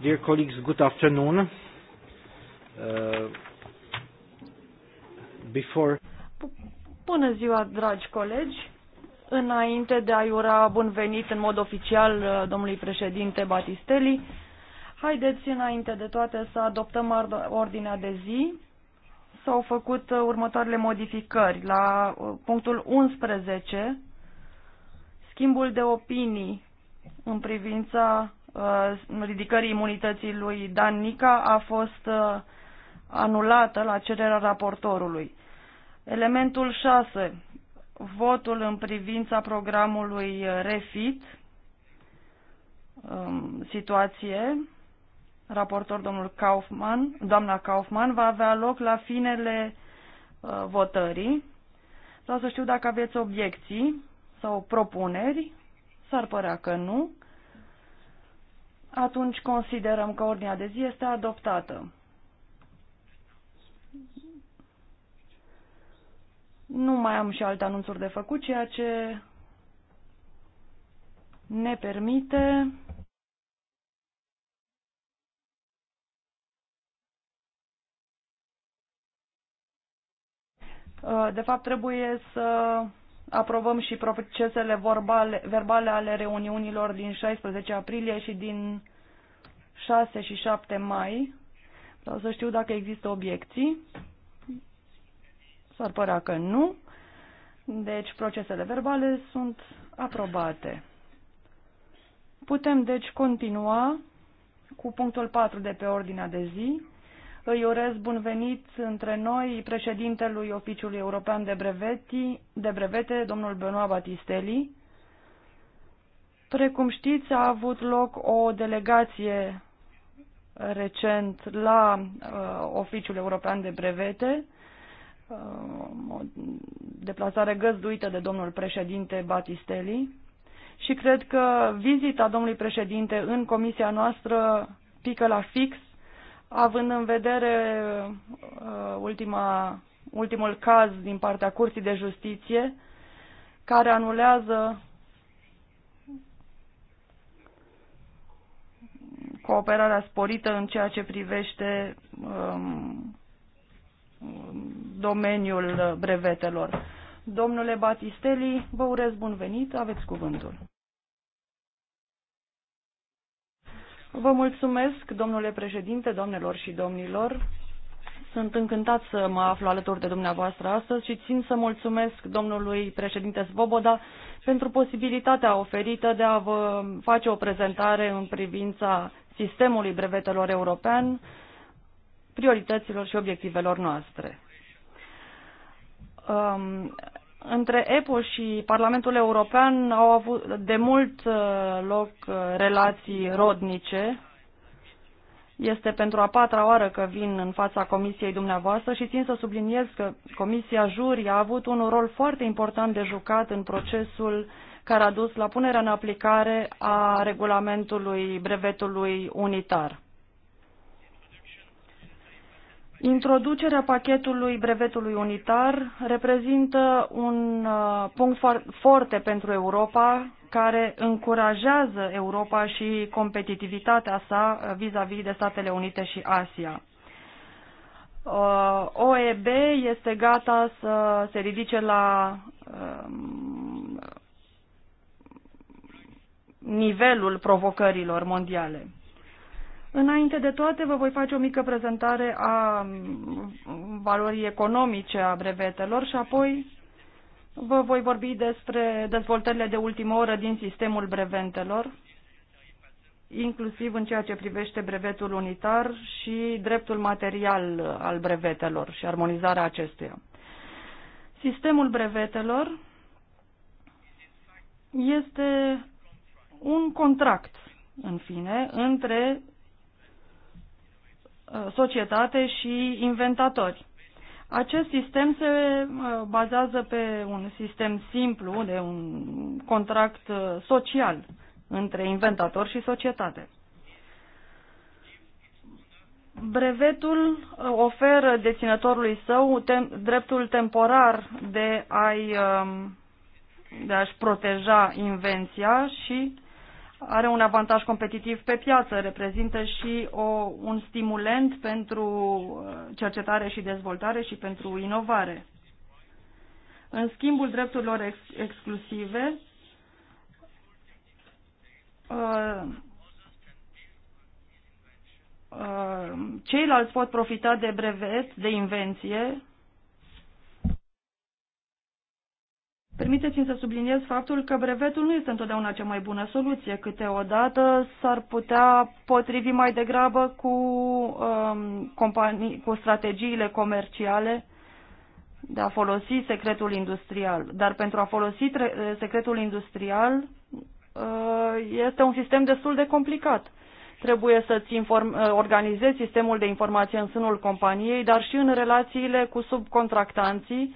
Dear colleagues, good afternoon. Uh, before... Bună ziua, dragi colegi. Înainte de a-i ura bun venit în mod oficial uh, domnului președinte Batistelli, haideți înainte de toate să adoptăm ordinea de zi. S-au făcut uh, următoarele modificări. La uh, punctul 11, schimbul de opinii în privința Uh, ridicării imunității lui Dan Nica a fost uh, anulată la cererea raportorului. Elementul 6. Votul în privința programului REFIT, um, situație, raportor domnul Kaufman, doamna Kaufman, va avea loc la finele uh, votării. Vreau să știu dacă aveți obiecții sau propuneri. S-ar părea că nu atunci considerăm că ordinea de zi este adoptată. Nu mai am și alte anunțuri de făcut, ceea ce ne permite uh, De fapt, trebuie să aprobăm și procesele verbale, verbale ale reuniunilor din 16 aprilie și din 6 și 7 mai. Vreau să știu dacă există obiecții. S-ar părea că nu. Deci procesele verbale sunt aprobate. Putem deci continua cu punctul 4 de pe ordinea de zi, îi urez bun venit între noi președintelui Oficiului European de, Breveti, de Brevete, domnul Benoit Batisteli. Precum știți, a avut loc o delegație recent la uh, Oficiul European de Brevete, uh, o deplasare găzduită de domnul președinte Batisteli și cred că vizita domnului președinte în comisia noastră pică la fix având în vedere uh, ultima, ultimul caz din partea Curții de Justiție, care anulează cooperarea sporită în ceea ce privește um, domeniul brevetelor. Domnule Batisteli, vă urez bun venit, aveți cuvântul. Vă mulțumesc, domnule președinte, domnilor și domnilor. Sunt încântat să mă aflu alături de dumneavoastră astăzi și țin să mulțumesc domnului președinte Svoboda pentru posibilitatea oferită de a vă face o prezentare în privința sistemului brevetelor european, priorităților și obiectivelor noastre. Um, între EPO și Parlamentul European au avut de mult uh, loc uh, relații rodnice. Este pentru a patra oară că vin în fața comisiei dumneavoastră și țin să subliniez că comisia juri a avut un rol foarte important de jucat în procesul care a dus la punerea în aplicare a regulamentului brevetului unitar. Introducerea pachetului brevetului unitar reprezintă un uh, punct foarte pentru Europa care încurajează Europa și competitivitatea sa uh, vis-a-vis -vis de Statele Unite și Asia. Uh, OEB este gata să se ridice la um, nivelul provocărilor mondiale. Înainte de toate, vă voi face o mică prezentare a valorii economice a brevetelor și apoi vă voi vorbi despre dezvoltările de ultimă oră din sistemul brevetelor, inclusiv în ceea ce privește brevetul unitar și dreptul material al brevetelor și armonizarea acestuia. Sistemul brevetelor este un contract, în fine, între Uh, societate și inventatori. Acest sistem se uh, bazează pe un sistem simplu de un contract uh, social între inventator și societate. Brevetul oferă deținătorului său tem dreptul temporar de, a um, de a-și proteja invenția și are un avantaj competitiv pe piață, reprezintă și o, un stimulent pentru uh, cercetare și dezvoltare și pentru inovare. În schimbul drepturilor ex exclusive, uh, uh, ceilalți pot profita de brevet, de invenție, Permiteți-mi să subliniez faptul că brevetul nu este întotdeauna cea mai bună soluție. Câteodată s-ar putea potrivi mai degrabă cu, um, companii, cu strategiile comerciale de a folosi secretul industrial. Dar pentru a folosi eh, secretul industrial eh, este un sistem destul de complicat. Trebuie să-ți eh, organizezi sistemul de informație în sânul companiei, dar și în relațiile cu subcontractanții,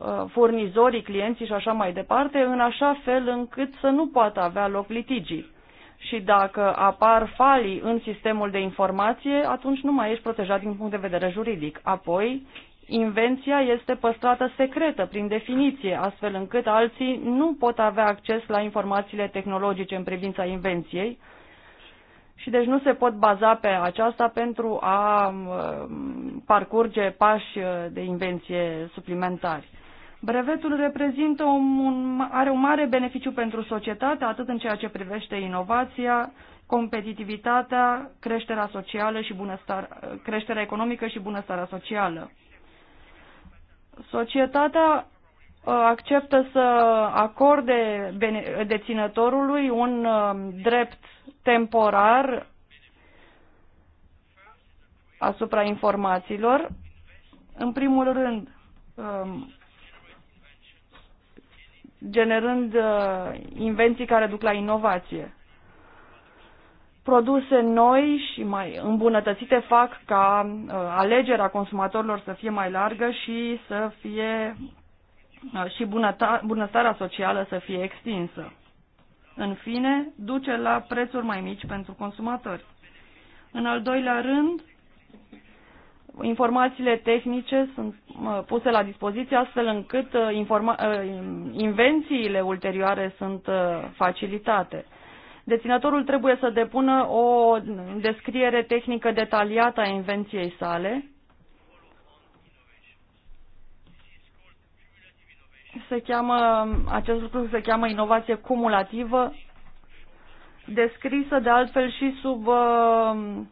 Uh, furnizorii, clienții și așa mai departe, în așa fel încât să nu poată avea loc litigii. Și dacă apar falii în sistemul de informație, atunci nu mai ești protejat din punct de vedere juridic. Apoi, invenția este păstrată secretă prin definiție, astfel încât alții nu pot avea acces la informațiile tehnologice în privința invenției și deci nu se pot baza pe aceasta pentru a uh, parcurge pași uh, de invenție suplimentari. Brevetul reprezintă un, un, are un mare beneficiu pentru societate, atât în ceea ce privește inovația, competitivitatea, creșterea socială și bunăstar, creșterea economică și bunăstarea socială. Societatea uh, acceptă să acorde deținătorului un um, drept temporar asupra informațiilor. În primul rând, um, generând uh, invenții care duc la inovație. Produse noi și mai îmbunătățite fac ca uh, alegerea consumatorilor să fie mai largă și să fie uh, și bunăstarea socială să fie extinsă. În fine, duce la prețuri mai mici pentru consumatori. În al doilea rând, informațiile tehnice sunt puse la dispoziție astfel încât uh, uh, invențiile ulterioare sunt uh, facilitate. Deținătorul trebuie să depună o descriere tehnică detaliată a invenției sale. Se cheamă, acest lucru se cheamă inovație cumulativă, descrisă de altfel și sub um,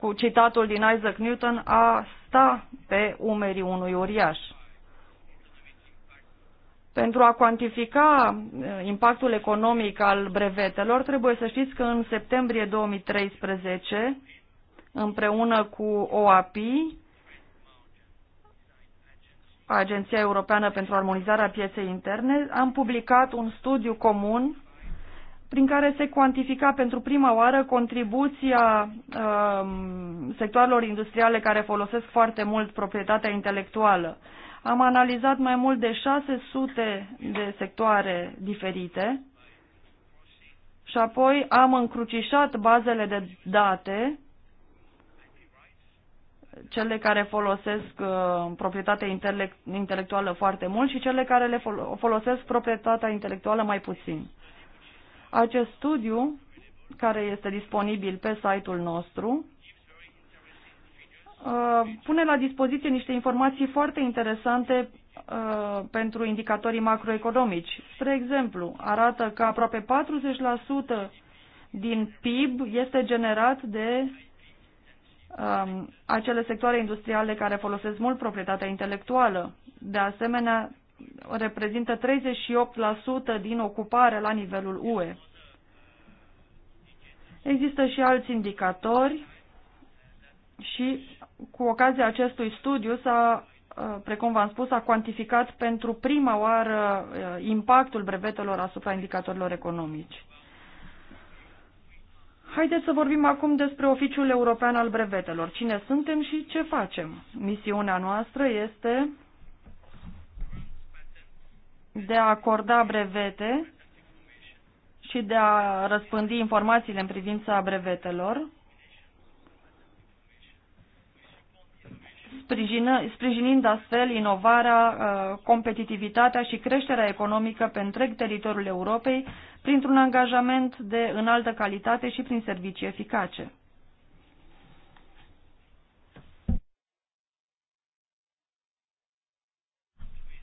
cu citatul din Isaac Newton, a sta pe umerii unui uriaș. Pentru a cuantifica eh, impactul economic al brevetelor, trebuie să știți că în septembrie 2013, împreună cu OAPI, Agenția Europeană pentru Armonizarea Pieței Interne, am publicat un studiu comun prin care se cuantifica pentru prima oară contribuția um, sectoarelor industriale care folosesc foarte mult proprietatea intelectuală. Am analizat mai mult de 600 de sectoare diferite și apoi am încrucișat bazele de date, cele care folosesc uh, proprietatea intelectuală foarte mult și cele care le folosesc proprietatea intelectuală mai puțin. Acest studiu, care este disponibil pe site-ul nostru, uh, pune la dispoziție niște informații foarte interesante uh, pentru indicatorii macroeconomici. Spre exemplu, arată că aproape 40% din PIB este generat de um, acele sectoare industriale care folosesc mult proprietatea intelectuală. De asemenea, reprezintă 38% din ocupare la nivelul UE. Există și alți indicatori și cu ocazia acestui studiu s-a, uh, precum v-am spus, a cuantificat pentru prima oară uh, impactul brevetelor asupra indicatorilor economici. Haideți să vorbim acum despre Oficiul European al Brevetelor. Cine suntem și ce facem? Misiunea noastră este de a acorda brevete și de a răspândi informațiile în privința brevetelor, sprijinind astfel inovarea, uh, competitivitatea și creșterea economică pe întreg teritoriul Europei printr-un angajament de înaltă calitate și prin servicii eficace.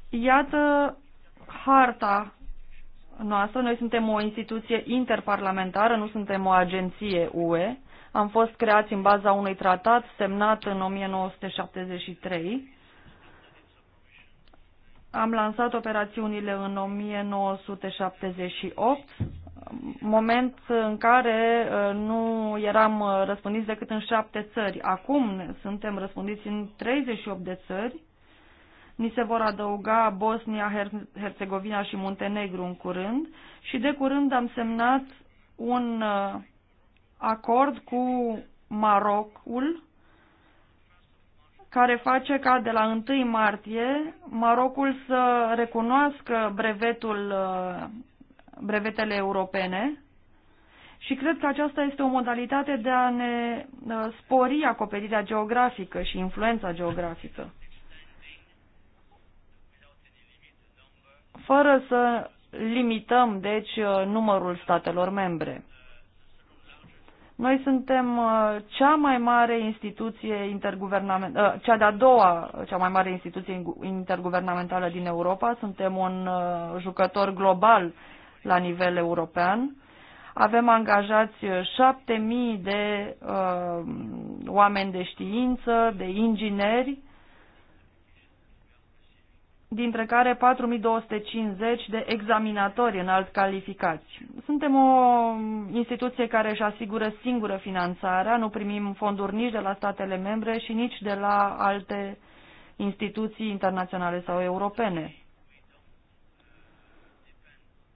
Iată harta noastră. Noi suntem o instituție interparlamentară, nu suntem o agenție UE. Am fost creați în baza unui tratat semnat în 1973. Am lansat operațiunile în 1978, moment în care uh, nu eram uh, răspândiți decât în șapte țări. Acum suntem răspândiți în 38 de țări Ni se vor adăuga Bosnia, Herțegovina și Muntenegru în curând și de curând am semnat un uh, acord cu Marocul care face ca de la 1 martie Marocul să recunoască brevetul, uh, brevetele europene și cred că aceasta este o modalitate de a ne uh, spori acoperirea geografică și influența geografică. fără să limităm, deci, uh, numărul statelor membre. Noi suntem uh, cea mai mare instituție interguvernamentală, uh, cea de-a doua cea mai mare instituție interguvernamentală din Europa, suntem un jucător global la nivel european. Avem angajați 7.000 de uh, oameni de știință, de ingineri dintre care 4250 de examinatori în alt calificați. Suntem o instituție care își asigură singură finanțarea, nu primim fonduri nici de la statele membre și nici de la alte instituții internaționale sau europene.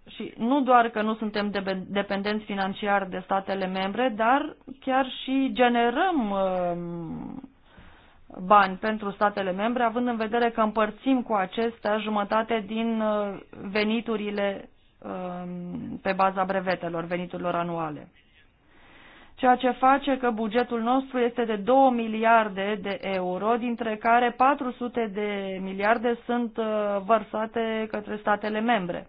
Și nu doar că nu suntem dependenți financiar de statele membre, dar chiar și generăm um, bani pentru statele membre, având în vedere că împărțim cu acestea jumătate din uh, veniturile um, pe baza brevetelor, veniturilor anuale. Ceea ce face că bugetul nostru este de 2 miliarde de euro, dintre care 400 de miliarde sunt uh, vărsate către statele membre.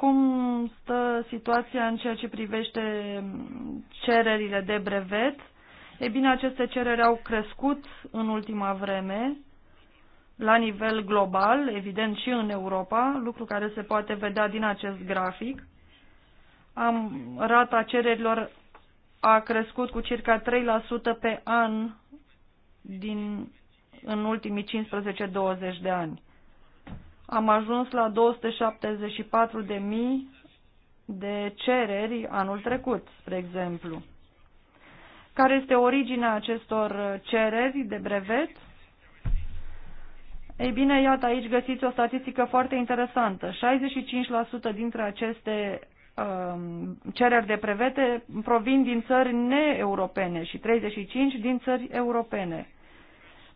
cum stă situația în ceea ce privește cererile de brevet. E bine, aceste cereri au crescut în ultima vreme, la nivel global, evident și în Europa, lucru care se poate vedea din acest grafic. Am, rata cererilor a crescut cu circa 3% pe an din, în ultimii 15-20 de ani am ajuns la 274.000 de de cereri anul trecut, spre exemplu. Care este originea acestor cereri de brevet? Ei bine, iată, aici găsiți o statistică foarte interesantă. 65% dintre aceste um, cereri de brevete provin din țări neeuropene și 35% din țări europene.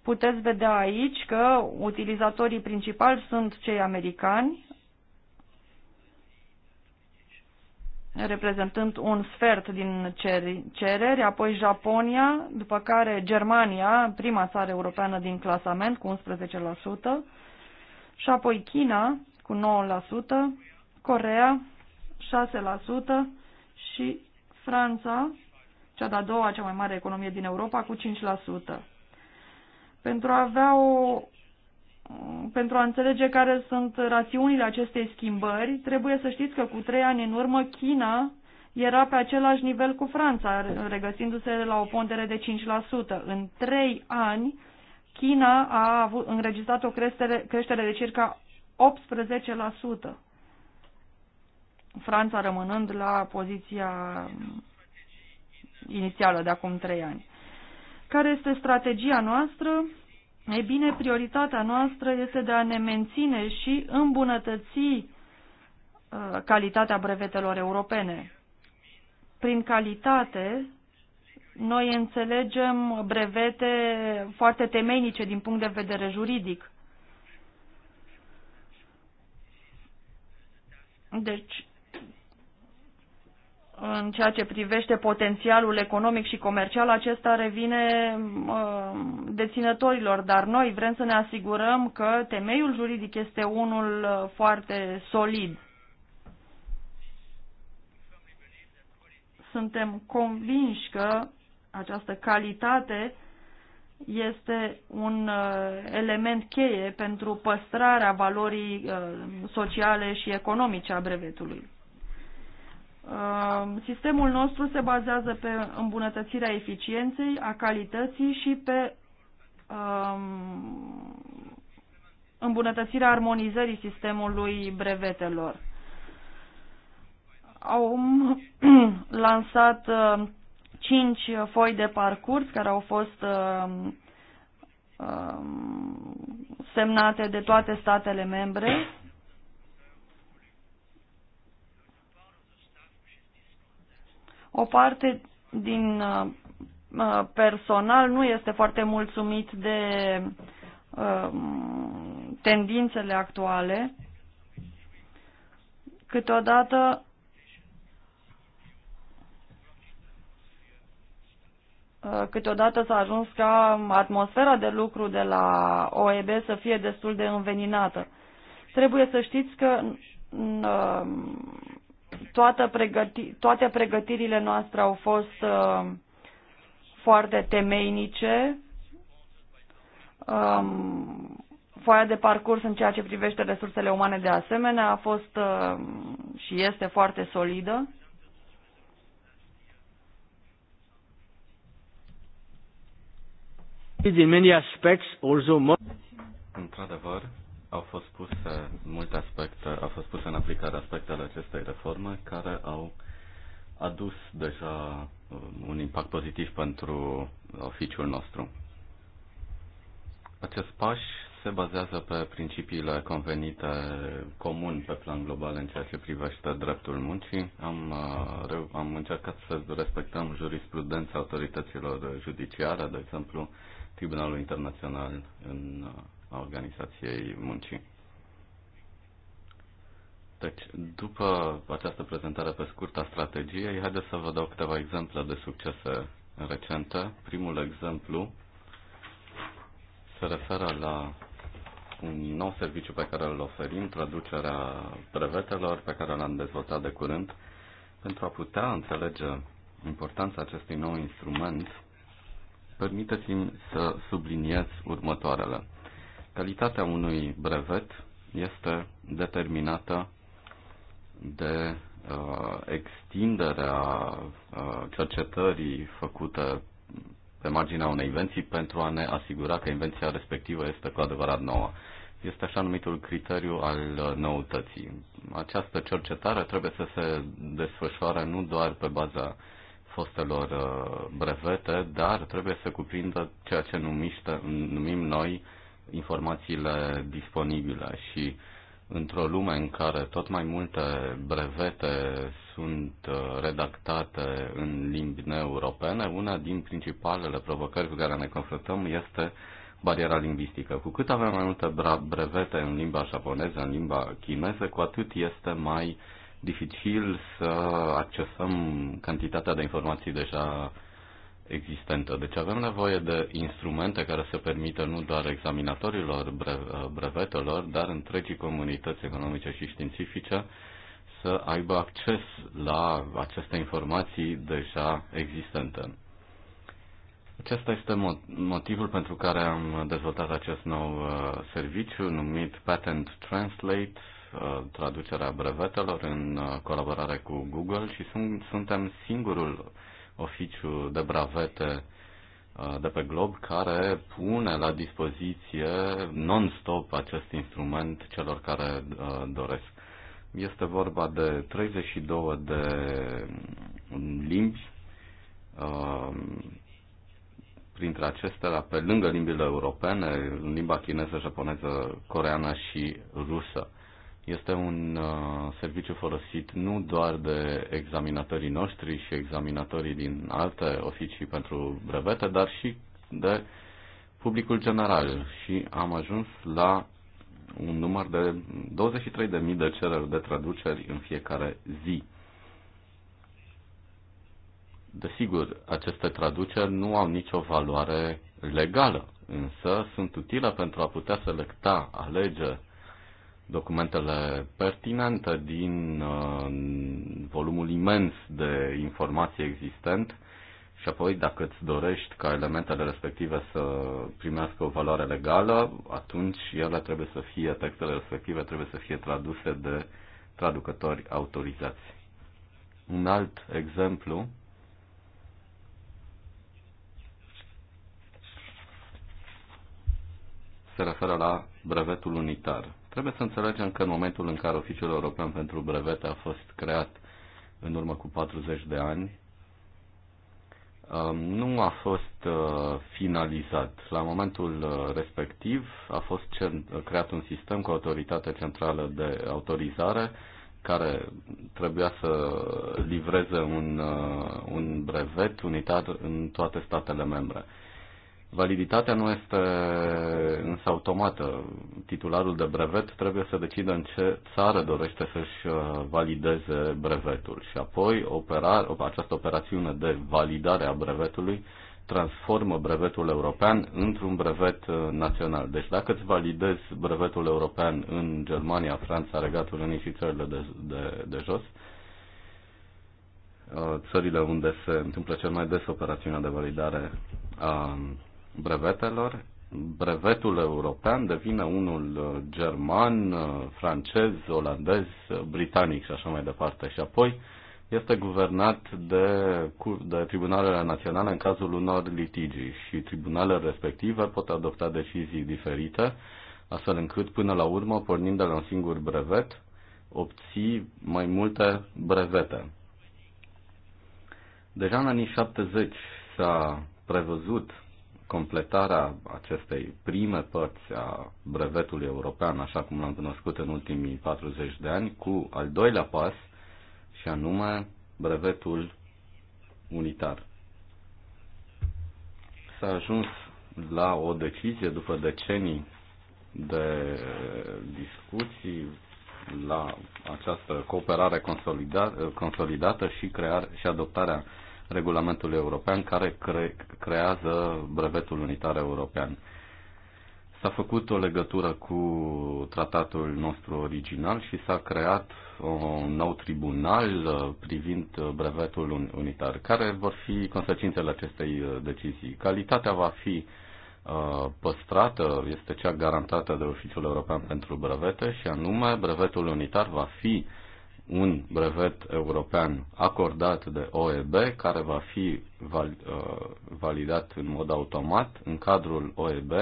Puteți vedea aici că utilizatorii principali sunt cei americani, reprezentând un sfert din cereri, apoi Japonia, după care Germania, prima țară europeană din clasament cu 11%, și apoi China cu 9%, Corea 6% și Franța, cea de-a doua, cea mai mare economie din Europa, cu 5% pentru a avea o pentru a înțelege care sunt rațiunile acestei schimbări, trebuie să știți că cu trei ani în urmă China era pe același nivel cu Franța, regăsindu-se la o pondere de 5%. În trei ani, China a avut, înregistrat o creștere, creștere de circa 18%, Franța rămânând la poziția inițială de acum trei ani. Care este strategia noastră? E bine, prioritatea noastră este de a ne menține și îmbunătăți uh, calitatea brevetelor europene. Prin calitate, noi înțelegem brevete foarte temeinice din punct de vedere juridic. Deci, în ceea ce privește potențialul economic și comercial, acesta revine deținătorilor, dar noi vrem să ne asigurăm că temeiul juridic este unul ă, foarte solid. Suntem convinși că această calitate este un ă, element cheie pentru păstrarea valorii ă, sociale și economice a brevetului. Ehm, sistemul nostru se bazează pe îmbunătățirea eficienței, a calității și pe ehm, îmbunătățirea armonizării sistemului brevetelor. Au lansat ehm, cinci foi de parcurs care au fost semnate de toate statele membre O parte din uh, uh, personal nu este foarte mulțumit de uh, tendințele actuale. Câteodată câteodată s-a ajuns ca atmosfera de lucru de la OEB să fie destul de înveninată. Trebuie să știți că toată pregăti- toate pregătirile noastre au fost uh, foarte temeinice. Um, foaia de parcurs în ceea ce privește resursele umane de asemenea a fost uh, și este foarte solidă. Într-adevăr, au fost puse multe aspecte, au fost puse în aplicare aspectele acestei reforme care au adus deja um, un impact pozitiv pentru oficiul nostru. Acest paș se bazează pe principiile convenite comun pe plan global în ceea ce privește dreptul muncii. Am, uh, am încercat să respectăm jurisprudența autorităților judiciare, de exemplu Tribunalul Internațional în uh, a Organizației Muncii. Deci, după această prezentare pe scurt a strategiei, haideți să vă dau câteva exemple de succese recente. Primul exemplu se referă la un nou serviciu pe care îl oferim, traducerea brevetelor pe care l-am dezvoltat de curând, pentru a putea înțelege importanța acestui nou instrument, permiteți-mi să subliniez următoarele. Calitatea unui brevet este determinată de uh, extinderea uh, cercetării făcute pe marginea unei invenții pentru a ne asigura că invenția respectivă este cu adevărat nouă. Este așa numitul criteriu al uh, noutății. Această cercetare trebuie să se desfășoare nu doar pe baza fostelor uh, brevete, dar trebuie să cuprindă ceea ce numiște, numim noi uh, informațiile disponibile și într-o lume în care tot mai multe brevete sunt uh, redactate în limbi neeuropene, una din principalele provocări cu care ne confruntăm este bariera lingvistică. Cu cât avem mai multe brevete în limba japoneză, în limba chineză, cu atât este mai dificil să accesăm cantitatea de informații deja existentă. Deci avem nevoie de instrumente care să permită nu doar examinatorilor uh, brevetelor, dar întregii comunități economice și științifice să aibă acces la aceste informații deja existente. Acesta este motivul pentru care am dezvoltat acest nou uh, serviciu numit Patent Translate, uh, traducerea brevetelor în colaborare cu Google și suntem singurul oficiu de bravete uh, de pe glob care pune la dispoziție non-stop acest instrument celor care uh, doresc. Este vorba de 32 de um, limbi, um, printre acestea, pe lângă limbile europene, în limba chineză, japoneză, coreană și rusă. Este un uh, serviciu folosit nu doar de examinatorii noștri și examinatorii din alte oficii pentru brevete, dar și de publicul general și am ajuns la un număr de 23.000 de cereri de traduceri în fiecare zi. Desigur, aceste traduceri nu au nicio valoare legală, însă sunt utile pentru a putea selecta, alege documentele pertinente din uh, volumul imens de informații existent și apoi dacă îți dorești ca elementele respective să primească o valoare legală, atunci ele trebuie să fie, textele respective trebuie să fie traduse de traducători autorizați. Un alt exemplu se referă la brevetul unitar. Trebuie să înțelegem că în momentul în care Oficiul European pentru Brevete a fost creat în urmă cu 40 de ani, um, nu a fost uh, finalizat. La momentul uh, respectiv a fost creat un sistem cu autoritate centrală de autorizare care trebuia să livreze un, uh, un brevet unitar în toate statele membre. Validitatea nu este însă automată. Titularul de brevet trebuie să decidă în ce țară dorește să-și uh, valideze brevetul și apoi opera, această operațiune de validare a brevetului transformă brevetul european într-un brevet uh, național. Deci dacă îți validezi brevetul european în Germania, Franța, Regatul Unit și țările de, de, de jos, uh, țările unde se întâmplă cel mai des operațiunea de validare a brevetelor, brevetul european devine unul uh, german, uh, francez, olandez, uh, britanic și așa mai departe. Și apoi este guvernat de, de tribunalele naționale în cazul unor litigi și tribunalele respective pot adopta decizii diferite, astfel încât până la urmă, pornind de la un singur brevet, obții mai multe brevete. Deja în anii 70 s-a prevăzut completarea acestei prime părți a brevetului european, așa cum l-am cunoscut în ultimii 40 de ani, cu al doilea pas, și anume brevetul unitar. S-a ajuns la o decizie după decenii de discuții la această cooperare consolidată și, crear, și adoptarea Regulamentul european care cre- creează brevetul unitar european. S-a făcut o legătură cu tratatul nostru original și s-a creat un nou tribunal uh, privind uh, brevetul unitar. Care vor fi consecințele acestei uh, decizii? Calitatea va fi păstrată, este cea garantată de Oficiul European pentru Brevete și anume brevetul unitar va fi uh, un brevet european acordat de OEB, care va fi val, uh, validat în mod automat în cadrul OEB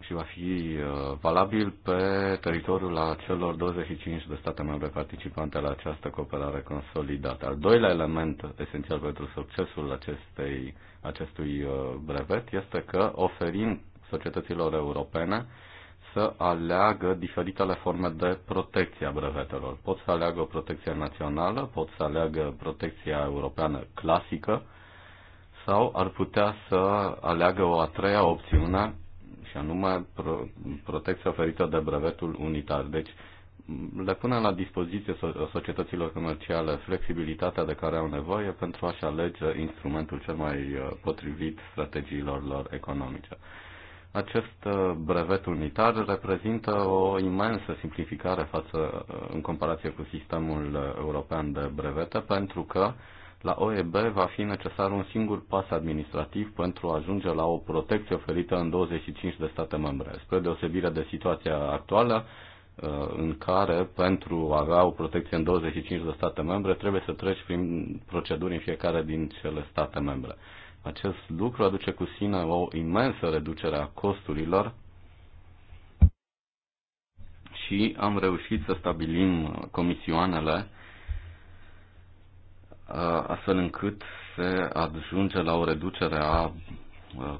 și va fi uh, valabil pe teritoriul a celor 25 de state membre participante la această cooperare consolidată. Al doilea element esențial pentru succesul acestei, acestui uh, brevet este că oferim societăților europene uh, să aleagă diferitele forme de protecție a brevetelor. Pot să aleagă o protecție națională, pot să aleagă protecția europeană clasică sau ar putea să aleagă o a treia opțiune și anume pro- protecția oferită de brevetul unitar. Deci le pune la dispoziție societăților comerciale flexibilitatea de care au nevoie pentru a-și alege instrumentul cel mai uh, potrivit strategiilor lor economice. Acest uh, brevet unitar reprezintă o imensă simplificare față, uh, în comparație cu sistemul uh, european de brevete, pentru că la OEB va fi necesar un singur pas administrativ pentru a ajunge la o protecție oferită în 25 de state membre, spre deosebire de situația actuală, în care pentru a avea o protecție în 25 de state membre trebuie să treci prin proceduri în fiecare din cele state membre. Acest lucru aduce cu sine o imensă reducere a costurilor și am reușit să stabilim comisioanele uh, astfel încât se ajunge la o reducere a uh,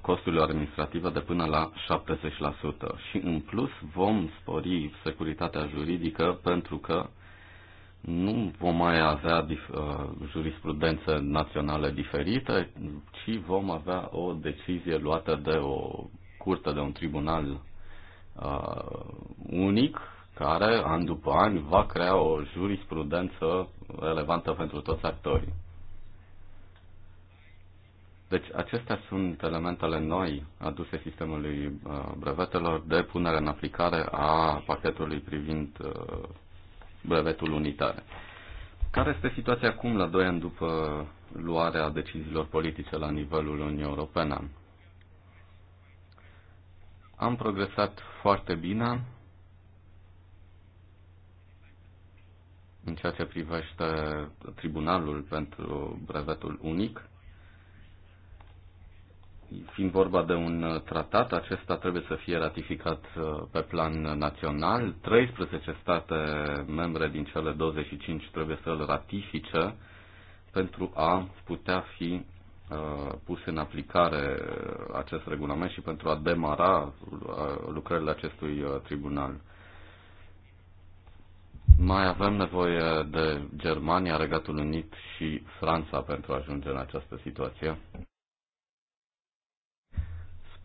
costurilor administrative de până la 70% și în plus vom spori securitatea juridică pentru că nu vom mai avea dif- uh, jurisprudențe naționale diferite, ci vom avea o decizie luată de o curte, de un tribunal uh, unic, care, an după an, va crea o jurisprudență relevantă pentru toți actorii. Deci acestea sunt elementele noi aduse sistemului uh, brevetelor de punere în aplicare a pachetului privind uh, brevetul unitar. Care este situația acum, la doi ani după luarea deciziilor politice la nivelul Uniunii Europene? Am progresat foarte bine în ceea ce privește Tribunalul pentru Brevetul Unic fiind vorba de un uh, tratat, acesta trebuie să fie ratificat uh, pe plan național. 13 state membre din cele 25 trebuie să îl ratifice pentru a putea fi uh, pus în aplicare acest regulament și pentru a demara lucrările acestui tribunal. Mai avem nevoie de Germania, Regatul Unit și Franța pentru a ajunge în această situație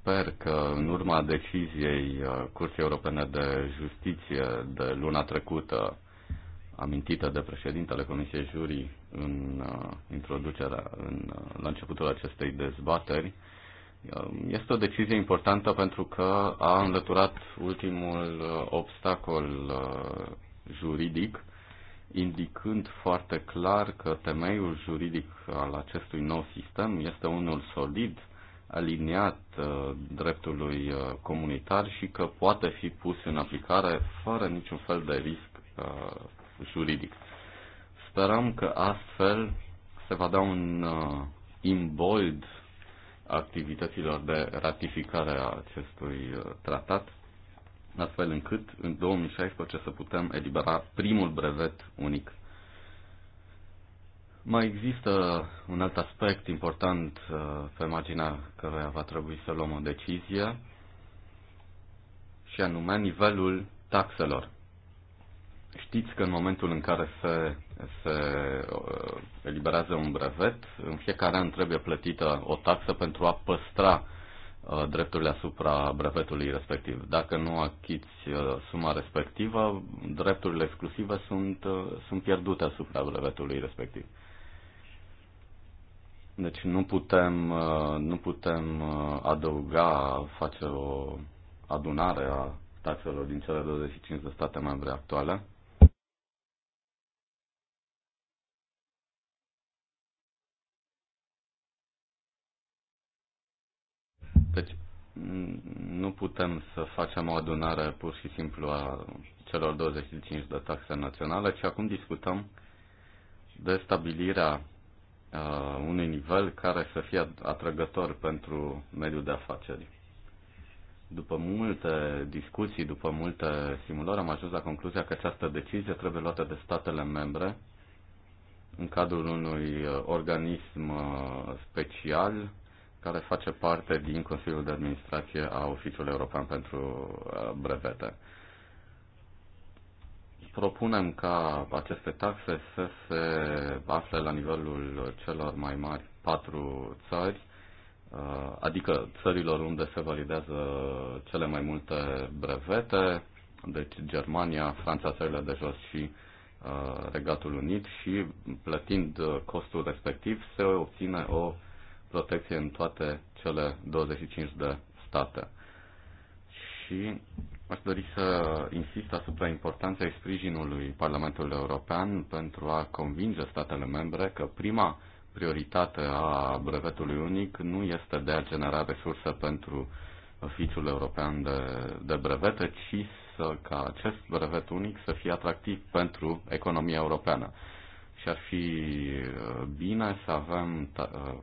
sper că în urma deciziei uh, Curții Europene de Justiție de luna trecută, amintită de președintele Comisiei Jurii în uh, introducerea, în, uh, la începutul acestei dezbateri, este o decizie importantă pentru că a înlăturat ultimul obstacol juridic, indicând foarte clar că temeiul juridic al acestui nou sistem este unul solid, aliniat uh, dreptului uh, comunitar și că poate fi pus în aplicare fără niciun fel de risc uh, juridic. Sperăm că astfel se va da un imbold activităților de ratificare a acestui tratat, astfel încât în 2016 să putem elibera primul brevet unic. Mai există un alt aspect important uh, pe marginea căruia va trebui să luăm o decizie și anume nivelul taxelor. Știți că în momentul în care se, se uh, eliberează un brevet, în fiecare an trebuie plătită o taxă pentru a păstra uh, drepturile asupra brevetului respectiv. Dacă nu achiți suma respectivă, drepturile exclusive sunt, sunt pierdute asupra brevetului respectiv. Deci nu putem, uh, nu putem uh, adăuga, face o adunare a taxelor din cele 25 de state membre actuale. Deci mm, nu putem să facem o adunare pur și simplu a celor 25 de taxe naționale, ci acum discutăm de stabilirea uh, unui nivel care să fie atrăgător pentru mediul de afaceri. După multe discuții, după multe simulări, am ajuns la concluzia că această decizie trebuie luată de statele membre în cadrul unui uh, organism uh, special care face parte din Consiliul de Administrație a Oficiului European pentru uh, Brevete propunem ca aceste taxe să se afle la nivelul celor mai mari patru țări, uh, adică țărilor unde se validează cele mai multe brevete, deci Germania, Franța, țările de jos și uh, Regatul Unit și plătind uh, costul respectiv se obține o protecție în toate cele 25 de state. Și Aș dori să insist asupra importanței sprijinului Parlamentului European pentru a convinge statele membre că prima prioritate a brevetului unic nu este de a genera resurse pentru oficiul european de, de brevete, ci să, ca acest brevet unic să fie atractiv pentru economia europeană. Și ar fi uh, bine să avem uh,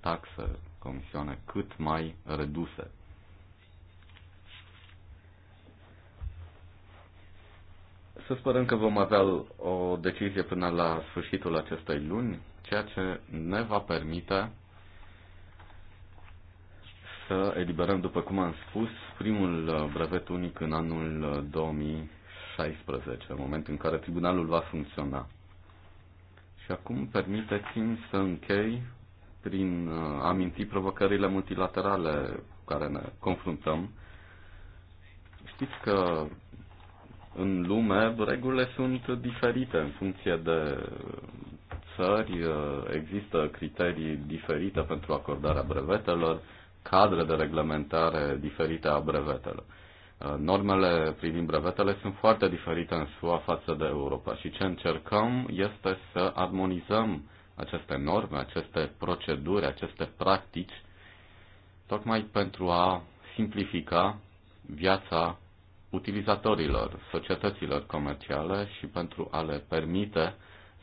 taxe, comisioane cât mai reduse Să sperăm că vom avea o decizie până la sfârșitul acestei luni, ceea ce ne va permite să eliberăm, după cum am spus, primul uh, brevet unic în anul 2016, uh, în momentul în care tribunalul va funcționa. Și acum permiteți-mi să închei prin uh, a aminti provocările multilaterale cu care ne confruntăm. Știți că în lume regulile sunt diferite în funcție de țări, există criterii diferite pentru acordarea brevetelor, cadre de reglementare diferite a brevetelor. Normele privind brevetele sunt foarte diferite în SUA față de Europa și ce încercăm este să armonizăm aceste norme, aceste proceduri, aceste practici, tocmai pentru a simplifica viața utilizatorilor, societăților comerciale și pentru a le permite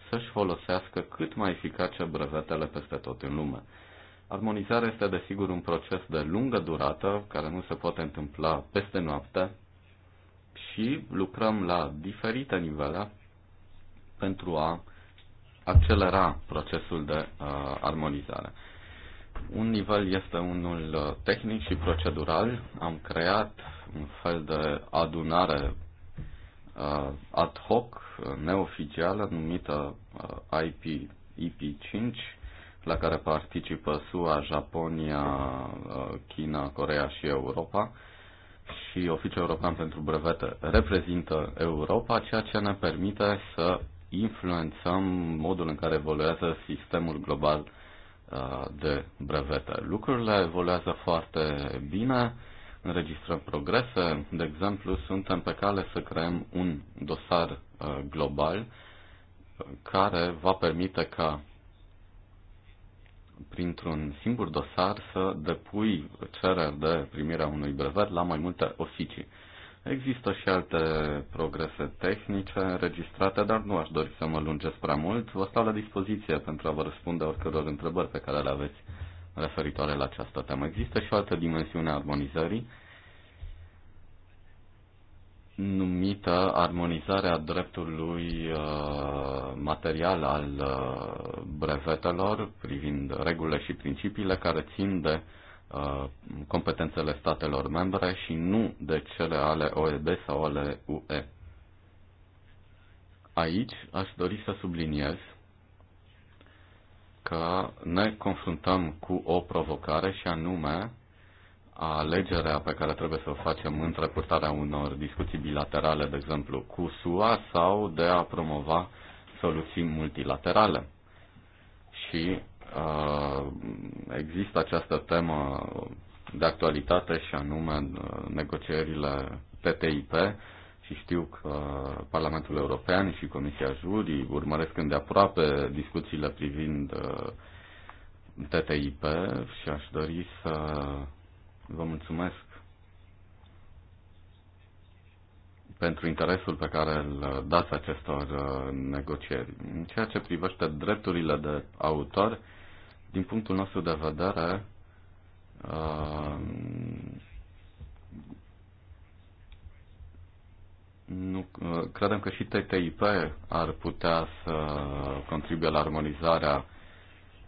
să-și folosească cât mai eficace brevetele peste tot în lume. Armonizarea este desigur un proces de lungă durată care nu se poate întâmpla peste noapte și lucrăm la diferite nivele pentru a accelera procesul de uh, armonizare. Un nivel este unul uh, tehnic și procedural. Am creat un fel de adunare uh, ad hoc, uh, neoficială, numită IP, IP5, la care participă SUA, Japonia, China, Corea și Europa și Oficiul European pentru Brevete reprezintă Europa, ceea ce ne permite să influențăm modul în care evoluează sistemul global Uh, de brevete. Lucrurile evoluează foarte bine, înregistrăm progrese, de exemplu, suntem pe cale să creăm un dosar uh, global care va permite ca printr-un singur dosar să depui cereri de primire a unui brevet la mai multe oficii. Există și alte progrese tehnice înregistrate, dar nu aș dori să mă lungesc prea mult. Vă stau la dispoziție pentru a vă răspunde oricăror întrebări pe care le aveți referitoare la această temă. Există și o altă dimensiune a armonizării, numită armonizarea dreptului uh, material al uh, brevetelor privind regulile și principiile care țin de Uh, competențele statelor membre și nu de cele ale OEB sau ale UE. Aici aș dori să subliniez că ne confruntăm cu o provocare și anume alegerea pe care trebuie să o facem între purtarea unor discuții bilaterale, de exemplu, cu SUA sau de a promova soluții multilaterale. Și Uh, există această temă de actualitate și anume uh, negocierile TTIP și știu că Parlamentul European și Comisia Jurii urmăresc îndeaproape discuțiile privind uh, TTIP și aș dori să vă mulțumesc pentru interesul pe care îl dați acestor negocieri. În ceea ce privește drepturile de autor, din punctul nostru de vedere, uh, nu, uh, credem că și TTIP ar putea să contribuie la armonizarea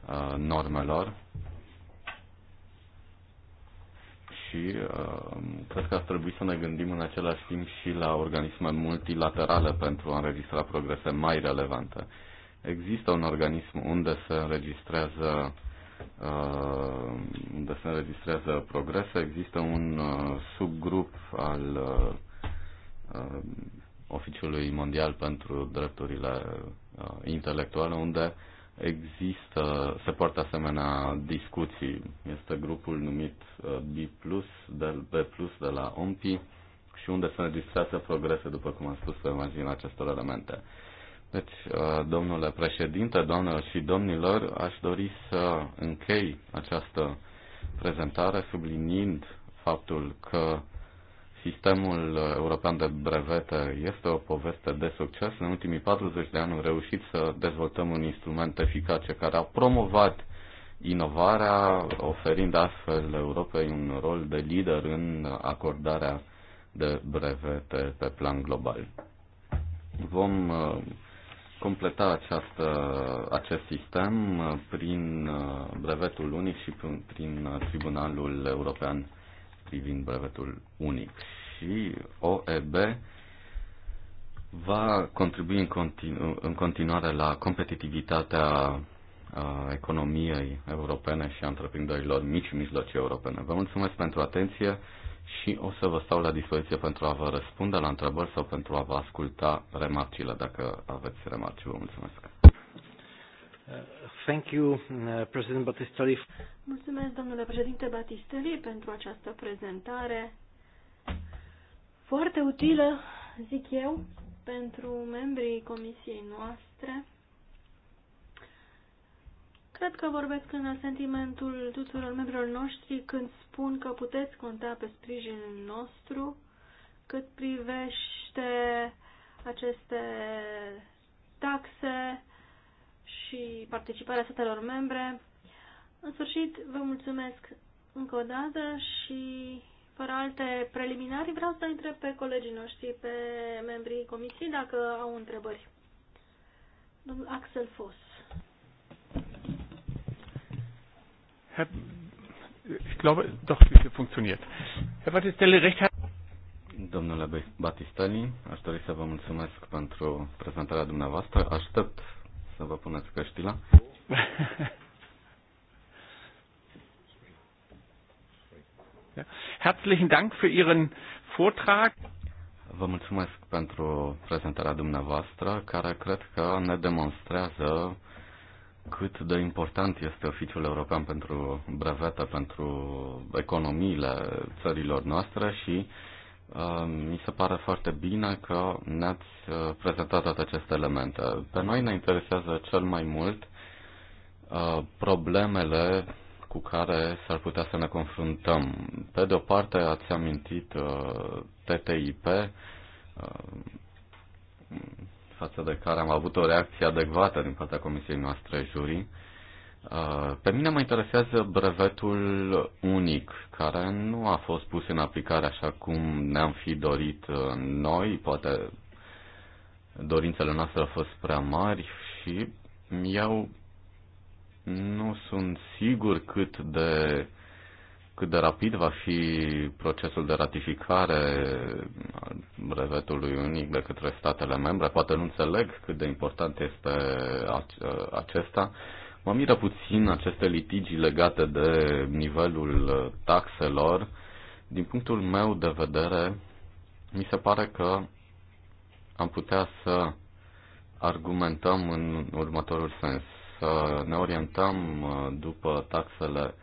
uh, normelor și cred că ar trebui să ne gândim în același timp și la organisme multilaterale pentru a înregistra progrese mai relevante. Există un organism unde se înregistrează uh, unde se înregistrează progrese. Există un uh, subgrup al uh, Oficiului Mondial pentru Drepturile Intelectuale unde există, se poartă asemenea discuții. Este grupul numit B+, de, B+, de la OMPI și unde se înregistrează progrese, după cum am spus, pe marginea acestor elemente. Deci, uh, domnule președinte, doamnelor și domnilor, aș dori să închei această prezentare subliniind faptul că sistemul european de brevete este o poveste de succes. În ultimii 40 de ani am reușit să dezvoltăm un instrument eficace care a promovat inovarea, oferind astfel Europei un rol de lider în acordarea de brevete pe plan global. Vom uh, completa această, acest sistem uh, prin uh, brevetul unic și prin, prin uh, Tribunalul European privind brevetul unic. Și OEB va contribui în, continu, în continuare la competitivitatea economiei europene și a întreprinderilor mici și mijlocii europene. Vă mulțumesc pentru atenție și o să vă stau la dispoziție pentru a vă răspunde la întrebări sau pentru a vă asculta remarcile, dacă aveți remarci. Vă mulțumesc. Thank you, uh, President Batistelli. Mulțumesc, domnule președinte Batistelli pentru această prezentare foarte utilă, zic eu, pentru membrii comisiei noastre. Cred că vorbesc în sentimentul tuturor membrilor noștri când spun că puteți conta pe sprijinul nostru cât privește aceste taxe și participarea statelor membre. În sfârșit, vă mulțumesc încă o dată și fără alte preliminari vreau să întreb pe colegii noștri, pe membrii comisiei, dacă au întrebări. Domnul Axel Foss. Herr, ich glaube, doch, es funktioniert. Herr Battistelli, recht herzlich. Domnule Batistelli, aș dori să vă mulțumesc pentru prezentarea dumneavoastră. Aștept să vă puneți căștila. Herzlichen Dank für Ihren Vortrag. Vă mulțumesc pentru prezentarea dumneavoastră, care cred că ne demonstrează cât de important este oficiul european pentru brevete, pentru economiile țărilor noastre și uh, mi se pare foarte bine că ne-ați uh, prezentat toate aceste elemente. Pe noi ne interesează cel mai mult uh, problemele cu care s-ar putea să ne confruntăm. Pe de o parte, ați amintit uh, TTIP, uh, față de care am avut o reacție adecvată din partea comisiei noastre jurii. Uh, pe mine mă interesează brevetul unic, care nu a fost pus în aplicare așa cum ne-am fi dorit uh, noi, poate dorințele noastre au fost prea mari și eu nu sunt sigur cât de cât de rapid va fi procesul de ratificare al brevetului unic de către statele membre. Poate nu înțeleg cât de important este acesta. Mă miră puțin aceste litigi legate de nivelul taxelor. Din punctul meu de vedere, mi se pare că am putea să argumentăm în următorul sens, să ne orientăm uh, după taxele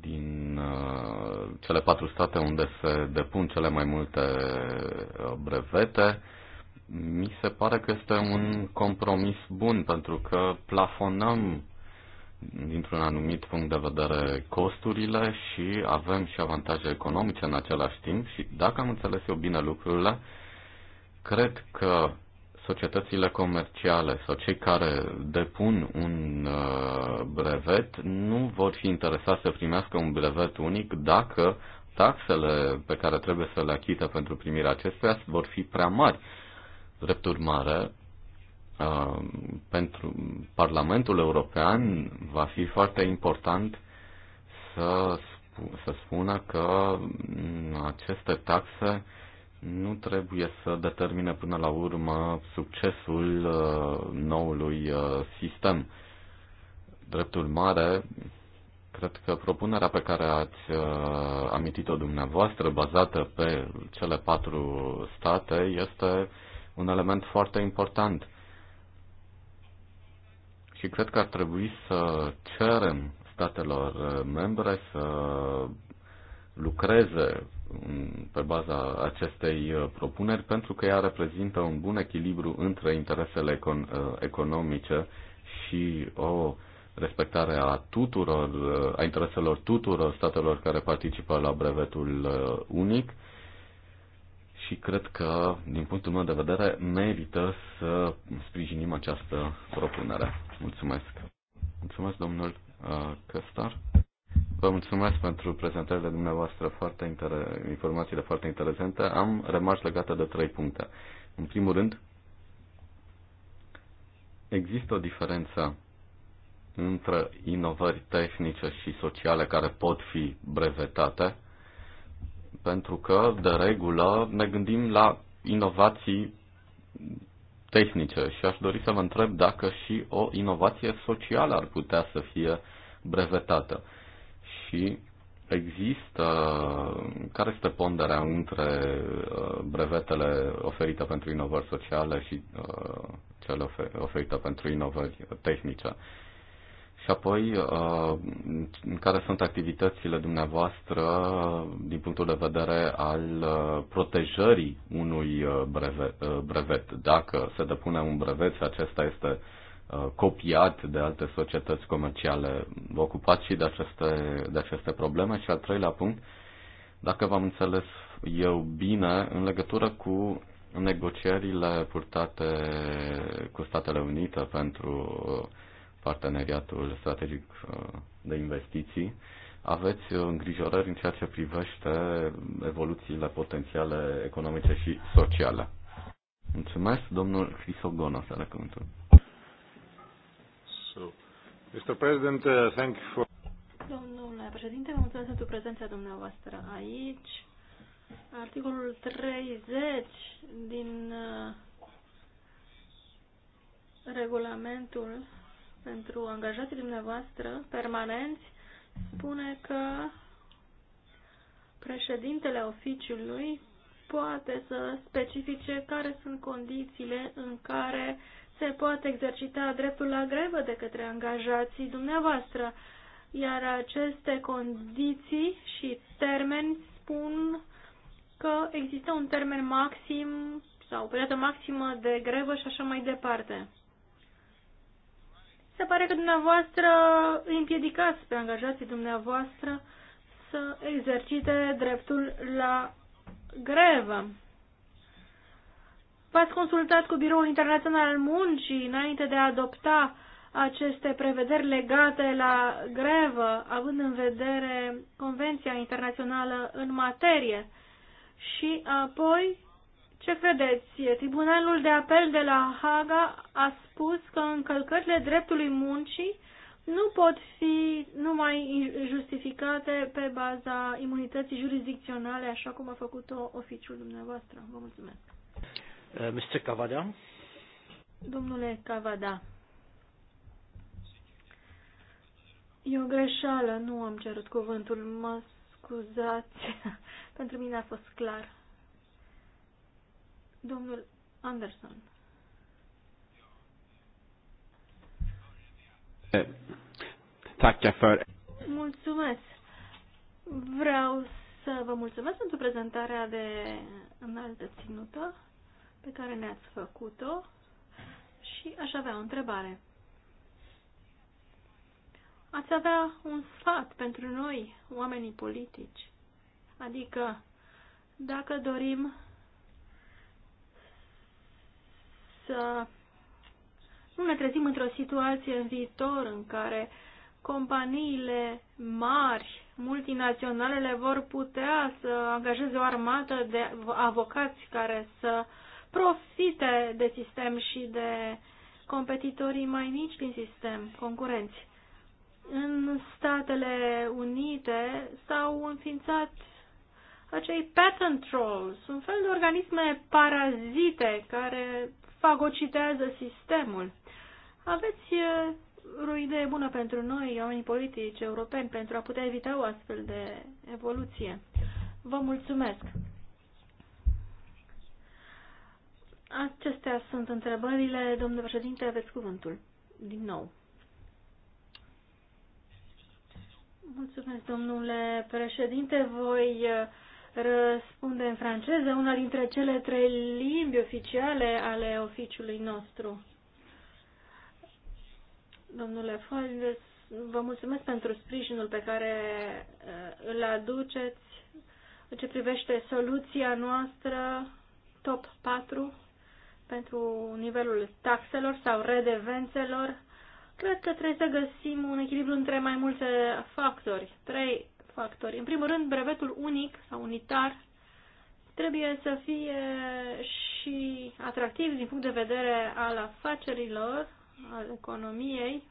din uh, cele patru state unde se depun cele mai multe uh, brevete, mi se pare că este un compromis bun pentru că plafonăm dintr-un anumit punct de vedere costurile și avem și avantaje economice în același timp și dacă am înțeles eu bine lucrurile, cred că societățile comerciale sau cei care depun un uh, brevet nu vor fi interesați să primească un brevet unic dacă taxele pe care trebuie să le achită pentru primirea acestuia vor fi prea mari. Drept urmare, uh, pentru Parlamentul European va fi foarte important să, să spună că mm, aceste taxe uh, nu trebuie să determine până la urmă succesul uh, noului uh, sistem. Dreptul mare, cred că propunerea pe care ați uh, amintit-o dumneavoastră, bazată pe cele patru state, este un element foarte important. Și cred că ar trebui să cerem statelor membre să lucreze pe baza acestei uh, propuneri pentru că ea reprezintă un bun echilibru între interesele econ- uh, economice și o respectare a tuturor, uh, a intereselor tuturor statelor care participă la brevetul unic și cred că, din punctul meu de vedere, merită să sprijinim această propunere. Mulțumesc. Mulțumesc, domnul Căstar. Vă mulțumesc pentru prezentările dumneavoastră, foarte inter... informațiile foarte interesante. Am rămas legată de trei puncte. În primul rând, există o diferență între inovări tehnice și sociale care pot fi brevetate, pentru că, de regulă, ne gândim la inovații tehnice și aș dori să vă întreb dacă și o inovație socială ar putea să fie brevetată și există, care este ponderea între uh, brevetele oferite pentru inovări sociale și uh, cele oferite pentru inovări tehnice? Și apoi, uh, care sunt activitățile dumneavoastră din punctul de vedere al protejării unui brevet? Dacă se depune un brevet și acesta este Uh, copiat de alte societăți comerciale. ocupați și de aceste, de aceste probleme. Și al treilea punct, dacă v-am înțeles eu bine, în legătură cu negocierile purtate cu Statele Unite pentru uh, parteneriatul strategic uh, de investiții, aveți îngrijorări în ceea ce privește evoluțiile potențiale economice și sociale. Mulțumesc, domnul Crisogonos, să recomandăm. Mr. President, uh, thank you for... Domnule președinte, mulțumesc pentru prezența dumneavoastră aici. Articolul 30 din uh, regulamentul pentru angajații dumneavoastră permanenți spune că președintele oficiului poate să specifice care sunt condițiile în care se poate exercita dreptul la grevă de către angajații dumneavoastră, iar aceste condiții și termeni spun că există un termen maxim sau o perioadă maximă de grevă și așa mai departe. Se pare că dumneavoastră îi împiedicați pe angajații dumneavoastră să exercite dreptul la grevă. V-ați consultat cu Biroul Internațional al Muncii înainte de a adopta aceste prevederi legate la grevă, având în vedere Convenția Internațională în materie? Și apoi, ce credeți? Tribunalul de apel de la Haga a spus că încălcările dreptului muncii nu pot fi numai justificate pe baza imunității jurisdicționale, așa cum a făcut-o oficiul dumneavoastră. Vă mulțumesc! Eh, Mr. Cavada. Domnule Cavada, e o greșeală, nu am cerut cuvântul, mă scuzați, pentru mine a fost clar. Domnul Anderson. Mulțumesc. Vreau să vă mulțumesc pentru prezentarea de înaltă ținută pe care ne-ați făcut-o și aș avea o întrebare. Ați avea un sfat pentru noi, oamenii politici, adică dacă dorim să nu ne trezim într-o situație în viitor în care companiile mari, multinaționalele vor putea să angajeze o armată de avocați care să uh, profite de sistem și de competitorii mai mici din sistem, concurenți. În Statele Unite s-au înființat acei patent trolls, un fel de organisme parazite care fagocitează sistemul. Aveți o idee bună pentru noi, oamenii politici europeni, pentru a putea evita o astfel de evoluție. Vă mulțumesc! Acestea sunt întrebările. Domnule președinte, aveți cuvântul. Din nou. Mulțumesc, domnule președinte. Voi uh, răspunde în franceză, una dintre cele trei limbi oficiale ale oficiului nostru. Domnule Foyles, vă mulțumesc pentru sprijinul pe care uh, îl aduceți în ce privește soluția noastră top 4 pentru nivelul taxelor sau redevențelor, cred că trebuie să găsim un echilibru între mai multe factori, trei factori. În primul rând, brevetul unic sau unitar trebuie să fie și atractiv din punct de vedere al afacerilor, al economiei.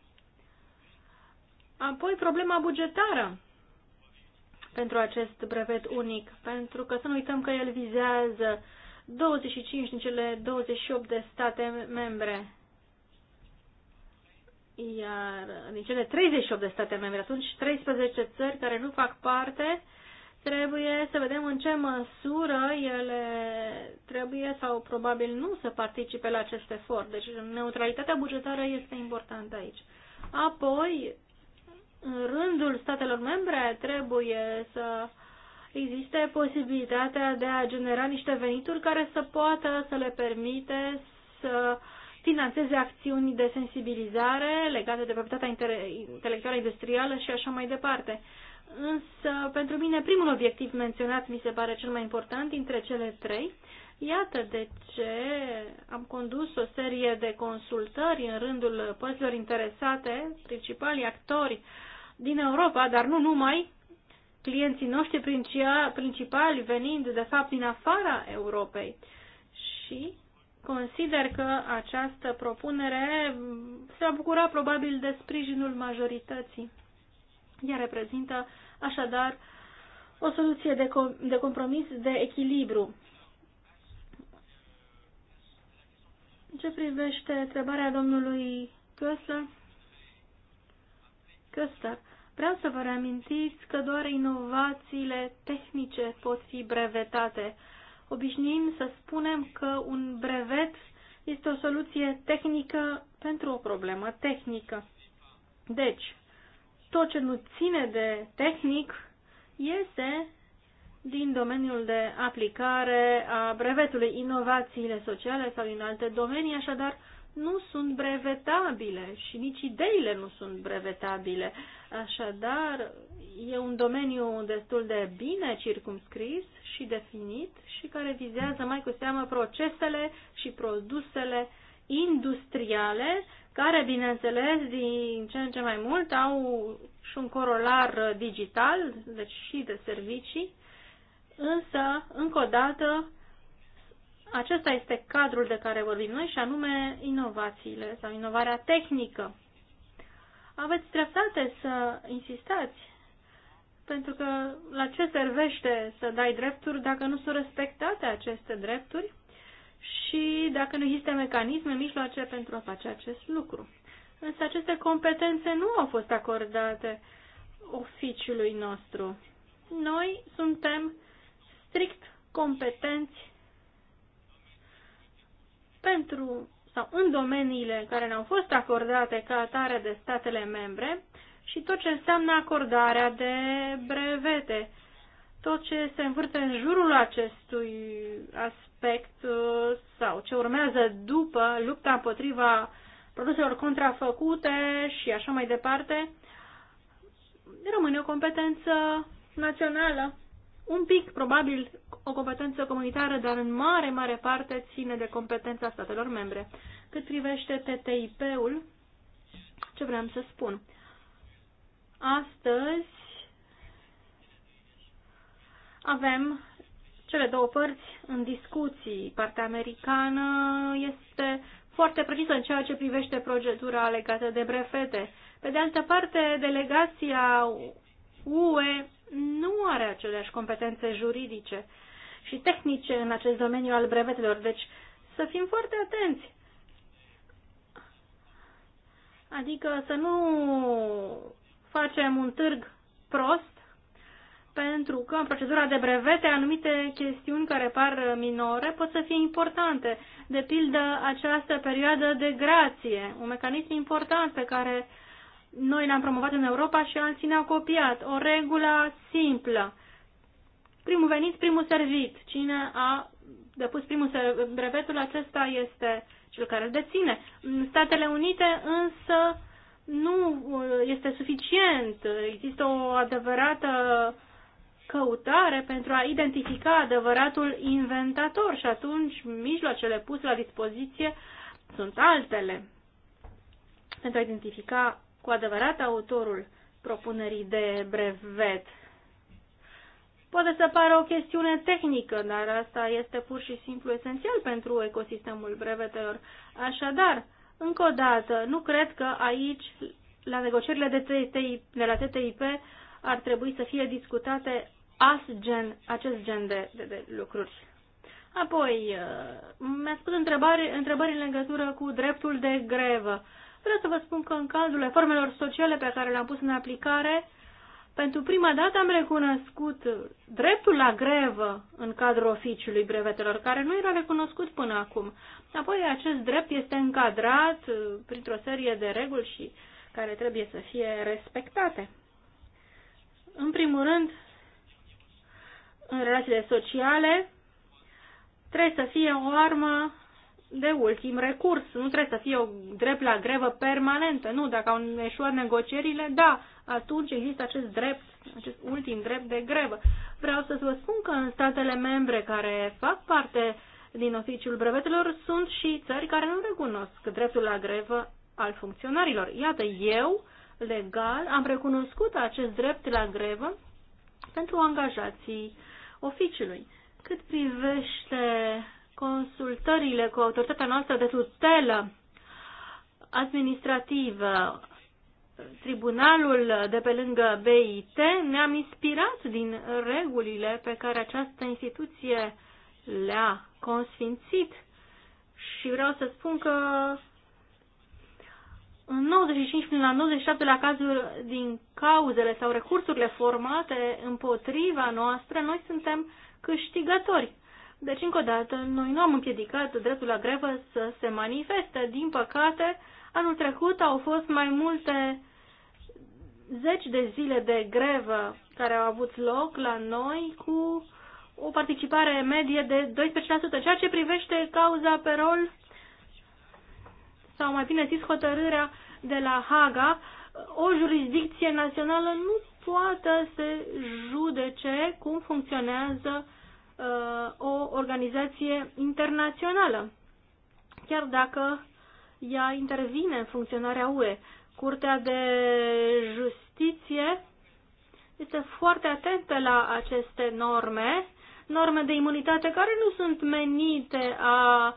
Apoi, problema bugetară pentru acest brevet unic, pentru că să nu uităm că el vizează 25 din cele 28 de state membre. Iar din cele 38 de state membre, atunci 13 țări care nu fac parte, trebuie să vedem în ce măsură ele trebuie sau probabil nu să participe la acest efort. Deci neutralitatea bugetară este importantă aici. Apoi, în rândul statelor membre trebuie să există posibilitatea de a genera niște venituri care să poată să le permite să financeze acțiuni de sensibilizare legate de proprietatea intelectuală industrială și așa mai departe. Însă, pentru mine, primul obiectiv menționat mi se pare cel mai important dintre cele trei. Iată de ce am condus o serie de consultări în rândul părților interesate, principalii actori din Europa, dar nu numai, clienții noștri principali venind, de fapt, din afara Europei. Și consider că această propunere se va bucura probabil de sprijinul majorității. Ea reprezintă, așadar, o soluție de, com- de compromis, de echilibru. În ce privește întrebarea domnului Köster, Köster Vreau să vă reamintiți că doar inovațiile tehnice pot fi brevetate. Obișnim să spunem că un brevet este o soluție tehnică pentru o problemă tehnică. Deci, tot ce nu ține de tehnic iese din domeniul de aplicare a brevetului, inovațiile sociale sau în alte domenii, așadar nu sunt brevetabile și nici ideile nu sunt brevetabile. Așadar, e un domeniu destul de bine circumscris și definit și care vizează mai cu seamă procesele și produsele industriale, care, bineînțeles, din ce în ce mai mult au și un corolar digital, deci și de servicii, însă, încă o dată, acesta este cadrul de care vorbim noi și anume inovațiile sau inovarea tehnică. Aveți dreptate să insistați, pentru că la ce servește să dai drepturi dacă nu sunt respectate aceste drepturi și dacă nu există mecanisme, mijloace pentru a face acest lucru. Însă aceste competențe nu au fost acordate oficiului nostru. Noi suntem strict competenți pentru sau în domeniile care ne-au fost acordate ca atare de statele membre și tot ce înseamnă acordarea de brevete. Tot ce se învârte în jurul acestui aspect uh, sau ce urmează după lupta împotriva produselor contrafăcute și așa mai departe, rămâne o competență națională. Un pic, probabil, o competență comunitară, dar în mare, mare parte ține de competența statelor membre. Cât privește TTIP-ul, ce vreau să spun? Astăzi avem cele două părți în discuții. Partea americană este foarte precisă în ceea ce privește procedura legată de brefete. Pe de altă parte, delegația UE nu are aceleași competențe juridice și tehnice în acest domeniu al brevetelor. Deci să fim foarte atenți. Adică să nu facem un târg prost, pentru că în procedura de brevete anumite chestiuni care par minore pot să fie importante. De pildă, această perioadă de grație, un mecanism important pe care noi l-am promovat în Europa și alții ne-au copiat. O regulă simplă primul venit, primul servit. Cine a depus primul brevetul acesta este cel care îl deține. În Statele Unite însă nu uh, este suficient. Există o adevărată căutare pentru a identifica adevăratul inventator și atunci mijloacele puse la dispoziție sunt altele pentru a identifica cu adevărat autorul propunerii de brevet. Poate să pară o chestiune tehnică, dar asta este pur și simplu esențial pentru ecosistemul brevetelor. Așadar, încă o dată, nu cred că aici, la negocierile de, TTIP, de la TTIP, ar trebui să fie discutate gen, acest gen de, de, de lucruri. Apoi, uh, mi-a spus întrebări, întrebări în legătură cu dreptul de grevă. Vreau să vă spun că în cazul reformelor sociale pe care le-am pus în aplicare, pentru prima dată am recunoscut dreptul la grevă în cadrul oficiului brevetelor, care nu era recunoscut până acum. Apoi acest drept este încadrat uh, printr-o serie de reguli și care trebuie să fie respectate. În primul rând, în relațiile sociale, trebuie să fie o armă de ultim recurs. Nu trebuie să fie o drept la grevă permanentă. Nu, dacă au eșuat negocierile, da, atunci există acest drept, acest ultim drept de grevă. Vreau să vă spun că în statele membre care fac parte din oficiul brevetelor sunt și țări care nu recunosc dreptul la grevă al funcționarilor. Iată, eu, legal, am recunoscut acest drept la grevă pentru angajații oficiului. Cât privește consultările cu autoritatea noastră de tutelă administrativă, tribunalul de pe lângă BIT, ne-am inspirat din regulile pe care această instituție le-a consfințit și vreau să spun că în 95 până la 97 la cazuri din cauzele sau recursurile formate împotriva noastră, noi suntem câștigători. Deci, încă o dată, noi nu am împiedicat dreptul la grevă să se manifeste. Din păcate, anul trecut au fost mai multe zeci de zile de grevă care au avut loc la noi cu o participare medie de 12%, ceea ce privește cauza pe rol sau mai bine zis hotărârea de la Haga, o jurisdicție națională nu poate să judece cum funcționează uh, o organizație internațională, chiar dacă ea intervine în funcționarea UE. Curtea de Justiție este foarte atentă la aceste norme, norme de imunitate care nu sunt menite a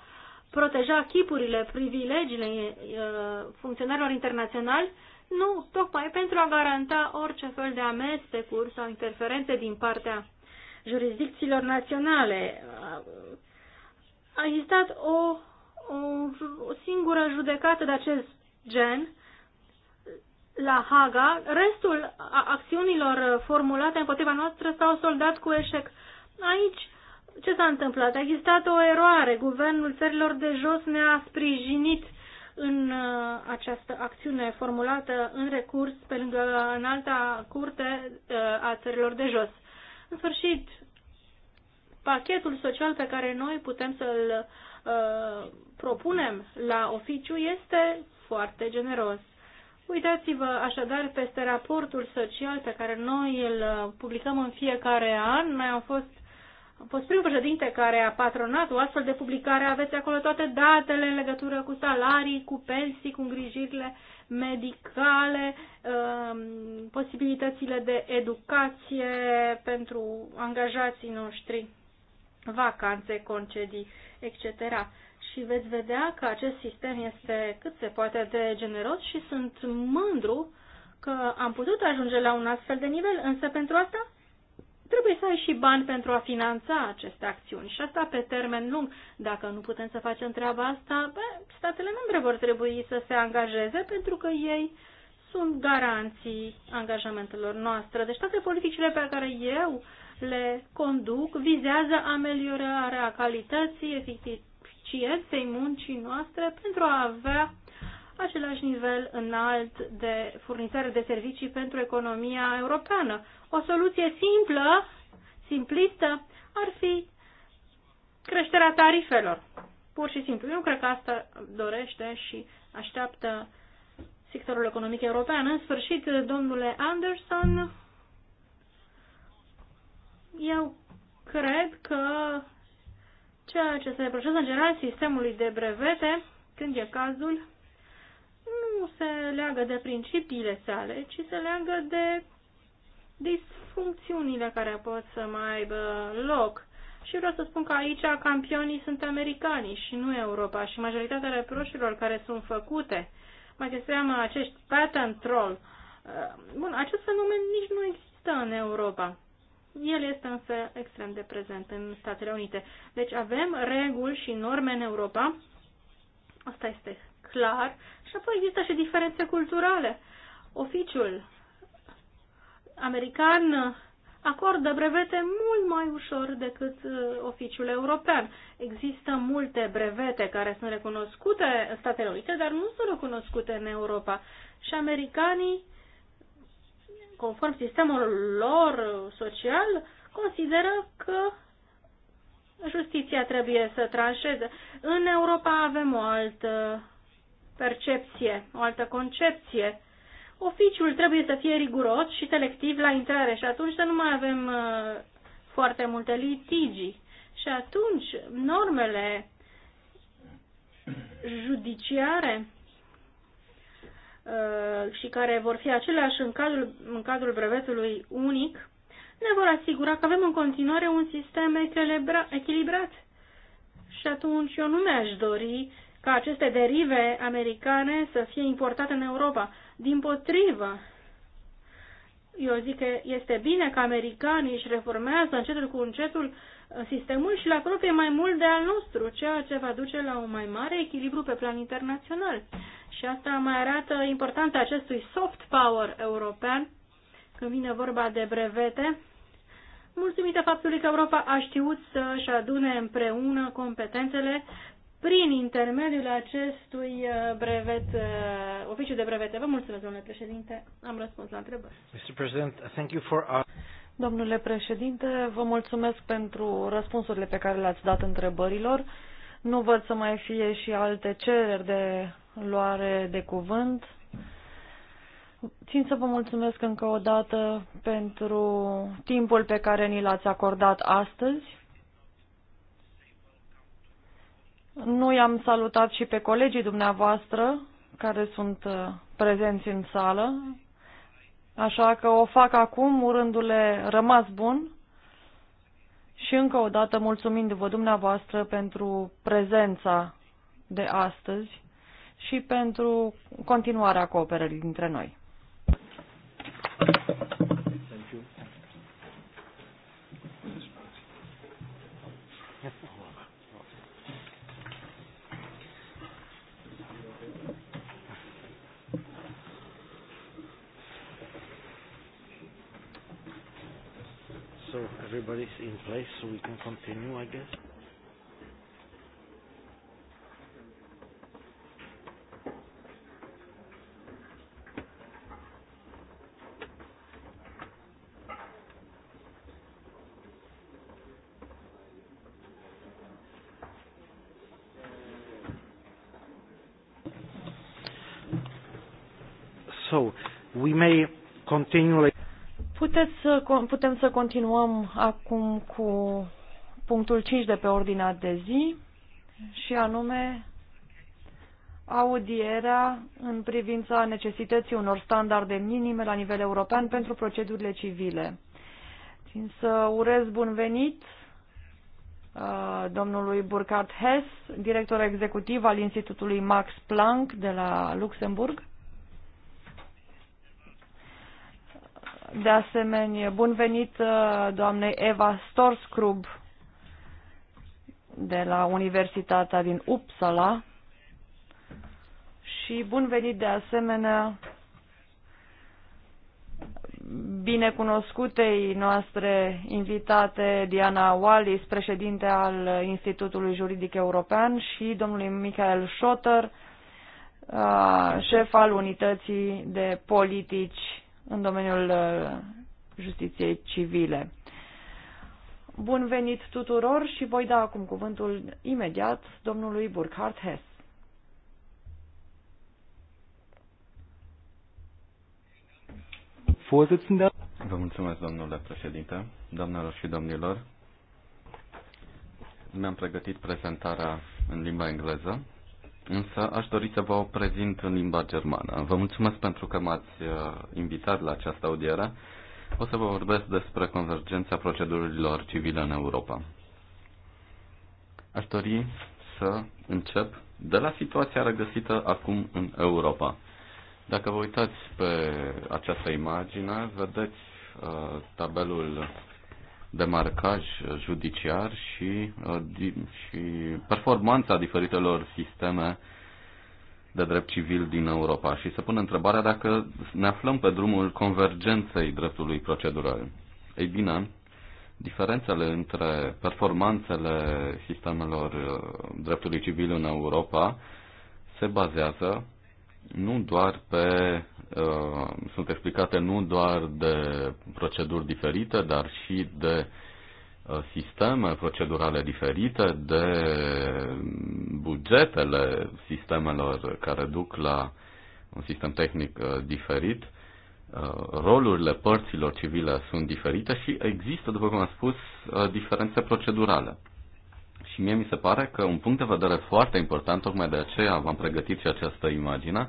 proteja chipurile, privilegiile uh, funcționarilor internaționali, nu, tocmai pentru a garanta orice fel de amestecuri sau interferențe din partea jurisdicțiilor naționale. A existat o, o, o singură judecată de acest gen la Haga, restul acțiunilor formulate împotriva noastră s-au soldat cu eșec. Aici, ce s-a întâmplat? A existat o eroare. Guvernul țărilor de jos ne-a sprijinit în uh, această acțiune formulată în recurs pe lângă în alta curte uh, a țărilor de jos. În sfârșit, pachetul social pe care noi putem să-l uh, propunem la oficiu este foarte generos Uitați-vă așadar peste raportul social pe care noi îl publicăm în fiecare an. Noi am fost, am fost primul președinte care a patronat o astfel de publicare. Aveți acolo toate datele în legătură cu salarii, cu pensii, cu îngrijirile medicale, um, posibilitățile de educație pentru angajații noștri, vacanțe, concedii, etc și veți vedea că acest sistem este cât se poate de generos și sunt mândru că am putut ajunge la un astfel de nivel, însă pentru asta trebuie să ai și bani pentru a finanța aceste acțiuni și asta pe termen lung. Dacă nu putem să facem treaba asta, bă, statele membre vor trebui să se angajeze pentru că ei sunt garanții angajamentelor noastre. Deci toate politicile pe care eu le conduc vizează ameliorarea calității, ci estei muncii noastre pentru a avea același nivel înalt de furnizare de servicii pentru economia europeană. O soluție simplă, simplistă, ar fi creșterea tarifelor. Pur și simplu. Eu cred că asta dorește și așteaptă sectorul economic european. În sfârșit, domnule Anderson, eu cred că ceea ce se reproșează în general sistemului de brevete, când e cazul, nu se leagă de principiile sale, ci se leagă de disfuncțiunile care pot să mai aibă loc. Și vreau să spun că aici campionii sunt americanii și nu Europa și majoritatea reproșilor care sunt făcute, mai de seama acești patent troll, uh, bun, acest fenomen nici nu există în Europa. El este însă extrem de prezent în Statele Unite. Deci avem reguli și norme în Europa, asta este clar, și apoi există și diferențe culturale. Oficiul american acordă brevete mult mai ușor decât uh, oficiul european. Există multe brevete care sunt recunoscute în Statele Unite, dar nu sunt recunoscute în Europa. Și americanii conform sistemul lor social, consideră că justiția trebuie să tranșeze. În Europa avem o altă percepție, o altă concepție. Oficiul trebuie să fie riguros și selectiv la intrare și atunci să nu mai avem uh, foarte multe litigii. Și atunci normele judiciare Uh, și care vor fi aceleași în cadrul, în cadrul brevetului unic, ne vor asigura că avem în continuare un sistem echilibrat. Și atunci eu nu mi-aș dori ca aceste derive americane să fie importate în Europa. Din potrivă, eu zic că este bine că americanii își reformează încetul cu încetul sistemul și îl apropie mai mult de al nostru, ceea ce va duce la un mai mare echilibru pe plan internațional. Și asta mai arată importanța acestui soft power european când vine vorba de brevete, mulțumită faptului că Europa a știut să-și adune împreună competențele prin intermediul acestui uh, brevet, uh, oficiu de brevete. Vă mulțumesc, domnule președinte, am răspuns la întrebări. Mr. President, thank you for... Domnule președinte, vă mulțumesc pentru răspunsurile pe care le-ați dat întrebărilor. Nu văd să mai fie și alte cereri de luare de cuvânt. Țin să vă mulțumesc încă o dată pentru timpul pe care ni l-ați acordat astăzi. Nu i-am salutat și pe colegii dumneavoastră care sunt prezenți în sală. Așa că o fac acum, urându-le rămas bun și încă o dată mulțumindu-vă dumneavoastră pentru prezența de astăzi și pentru continuarea cooperării dintre noi. everybody's in place, so we can continue, I guess. So, we may continue Puteți să, putem să continuăm acum cu punctul 5 de pe ordinea de zi și anume audierea în privința necesității unor standarde minime la nivel european pentru procedurile civile. Țin să urez bun venit uh, domnului Burkhard Hess, director executiv al Institutului Max Planck de la Luxemburg. De asemenea, bun venit uh, doamnei Eva Storscrub de la Universitatea din Uppsala și bun venit de asemenea binecunoscutei noastre invitate Diana Wallis, președinte al Institutului Juridic European și domnului Michael Schotter, uh, șef al unității de politici în domeniul uh, justiției civile. Bun venit tuturor și voi da acum cuvântul imediat domnului Burkhard Hess. Vă mulțumesc, domnule președinte, doamnelor și domnilor. Mi-am pregătit prezentarea în limba engleză Însă aș dori să vă o prezint în limba germană. Vă mulțumesc pentru că m-ați uh, invitat la această audiere. O să vă vorbesc despre convergența procedurilor civile în Europa. Aș dori să încep de la situația regăsită acum în Europa. Dacă vă uitați pe această imagine, vedeți uh, tabelul de marcaj judiciar și, uh, și performanța diferitelor sisteme de drept civil din Europa și se pune întrebarea dacă ne aflăm pe drumul convergenței dreptului procedural. Ei bine, diferențele între performanțele sistemelor uh, dreptului civil în Europa se bazează nu doar pe uh, sunt explicate nu doar de proceduri diferite, dar și de uh, sisteme procedurale diferite, de bugetele sistemelor care duc la un sistem tehnic uh, diferit, uh, rolurile părților civile sunt diferite și există, după cum am spus, diferențe procedurale. Și mie mi se pare că un punct de vedere foarte important, tocmai de aceea v-am pregătit și această imagine,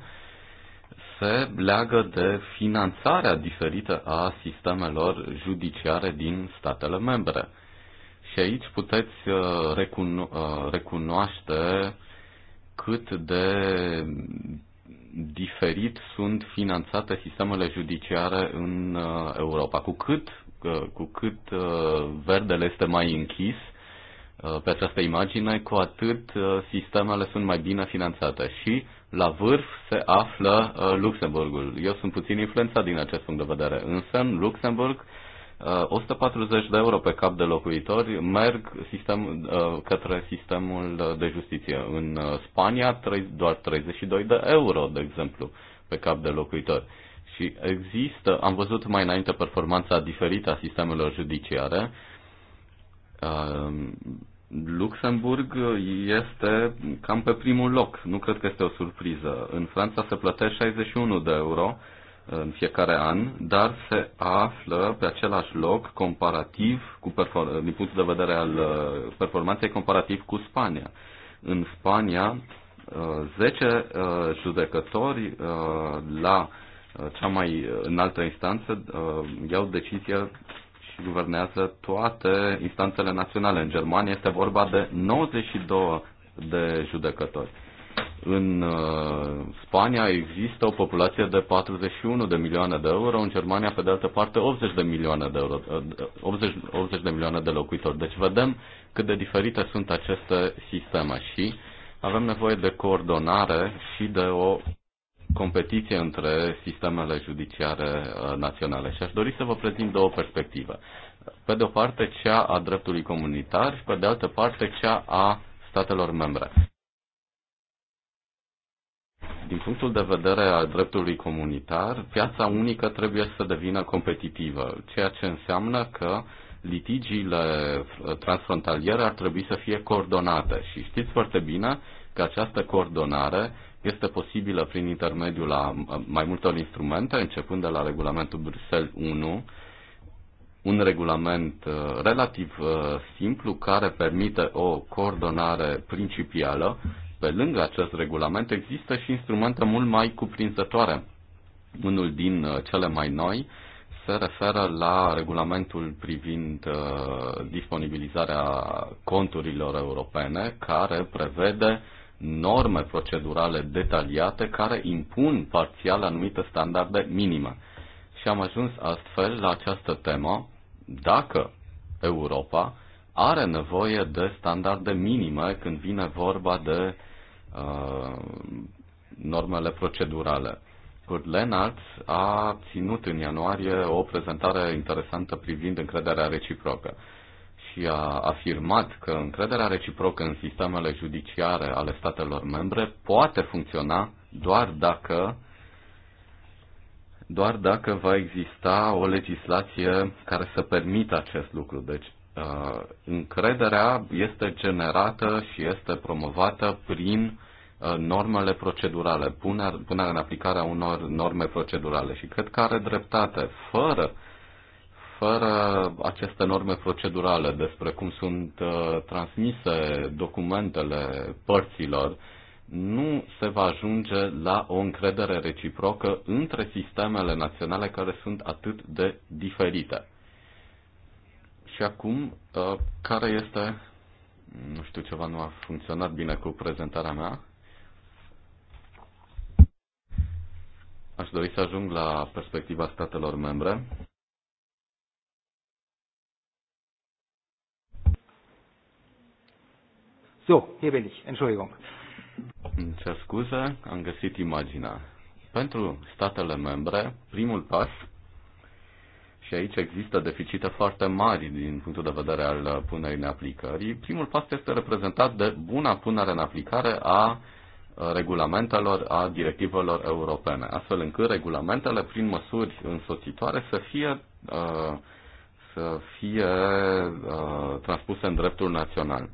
se leagă de finanțarea diferită a sistemelor judiciare din statele membre. Și aici puteți uh, recuno- uh, recunoaște cât de diferit sunt finanțate sistemele judiciare în uh, Europa. Cu cât, cu cât verdele este mai închis, Uh, pe această imagine, cu atât uh, sistemele sunt mai bine finanțate și la vârf se află uh, Luxemburgul. Eu sunt puțin influențat din acest punct de vedere, însă în Luxemburg 140 de euro pe cap de locuitori merg sistem, către sistemul de justiție. În Spania doar 32 de euro, de exemplu, pe cap de locuitor. Și există, am văzut mai înainte performanța diferită a sistemelor judiciare, Luxemburg este cam pe primul loc, nu cred că este o surpriză. În Franța se plătește 61 de euro uh, în fiecare an, dar se află pe același loc comparativ cu perform- uh, din punct de vedere al uh, performanței comparativ cu Spania. În Spania, 10 judecători la cea mai înaltă instanță iau decizia și guvernează toate instanțele naționale. În Germania este vorba de 92 de judecători. În uh, Spania există o populație de 41 de milioane de euro, în Germania pe de altă parte 80 de milioane de, euro, 80, uh, 80 de milioane de locuitori. Deci vedem cât de diferite sunt aceste sisteme și avem nevoie de coordonare și de o competiție între sistemele judiciare uh, naționale. Și aș dori să vă prezint două perspective. Pe de o parte cea a dreptului comunitar și pe de altă parte cea a statelor membre. Din punctul de vedere al dreptului comunitar, piața unică trebuie să devină competitivă, ceea ce înseamnă că litigiile uh, transfrontaliere ar trebui să fie coordonate și știți foarte bine că această coordonare este posibilă prin intermediul la mai multor instrumente, începând de la regulamentul Bruxelles 1, un regulament uh, relativ uh, simplu care permite o coordonare principială. Pe lângă acest regulament există și instrumente mult mai cuprinzătoare. Unul din uh, cele mai noi se referă la regulamentul privind disponibilizarea conturilor europene, care prevede norme procedurale detaliate care impun parțial anumite standarde minime. Și am ajuns astfel la această temă dacă Europa are nevoie de standarde minime când vine vorba de uh, normele procedurale. Kurt Lennart a ținut în ianuarie o prezentare interesantă privind încrederea reciprocă și a afirmat că încrederea reciprocă în sistemele judiciare ale statelor membre poate funcționa doar dacă doar dacă va exista o legislație care să permită acest lucru. Deci, uh, încrederea este generată și este promovată prin uh, normele procedurale, punerea în aplicare a unor norme procedurale. Și cred că are dreptate. Fără uh, fără aceste norme procedurale despre cum sunt uh, transmise documentele părților, nu se va ajunge la o încredere reciprocă între sistemele naționale care sunt atât de diferite. Și acum, uh, care este, nu știu, ceva nu a funcționat bine cu prezentarea mea, aș dori să ajung la perspectiva statelor membre. So, hier bin ich. Entschuldigung. Îmi scuze, am găsit imaginea. Pentru statele membre, primul pas, și aici există deficite foarte mari din punctul de vedere al punerii în aplicări, primul pas este reprezentat de buna punere în aplicare a uh, regulamentelor, a directivelor europene, astfel încât regulamentele, prin măsuri însoțitoare, să fie, uh, să fie uh, transpuse în dreptul național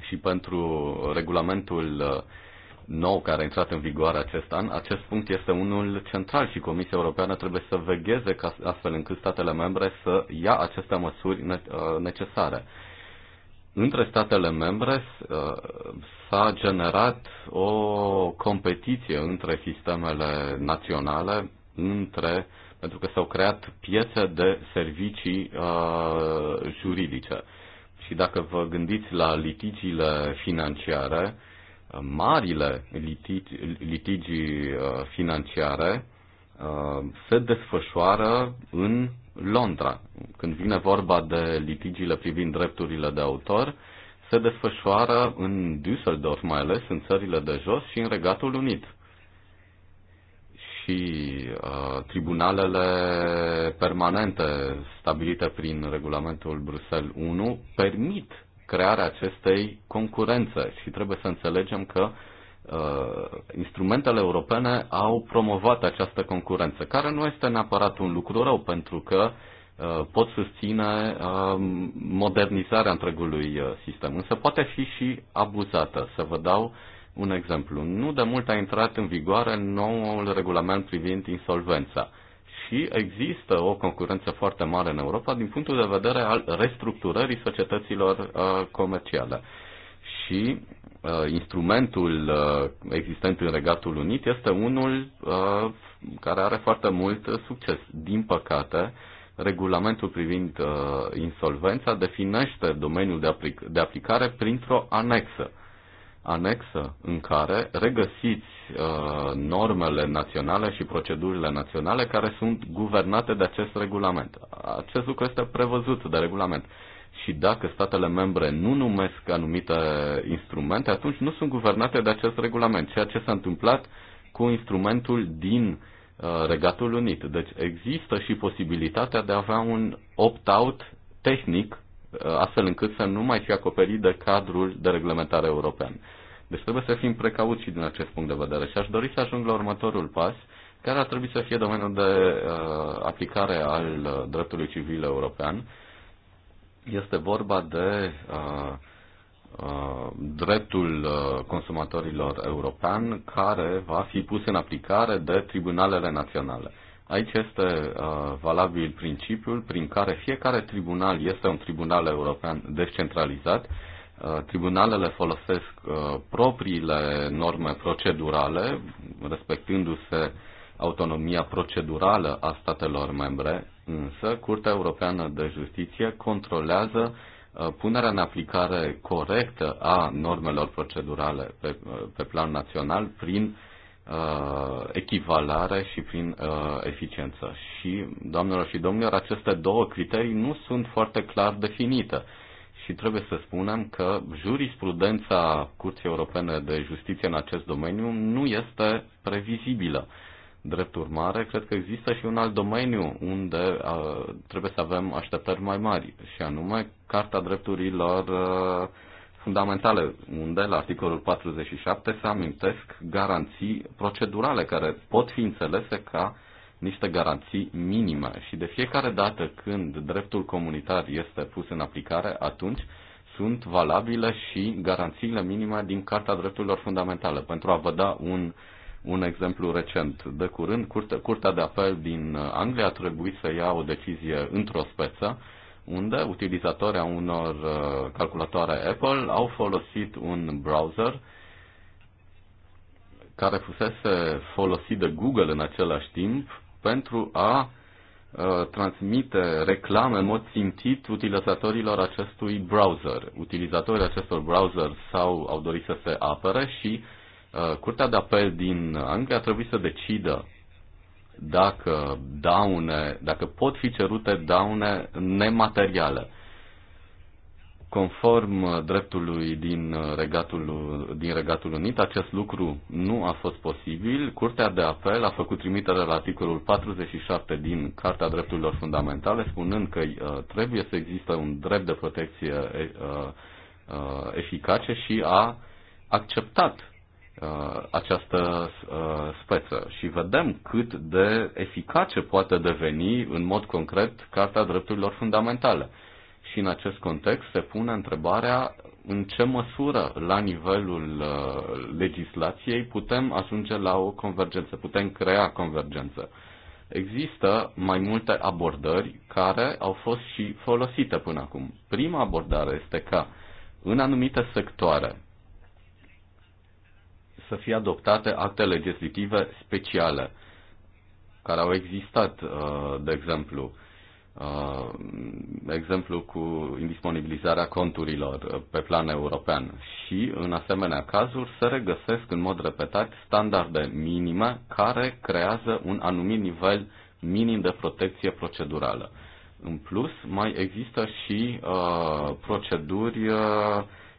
și pentru regulamentul uh, nou care a intrat în vigoare acest an, acest punct este unul central și Comisia Europeană trebuie să vegheze ca, astfel încât statele membre să ia aceste măsuri uh, necesare. Între statele membre uh, s-a generat o competiție între sistemele naționale, între, pentru că s-au creat piețe de servicii uh, juridice. Uh, și dacă vă gândiți la litigiile financiare, marile litigi, litigii uh, financiare uh, se desfășoară în Londra. Când vine vorba de litigiile privind drepturile de autor, se desfășoară în Düsseldorf, mai ales în țările de jos și în Regatul Unit și uh, tribunalele permanente stabilite prin regulamentul Bruxelles 1 permit crearea acestei concurențe și trebuie să înțelegem că uh, instrumentele europene au promovat această concurență, care nu este neapărat un lucru rău, pentru că uh, pot susține uh, modernizarea întregului uh, sistem, însă poate fi și abuzată. Să vă dau uh, un exemplu. Nu de mult a intrat în vigoare noul regulament privind insolvența și există o concurență foarte mare în Europa din punctul de vedere al restructurării societăților uh, comerciale. Și uh, instrumentul uh, existent în Regatul Unit este unul uh, care are foarte mult succes. Din păcate, regulamentul privind uh, insolvența definește domeniul de, aplic- de aplicare printr-o anexă. Uh, anexă în care regăsiți uh, normele naționale și procedurile naționale care sunt guvernate de acest regulament. Acest lucru este prevăzut de regulament. Și dacă statele membre nu numesc anumite instrumente, atunci nu sunt guvernate de acest regulament, ceea ce s-a întâmplat cu instrumentul din uh, Regatul Unit. Deci există și posibilitatea de a avea un opt-out tehnic Uh, astfel încât să nu mai fie acoperit de cadrul de reglementare european. Deci trebuie să fim precauți și din acest punct de vedere și aș dori să ajung la următorul pas, care ar trebui să fie domeniul de uh, aplicare al uh, dreptului civil european. Este vorba de uh, uh, dreptul uh, consumatorilor european care va fi pus în aplicare de tribunalele naționale. Aici este uh, valabil principiul prin care fiecare tribunal este un tribunal european descentralizat. Uh, tribunalele folosesc uh, propriile norme procedurale, respectându-se autonomia procedurală a statelor membre, însă Curtea Europeană de Justiție controlează uh, punerea în aplicare corectă a normelor procedurale pe, uh, pe plan național prin uh, echivalare și prin uh, eficiență. Și, doamnelor și domnilor, aceste două criterii nu sunt foarte clar definite. Și trebuie să spunem că jurisprudența Curții Europene de Justiție în acest domeniu nu este previzibilă. Drept urmare, cred că există și un alt domeniu unde uh, trebuie să avem așteptări mai mari, și anume Carta Drepturilor uh, fundamentale, unde la articolul 47 se amintesc garanții procedurale care pot fi înțelese ca niște garanții minime și de fiecare dată când dreptul comunitar este pus în aplicare, atunci sunt valabile și garanțiile minime din Carta Drepturilor Fundamentale. Pentru a vă da un, un exemplu recent, de curând, Curtea de Apel din Anglia a trebuit să ia o decizie într-o speță unde utilizatorii unor uh, calculatoare Apple au folosit un browser care fusese folosit de Google în același timp pentru a uh, transmite reclame în mod simțit utilizatorilor acestui browser. Utilizatorii acestor browser sau au dorit să se apere și uh, Curtea de Apel din Anglia a trebuit să decidă dacă daune, dacă pot fi cerute daune nemateriale. Conform dreptului din Regatul, din Regatul Unit, acest lucru nu a fost posibil. Curtea de apel a făcut trimitere la articolul 47 din Carta Drepturilor Fundamentale, spunând că uh, trebuie să existe un drept de protecție uh, uh, eficace și a acceptat Uh, această uh, speță și vedem cât de eficace poate deveni în mod concret Carta Drepturilor Fundamentale. Și în acest context se pune întrebarea în ce măsură la nivelul uh, legislației putem ajunge la o convergență, putem crea convergență. Există mai multe abordări care au fost și folosite până acum. Prima abordare este că în anumite sectoare să fie adoptate acte legislative speciale care au existat, uh, de exemplu, de uh, exemplu cu indisponibilizarea conturilor pe plan european și în asemenea cazuri se regăsesc în mod repetat standarde minime care creează un anumit nivel minim de protecție procedurală. În plus, mai există și uh, proceduri uh,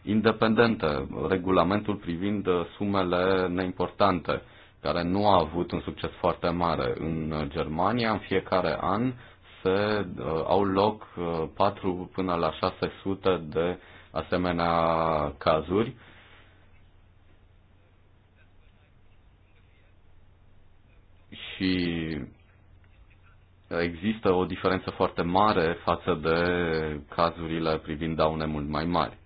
independente, regulamentul privind uh, sumele neimportante, care nu a avut un succes foarte mare. În Germania, în fiecare an, se uh, au loc uh, 4 până la 600 de asemenea cazuri. Și există o diferență foarte mare față de cazurile privind daune mult mai mari.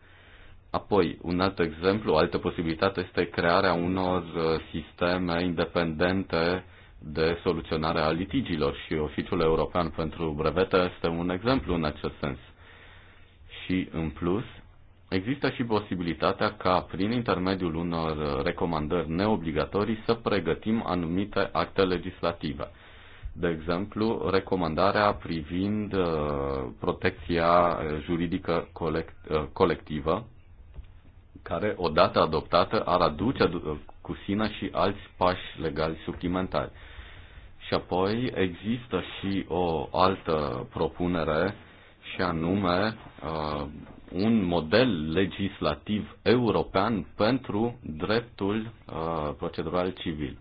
Apoi, un alt exemplu, o altă posibilitate este crearea unor uh, sisteme independente de soluționare a litigilor și Oficiul European pentru Brevete este un exemplu în acest sens. Și, în plus, există și posibilitatea ca, prin intermediul unor uh, recomandări neobligatorii, să pregătim anumite acte legislative. De exemplu, recomandarea privind uh, protecția juridică colect, colectivă care, odată adoptată, ar aduce cu sine și alți pași legali suplimentari. Și apoi există și o altă propunere și anume uh, un model legislativ european pentru dreptul uh, procedural civil.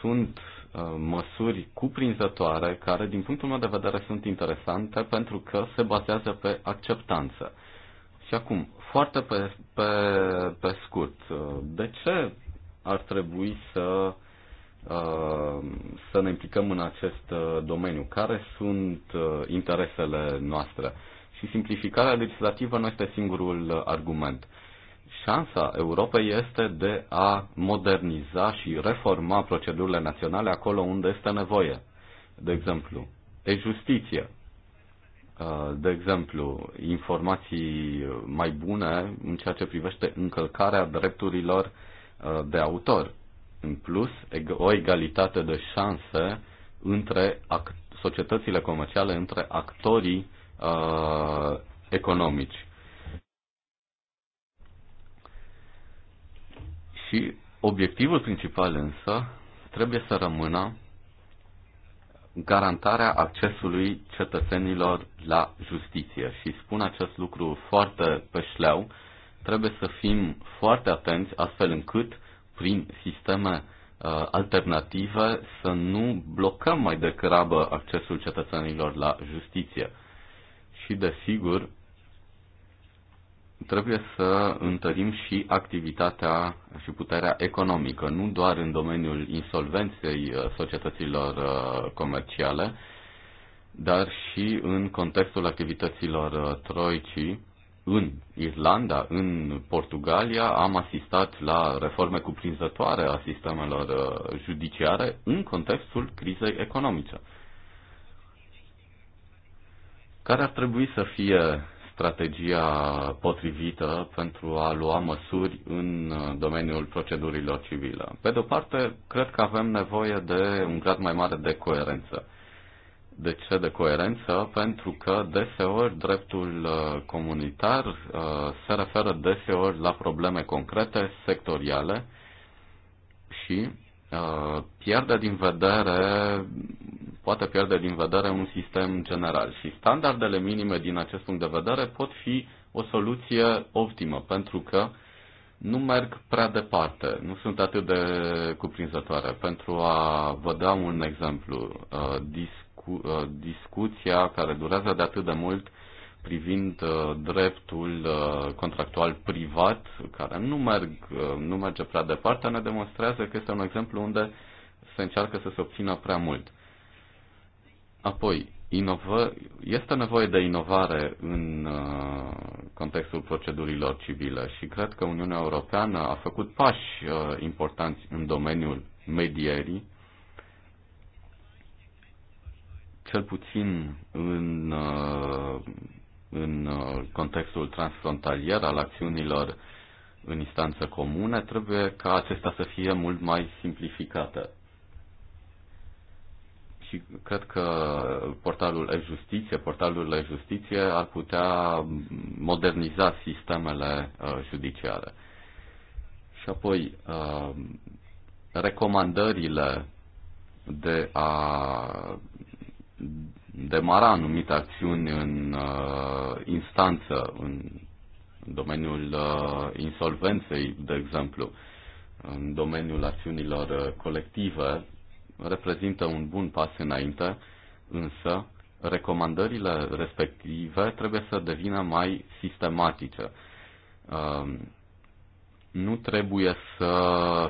Sunt uh, măsuri cuprinzătoare care, din punctul meu de vedere, sunt interesante pentru că se bazează pe acceptanță. Și acum, foarte pe, pe, pe scurt, de ce ar trebui să, uh, să ne implicăm în acest uh, domeniu? Care sunt uh, interesele noastre? Și simplificarea legislativă nu este singurul argument. Șansa Europei este de a moderniza și reforma procedurile naționale acolo unde este nevoie. De exemplu, e justiție. Uh, de exemplu, informații mai bune în ceea ce privește încălcarea drepturilor uh, de autor. În plus, o egalitate de șanse între societățile comerciale, între actorii uh, economici. Și obiectivul principal însă trebuie să rămână garantarea accesului cetățenilor la justiție. Și spun acest lucru foarte pe șleau, trebuie să fim foarte atenți astfel încât prin sisteme uh, alternative să nu blocăm mai degrabă accesul cetățenilor la justiție. Și desigur, trebuie să întărim și activitatea și puterea economică, nu doar în domeniul insolvenței uh, societăților uh, comerciale, dar și în contextul activităților uh, troicii. În Irlanda, în Portugalia, am asistat la reforme cuprinzătoare a sistemelor judiciare în contextul crizei economice. Care ar trebui să fie strategia potrivită pentru a lua măsuri în uh, domeniul procedurilor civile. Pe de o parte, cred că avem nevoie de un grad mai mare de coerență. De ce de coerență? Pentru că deseori dreptul uh, comunitar uh, se referă deseori la probleme concrete, sectoriale și Uh, pierde din vedere poate pierde din vedere un sistem general și standardele minime din acest punct de vedere pot fi o soluție optimă pentru că nu merg prea departe, nu sunt atât de cuprinzătoare. Pentru a vă da un exemplu, uh, discu- uh, discuția care durează de atât de mult privind uh, dreptul uh, contractual privat, care nu, merg, uh, nu merge prea departe, ne demonstrează că este un exemplu unde se încearcă să se obțină prea mult. Apoi, inovă, este nevoie de inovare în contextul procedurilor civile și cred că Uniunea Europeană a făcut pași importanți în domeniul medierii, cel puțin în în uh, contextul transfrontalier al acțiunilor în instanță comune, trebuie ca acesta să fie mult mai simplificată. Și cred că portalul e-justiție, portalul e-justiție ar putea moderniza sistemele uh, judiciare. Și apoi, uh, recomandările de a demara anumite acțiuni în uh, instanță, în domeniul uh, insolvenței, de exemplu, în domeniul acțiunilor uh, colective, reprezintă un bun pas înainte, însă recomandările respective trebuie să devină mai sistematice. Uh, nu trebuie să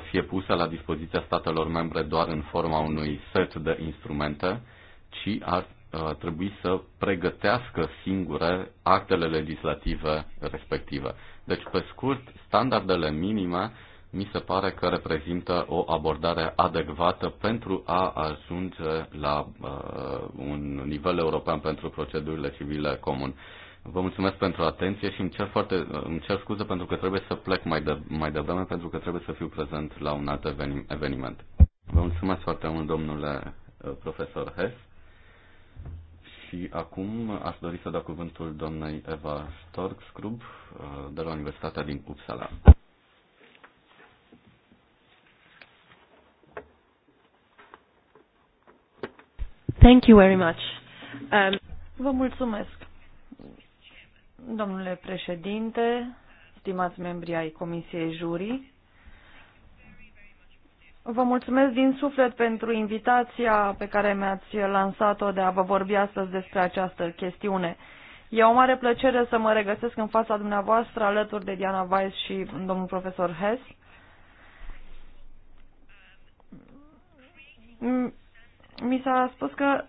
fie pusă la dispoziția statelor membre doar în forma unui set de instrumente, ci ar Uh, trebui să pregătească singure actele legislative respective. Deci, pe scurt, standardele minime mi se pare că reprezintă o abordare adecvată pentru a ajunge la uh, un nivel european pentru procedurile civile comun. Vă mulțumesc pentru atenție și îmi cer, foarte, îmi cer scuze pentru că trebuie să plec mai, de, mai devreme, pentru că trebuie să fiu prezent la un alt eveniment. Vă mulțumesc foarte mult, domnule uh, profesor Hess. Și acum aș dori să dau cuvântul doamnei Eva Storkscrub uh, de la Universitatea din Uppsala. Thank you very much. Um... Vă mulțumesc. Domnule președinte, stimați membri ai Comisiei Jurii, Vă mulțumesc din suflet pentru invitația pe care mi-ați lansat-o de a vă vorbi astăzi despre această chestiune. E o mare plăcere să mă regăsesc în fața dumneavoastră alături de Diana Weiss și domnul profesor Hess mi s-a spus că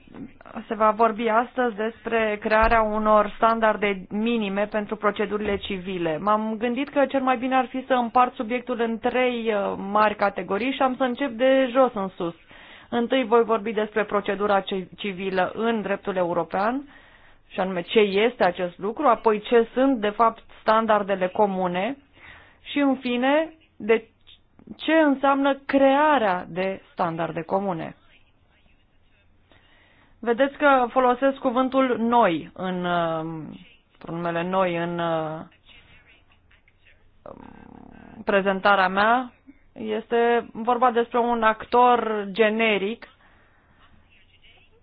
se va vorbi astăzi despre crearea unor standarde minime pentru procedurile civile. M-am gândit că cel mai bine ar fi să împart subiectul în trei uh, mari categorii și am să încep de jos în sus. Întâi voi vorbi despre procedura civilă în dreptul european, și anume ce este acest lucru, apoi ce sunt, de fapt, standardele comune și, în fine, de ce înseamnă crearea de standarde comune. Vedeți că folosesc cuvântul noi în uh, numele noi în uh, prezentarea mea. Este vorba despre un actor generic.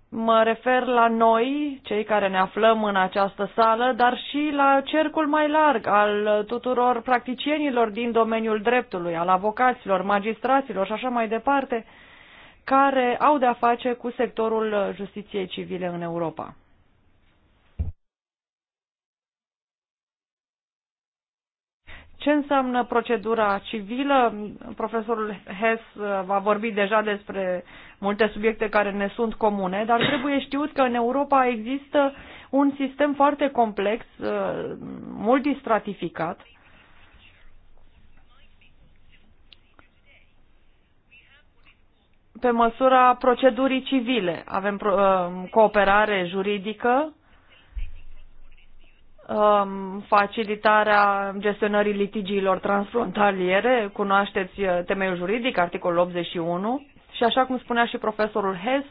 Mă refer la noi, cei care ne aflăm în această sală, dar și la cercul mai larg al tuturor practicienilor din domeniul dreptului, al avocaților, magistraților și așa mai departe care au de-a face cu sectorul justiției civile în Europa. Ce înseamnă procedura civilă? Profesorul Hess uh, va vorbi deja despre multe subiecte care ne sunt comune, dar trebuie știut că în Europa există un sistem foarte complex, uh, multistratificat, pe măsura procedurii civile. Avem uh, cooperare juridică, um, facilitarea gestionării litigiilor transfrontaliere, cunoașteți uh, temeiul juridic, articolul 81, și așa cum spunea și profesorul Hess,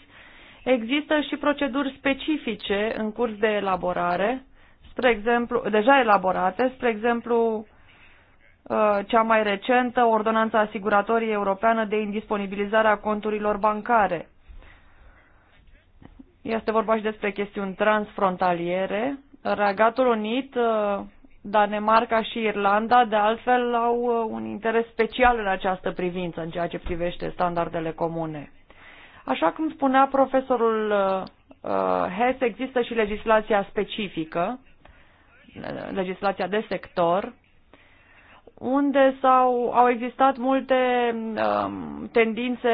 există și proceduri specifice în curs de elaborare, spre exemplu, deja elaborate, spre exemplu, Uh, cea mai recentă, Ordonanța Asiguratorie Europeană de Indisponibilizare a Conturilor Bancare. Este vorba și despre chestiuni transfrontaliere. Regatul Unit, uh, Danemarca și Irlanda, de altfel, au uh, un interes special în această privință, în ceea ce privește standardele comune. Așa cum spunea profesorul Hess, există și legislația specifică, legislația de sector, unde s-au, au existat multe um, tendințe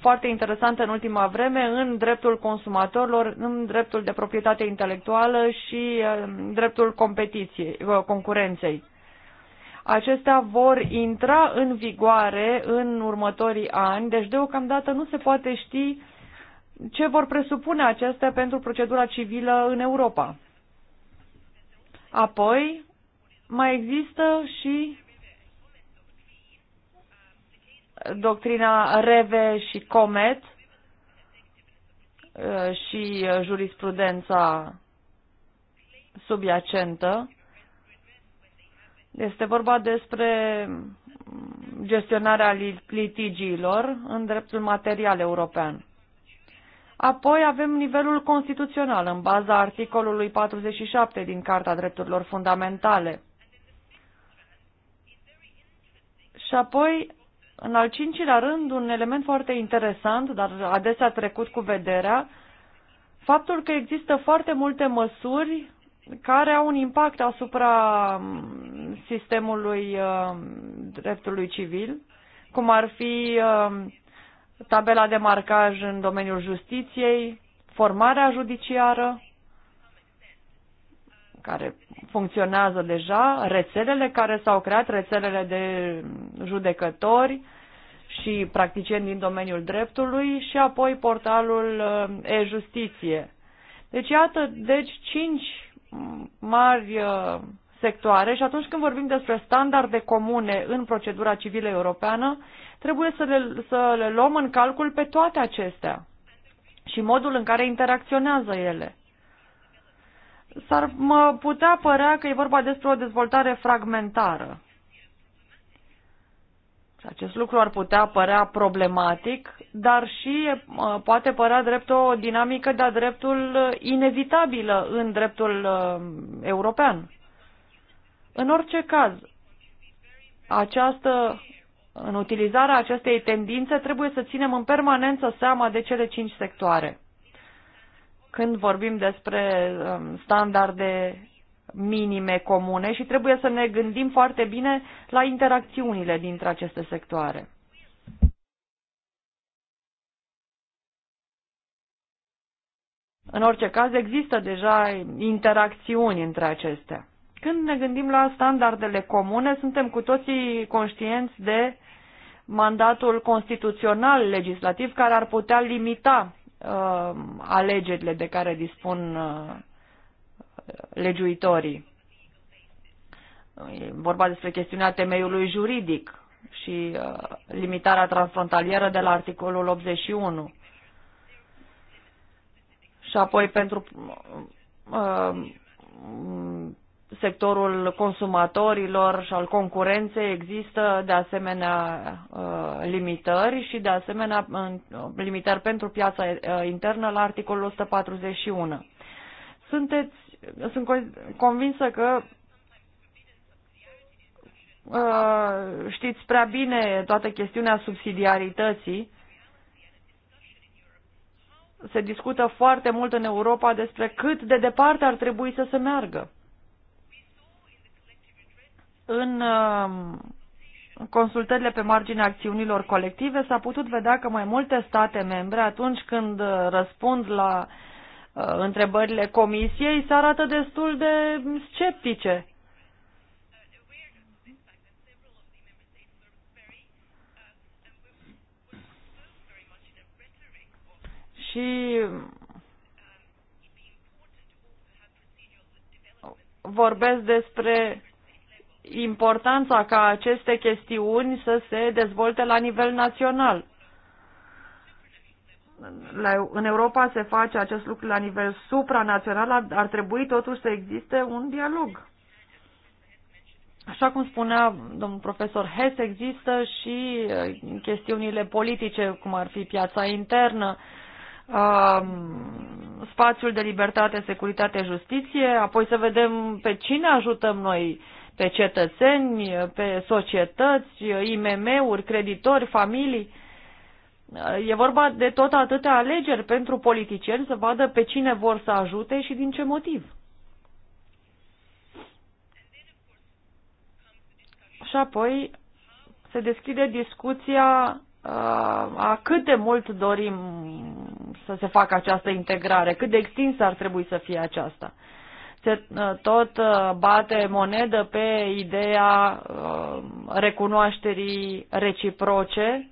foarte interesante în ultima vreme în dreptul consumatorilor, în dreptul de proprietate intelectuală și um, dreptul competiției, uh, concurenței. Acestea vor intra în vigoare în următorii ani, deci deocamdată nu se poate ști ce vor presupune acestea pentru procedura civilă în Europa. Apoi, mai există și doctrina Reve și Comet uh, și uh, jurisprudența subiacentă. Este vorba despre gestionarea litigiilor în dreptul material european. Apoi avem nivelul constituțional în baza articolului 47 din Carta Drepturilor Fundamentale. Și apoi în al cincilea rând, un element foarte interesant, dar adesea trecut cu vederea, faptul că există foarte multe măsuri care au un impact asupra mm, sistemului mm, dreptului civil, cum ar fi mm, tabela de marcaj în domeniul justiției, formarea judiciară, care funcționează deja, rețelele care s-au creat, rețelele de judecători și practicieni din domeniul dreptului și apoi portalul uh, e-justiție. Deci iată, deci cinci mari uh, sectoare și atunci când vorbim despre standarde comune în procedura civilă europeană, trebuie să le, să le luăm în calcul pe toate acestea și modul în care interacționează ele s-ar putea părea că e vorba despre o dezvoltare fragmentară. Și acest lucru ar putea părea problematic, dar și poate părea drept o dinamică de-a dreptul inevitabilă în dreptul european. În orice caz, această, în utilizarea acestei tendințe trebuie să ținem în permanență seama de cele cinci sectoare când vorbim despre um, standarde minime comune și trebuie să ne gândim foarte bine la interacțiunile dintre aceste sectoare. În orice caz, există deja interacțiuni între acestea. Când ne gândim la standardele comune, suntem cu toții conștienți de mandatul constituțional legislativ care ar putea limita uh, alegerile de care dispun uh, legiuitorii. E vorba despre chestiunea temeiului juridic și uh, limitarea transfrontalieră de la articolul 81. Și apoi pentru uh, sectorul consumatorilor și al concurenței există de asemenea uh, limitări și de asemenea uh, limitări pentru piața uh, internă la articolul 141. Sunteți, sunt convinsă că știți prea bine toată chestiunea subsidiarității. Se discută foarte mult în Europa despre cât de departe ar trebui să se meargă în um, consultările pe marginea acțiunilor colective s-a putut vedea că mai multe state membre, atunci când uh, răspund la uh, întrebările comisiei, se arată destul de sceptice. Și vorbesc despre importanța ca aceste chestiuni să se dezvolte la nivel național. La, în Europa se face acest lucru la nivel supranațional, ar, ar trebui totuși să existe un dialog. Așa cum spunea domnul profesor Hess, există și uh, chestiunile politice, cum ar fi piața internă, um, spațiul de libertate, securitate, justiție, apoi să vedem pe cine ajutăm noi, pe cetățeni, pe societăți, IMM-uri, creditori, familii. E vorba de tot atâtea alegeri pentru politicieni să vadă pe cine vor să ajute și din ce motiv. Și apoi se deschide discuția uh, a cât de mult dorim să se facă această integrare, cât de extinsă ar trebui să fie aceasta. Uh, se uh, tot uh, bate monedă pe ideea uh, recunoașterii reciproce,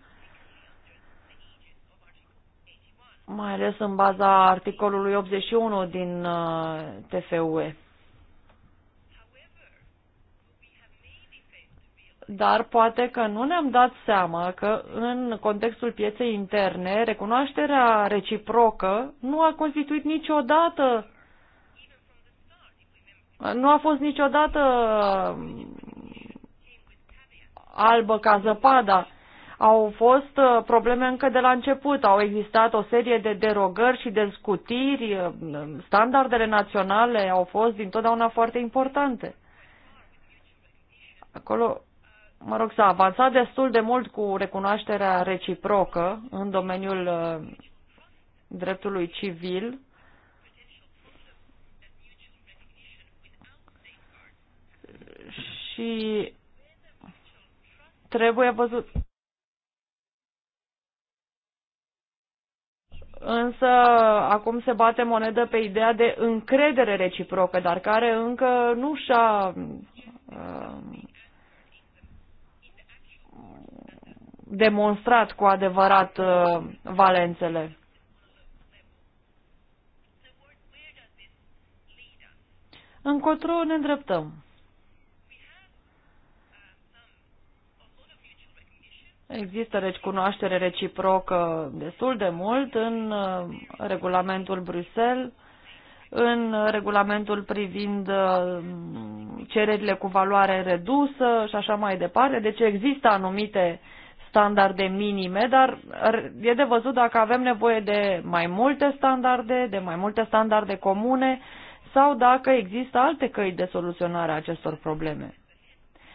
mai ales în baza articolului 81 din TFUE. Dar poate că nu ne-am dat seama că în contextul pieței interne recunoașterea reciprocă nu a constituit niciodată nu a fost niciodată albă ca zăpada. Au fost uh, probleme încă de la început, au existat o serie de derogări și de scutiri, uh, standardele naționale au fost dintotdeauna foarte importante. Acolo, mă rog, s-a avansat destul de mult cu recunoașterea reciprocă în domeniul uh, dreptului civil, și trebuie văzut. Însă acum se bate monedă pe ideea de încredere reciprocă, dar care încă nu și-a uh, demonstrat cu adevărat uh, valențele. Încotro ne îndreptăm. Există deci cunoaștere reciprocă destul de mult în uh, regulamentul Bruxelles, în regulamentul privind uh, cererile cu valoare redusă și așa mai departe. Deci există anumite standarde minime, dar e de văzut dacă avem nevoie de mai multe standarde, de mai multe standarde comune sau dacă există alte căi de soluționare a acestor probleme.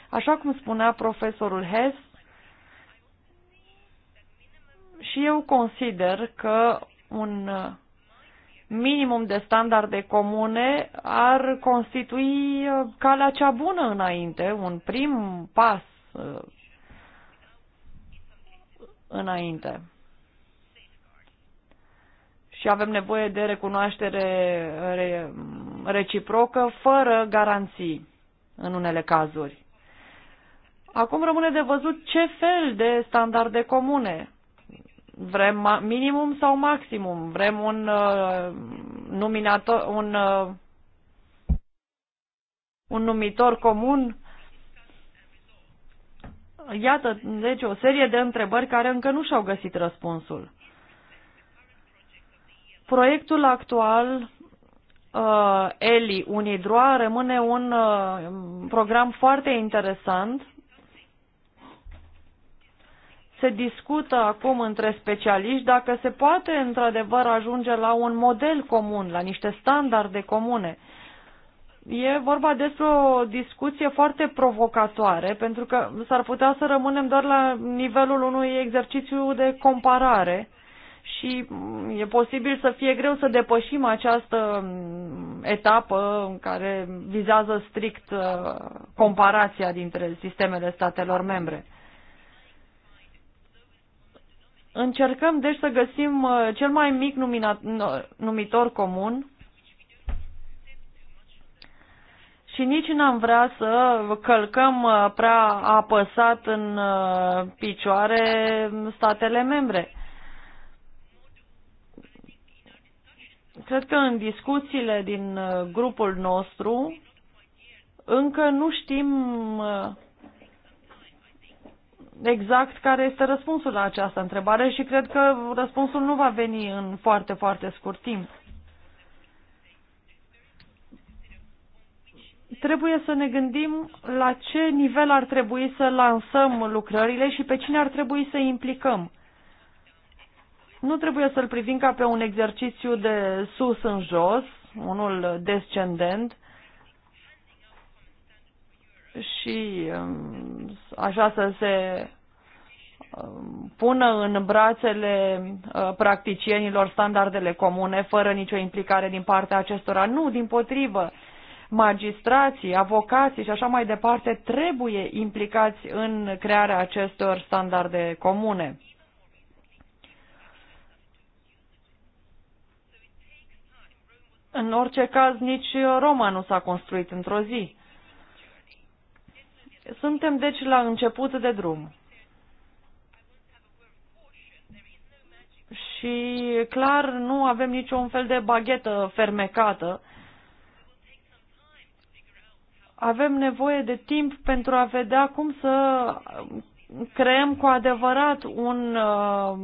Așa cum spunea profesorul Hess, și eu consider că un uh, minimum de standarde comune ar constitui uh, calea cea bună înainte, un prim pas uh, înainte. Și avem nevoie de recunoaștere reciprocă fără garanții în unele cazuri. Acum rămâne de văzut ce fel de standarde comune Vrem minimum sau maximum? Vrem un uh, numinator, un, uh, un numitor comun? Iată, deci, o serie de întrebări care încă nu și-au găsit răspunsul. Proiectul actual uh, ELI Unidroa rămâne un uh, program foarte interesant se discută acum între specialiști dacă se poate într-adevăr ajunge la un model comun, la niște standarde comune. E vorba despre o discuție foarte provocatoare, pentru că s-ar putea să rămânem doar la nivelul unui exercițiu de comparare și e posibil să fie greu să depășim această etapă în care vizează strict uh, comparația dintre sistemele statelor membre. Încercăm deci să găsim uh, cel mai mic numitor comun și nici n-am vrea să călcăm uh, prea apăsat în uh, picioare statele membre. Cred că în discuțiile din grupul nostru încă nu știm exact care este răspunsul la această întrebare și cred că răspunsul nu va veni în foarte, foarte scurt timp. Trebuie să ne gândim la ce nivel ar trebui să lansăm lucrările și pe cine ar trebui să implicăm. Nu trebuie să-l privim ca pe un exercițiu de sus în jos, unul descendent, și um, așa să se um, pună în brațele uh, practicienilor standardele comune fără nicio implicare din partea acestora. Nu, din potrivă, magistrații, avocații și așa mai departe trebuie implicați în crearea acestor standarde comune. În orice caz, nici Roma nu s-a construit într-o zi. Suntem deci la început de drum. Și clar nu avem niciun fel de baghetă fermecată. Avem nevoie de timp pentru a vedea cum să creăm cu adevărat un uh,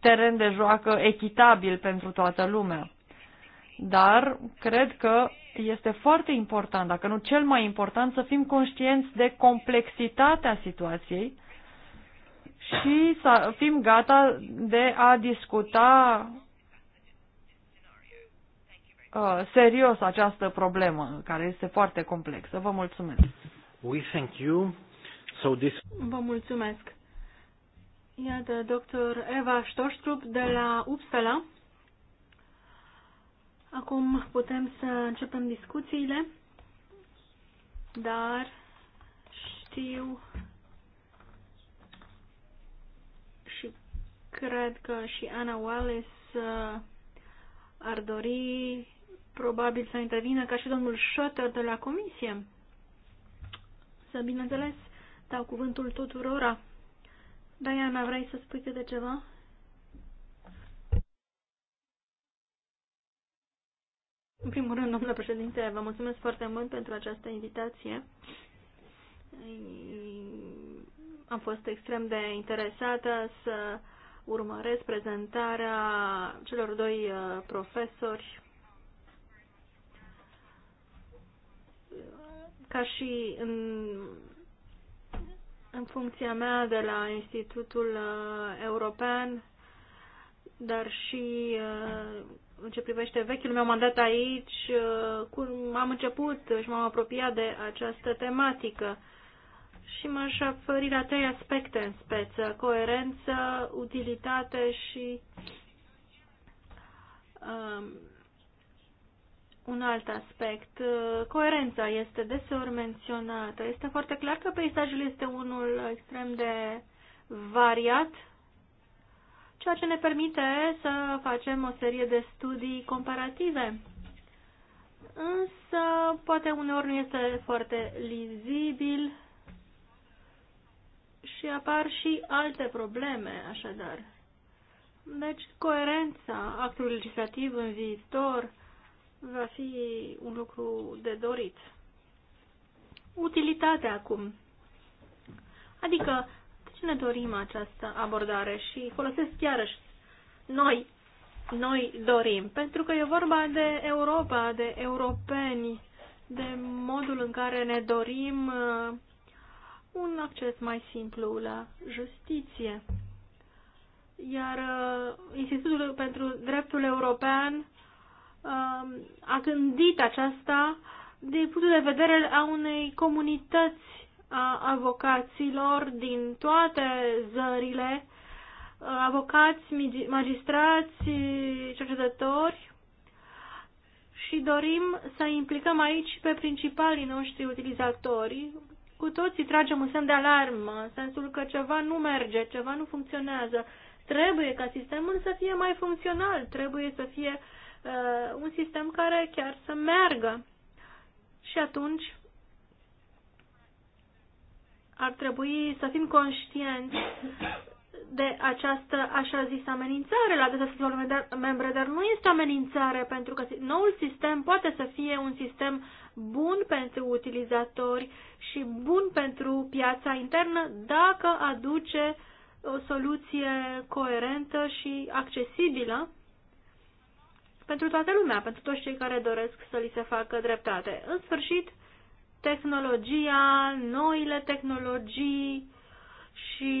teren de joacă echitabil pentru toată lumea. Dar cred că este foarte important, dacă nu cel mai important, să fim conștienți de complexitatea situației și să fim gata de a discuta uh, serios această problemă, care este foarte complexă. Vă mulțumesc. We thank you. So this... Vă mulțumesc. Iată, doctor Eva Stoștrup de la Uppsala Acum putem să începem discuțiile, dar știu și cred că și Ana Wallace uh, ar dori probabil să intervină ca și domnul Schotter de la comisie. Să bineînțeles, dau cuvântul tuturora. Diana, vrei să spui câte ceva? În primul rând, domnule președinte, vă mulțumesc foarte mult pentru această invitație. Am fost extrem de interesată să urmăresc prezentarea celor doi uh, profesori ca și în, în funcția mea de la Institutul uh, European, dar și uh, în ce privește vechiul meu mandat aici, uh, cum am început și m-am apropiat de această tematică și m-aș referi la trei aspecte în speță, coerență, utilitate și um, un alt aspect. Coerența este deseori menționată. Este foarte clar că peisajul este unul extrem de variat ceea ce ne permite să facem o serie de studii comparative. Însă, poate uneori nu este foarte lizibil și apar și alte probleme, așadar. Deci, coerența actului legislativ în viitor va fi un lucru de dorit. Utilitatea acum. Adică, și ne dorim această abordare și folosesc iarăși noi, noi dorim, pentru că e vorba de Europa, de europeni, de modul în care ne dorim uh, un acces mai simplu la justiție. Iar uh, Institutul pentru Dreptul European uh, a gândit aceasta din punctul de vedere a unei comunități a avocaților din toate zările, avocați, magistrați, cercetători și dorim să implicăm aici pe principalii noștri utilizatori. Cu toții tragem un semn de alarmă, în sensul că ceva nu merge, ceva nu funcționează. Trebuie ca sistemul să fie mai funcțional, trebuie să fie uh, un sistem care chiar să meargă. Și atunci ar trebui să fim conștienți de această așa zis amenințare la adresa statelor membre, dar nu este amenințare pentru că noul sistem poate să fie un sistem bun pentru utilizatori și bun pentru piața internă dacă aduce o soluție coerentă și accesibilă pentru toată lumea, pentru toți cei care doresc să li se facă dreptate. În sfârșit, tehnologia, noile tehnologii și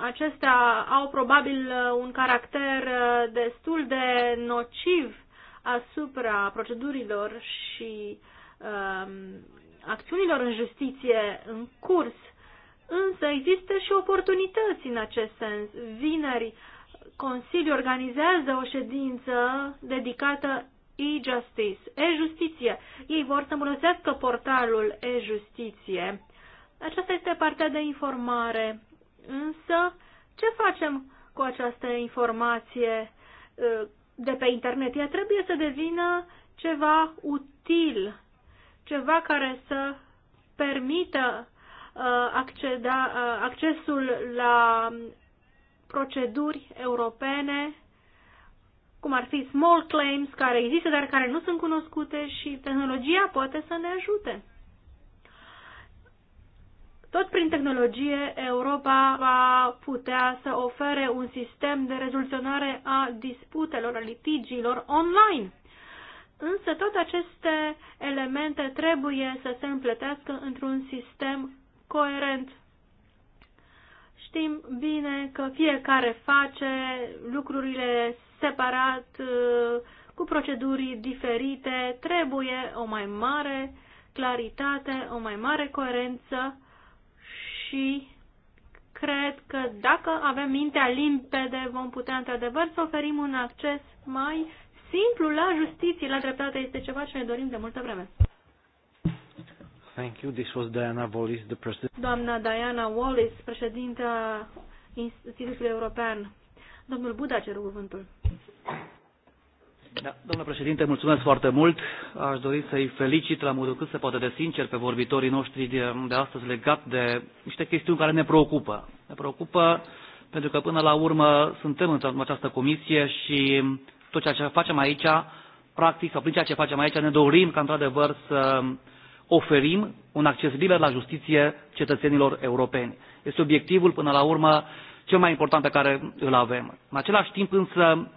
acestea au probabil un caracter uh, destul de nociv asupra procedurilor și um, acțiunilor în justiție în curs. Însă există și oportunități în acest sens. Vineri, Consiliul organizează o ședință dedicată e-justice, e-justiție. Ei vor să îmbunătățească portalul e-justiție. Aceasta este partea de informare. Însă, ce facem cu această informație uh, de pe internet? Ea trebuie să devină ceva util, ceva care să permită uh, acceda, uh, accesul la um, proceduri europene cum ar fi small claims care există, dar care nu sunt cunoscute și tehnologia poate să ne ajute. Tot prin tehnologie, Europa va putea să ofere un sistem de rezoluționare a disputelor, a litigiilor online. Însă toate aceste elemente trebuie să se împletească într-un sistem coerent. Știm bine că fiecare face lucrurile separat, uh, cu proceduri diferite, trebuie o mai mare claritate, o mai mare coerență și cred că dacă avem mintea limpede vom putea într-adevăr să oferim un acces mai simplu la justiție, la dreptate. Este ceva ce ne dorim de multă vreme. Thank you. This was Diana Wallis, the president. Doamna Diana Wallis, președinta Institutului European Domnul Buda cer cuvântul. Da, domnule președinte, mulțumesc foarte mult. Aș dori să-i felicit la modul cât se poate de sincer pe vorbitorii noștri de, de astăzi legat de niște chestiuni care ne preocupă. Ne preocupă pentru că până la urmă suntem în această comisie și tot ceea ce facem aici, practic, sau prin ceea ce facem aici, ne dorim ca într-adevăr să oferim un acces liber la justiție cetățenilor europeni. Este obiectivul, până la urmă, cel mai important pe care îl avem. În același timp însă,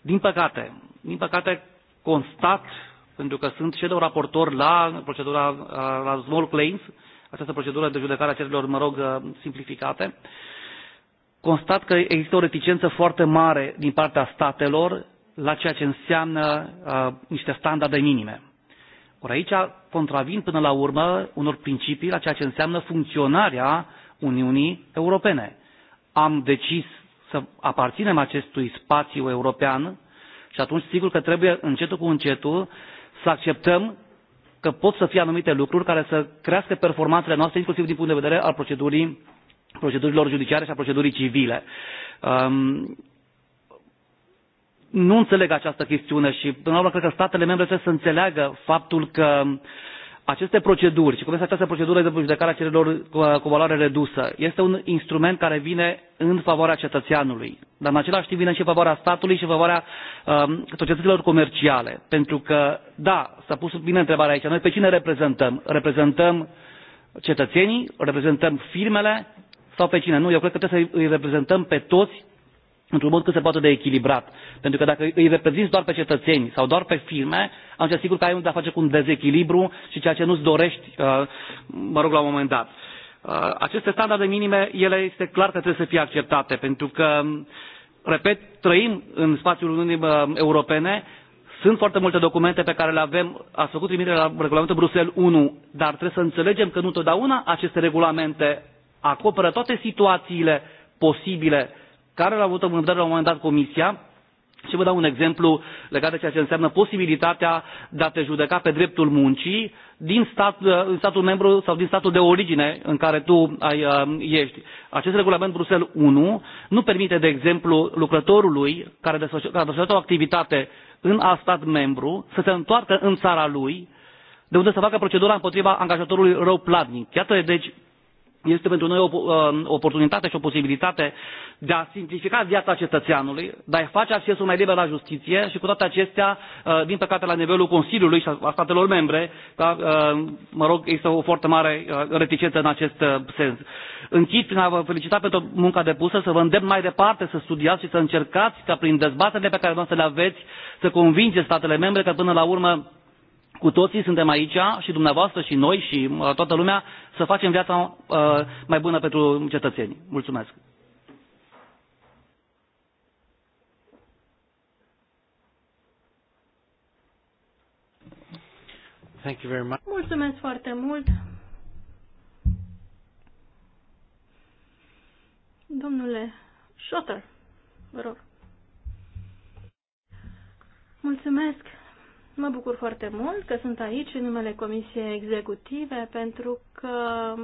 din păcate, din păcate constat, pentru că sunt un raportor la procedura uh, la small claims, această procedură de judecare a cererilor, mă rog, uh, simplificate, constat că există o reticență foarte mare din partea statelor la ceea ce înseamnă uh, niște standarde minime. Ori aici contravin până la urmă unor principii la ceea ce înseamnă funcționarea Uniunii Europene am decis să aparținem acestui spațiu european și atunci sigur că trebuie încetul cu încetul să acceptăm că pot să fie anumite lucruri care să crească performanțele noastre, inclusiv din punct de vedere al procedurii, procedurilor judiciare și a procedurii civile. Um, nu înțeleg această chestiune și, până la urmă, cred că statele membre trebuie să înțeleagă faptul că uh, aceste proceduri și cum este această procedură de judecare a cererilor cu valoare redusă este un instrument care vine în favoarea cetățeanului dar în același timp vine și în favoarea statului și în favoarea um, societăților comerciale pentru că da s a pus bine întrebarea aici noi pe cine reprezentăm reprezentăm cetățenii reprezentăm firmele sau pe cine nu eu cred că trebuie să îi reprezentăm pe toți într-un mod cât se poate de echilibrat. Pentru că dacă îi reprezinți doar pe cetățeni sau doar pe firme, să sigur că ai de-a face cu un dezechilibru și ceea ce nu-ți dorești, uh, mă rog, la un moment dat. Uh, aceste standarde minime, ele este clar că trebuie să fie acceptate, pentru că, repet, trăim în spațiul Uniunii uh, Europene, sunt foarte multe documente pe care le avem, a făcut trimitere la regulamentul Bruxelles 1, dar trebuie să înțelegem că nu întotdeauna aceste regulamente acoperă toate situațiile posibile care l-a avut în vedere la un moment dat Comisia și vă dau un exemplu legat de ceea ce înseamnă posibilitatea de a te judeca pe dreptul muncii din stat, uh, în statul membru sau din statul de origine în care tu ai, uh, ești. Acest regulament Bruxelles 1 nu permite, de exemplu, lucrătorului care desfășoară o activitate în alt stat membru să se întoarcă în țara lui de unde să facă procedura împotriva angajatorului rău platnic. Iată, deci, este pentru noi o uh, oportunitate și o posibilitate de a simplifica viața cetățeanului de a i face accesul mai liber la justiție și cu toate acestea uh, din păcate la nivelul consiliului și a statelor membre da, mă rog există o foarte mare reticență în acest sens. închid prin a vă felicita pentru munca depusă să vă îndemn mai departe să studiați și să încercați ca prin dezbaterile pe care vreau să le aveți să convingeți statele membre că până la urmă cu toții suntem aici, și dumneavoastră, și noi, și toată lumea, să facem viața uh, mai bună pentru cetățenii. Mulțumesc! Thank you very much. Mulțumesc foarte mult. Domnule Schotter, vă rog. Mulțumesc. Mă bucur foarte mult că sunt aici în numele Comisiei Executive pentru că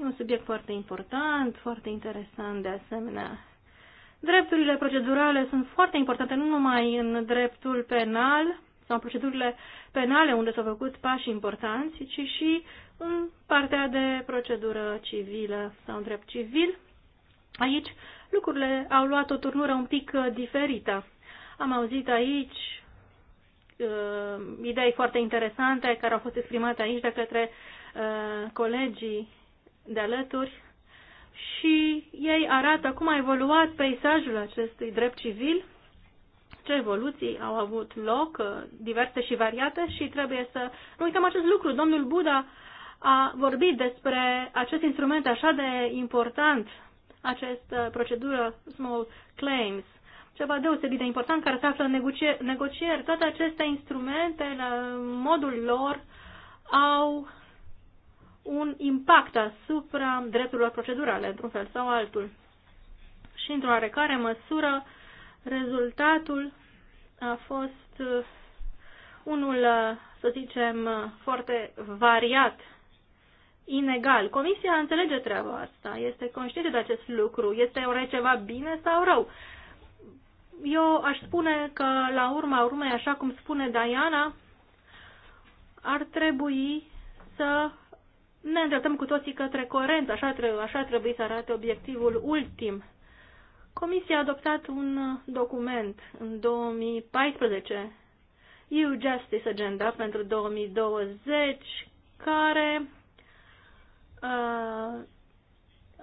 e un subiect foarte important, foarte interesant de asemenea. Drepturile procedurale sunt foarte importante nu numai în dreptul penal sau procedurile penale unde s-au făcut pași importanți, ci și în partea de procedură civilă sau în drept civil. Aici lucrurile au luat o turnură un pic diferită. Am auzit aici uh, idei foarte interesante care au fost exprimate aici de către uh, colegii de alături și ei arată cum a evoluat peisajul acestui drept civil, ce evoluții au avut loc, uh, diverse și variate și trebuie să nu uităm acest lucru. Domnul Buddha a vorbit despre acest instrument așa de important, această uh, procedură small claims, ceva deosebit de important care se află în negocieri. negocieri. Toate aceste instrumente, în modul lor, au un impact asupra drepturilor procedurale, într-un fel sau altul. Și, într-o oarecare măsură, rezultatul a fost uh, unul, uh, să zicem, uh, foarte variat, inegal. Comisia înțelege treaba asta, este conștientă de acest lucru, este oare ceva bine sau rău eu aș spune că, la urma urmei, așa cum spune Diana, ar trebui să ne îndreptăm cu toții către corent, așa, trebuie, așa trebuie să arate obiectivul ultim. Comisia a adoptat un document în 2014, EU Justice Agenda pentru 2020, care uh,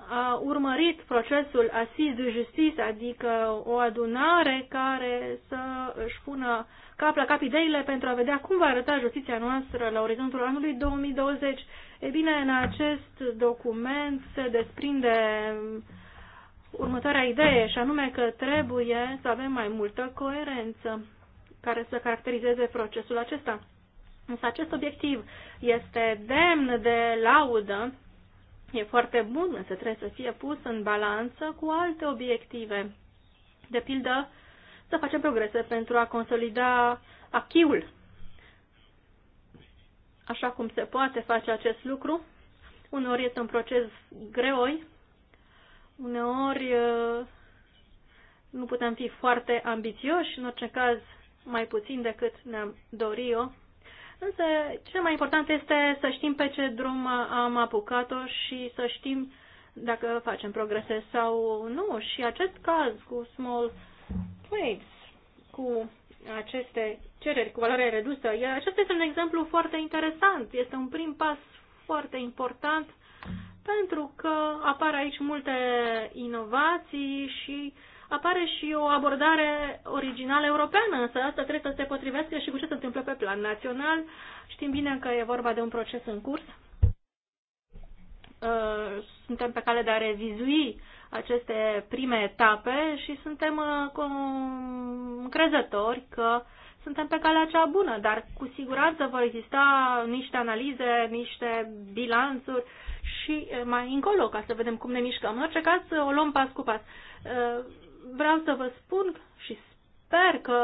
a urmărit procesul Asis de Justice, adică o adunare care să își pună cap la cap ideile pentru a vedea cum va arăta justiția noastră la orizontul anului 2020. E bine, în acest document se desprinde următoarea idee, și anume că trebuie să avem mai multă coerență care să caracterizeze procesul acesta. Însă acest obiectiv este demn de laudă e foarte bun, însă trebuie să fie pus în balanță cu alte obiective. De pildă, să facem progrese pentru a consolida achiul. Așa cum se poate face acest lucru, uneori este un proces greoi, uneori uh, nu putem fi foarte ambițioși, în orice caz mai puțin decât ne-am dori eu Însă, cel mai important este să știm pe ce drum am apucat-o și să știm dacă facem progrese sau nu. Și acest caz cu small waves, cu aceste cereri cu valoare redusă, acesta este un exemplu foarte interesant. Este un prim pas foarte important pentru că apar aici multe inovații și uh, apare și o abordare originală europeană, însă asta trebuie să se potrivească și cu ce se întâmplă pe plan național. Știm bine că e vorba de un proces în curs. Uh, suntem pe cale de a revizui aceste prime etape și suntem încrezători uh, că suntem pe calea cea bună, dar cu siguranță vor exista niște analize, niște bilanțuri și uh, mai încolo, ca să vedem cum ne mișcăm. În orice caz, o luăm pas cu pas vreau să vă spun și sper că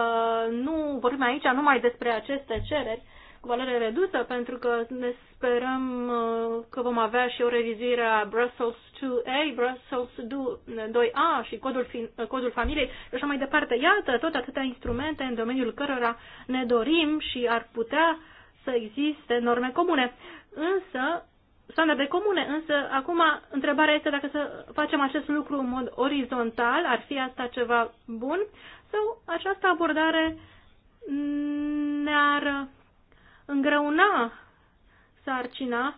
nu vorbim aici numai despre aceste cereri cu valoare redusă, pentru că ne sperăm uh, că vom avea și o revizuire a Brussels 2A, Brussels 2A și codul, uh, codul familiei și așa mai departe. Iată tot atâtea instrumente în domeniul cărora ne dorim și ar putea să existe norme comune. Însă, standarde comune, însă acum întrebarea este dacă să facem acest lucru în mod orizontal, ar fi asta ceva bun, sau această abordare ne-ar îngreuna sarcina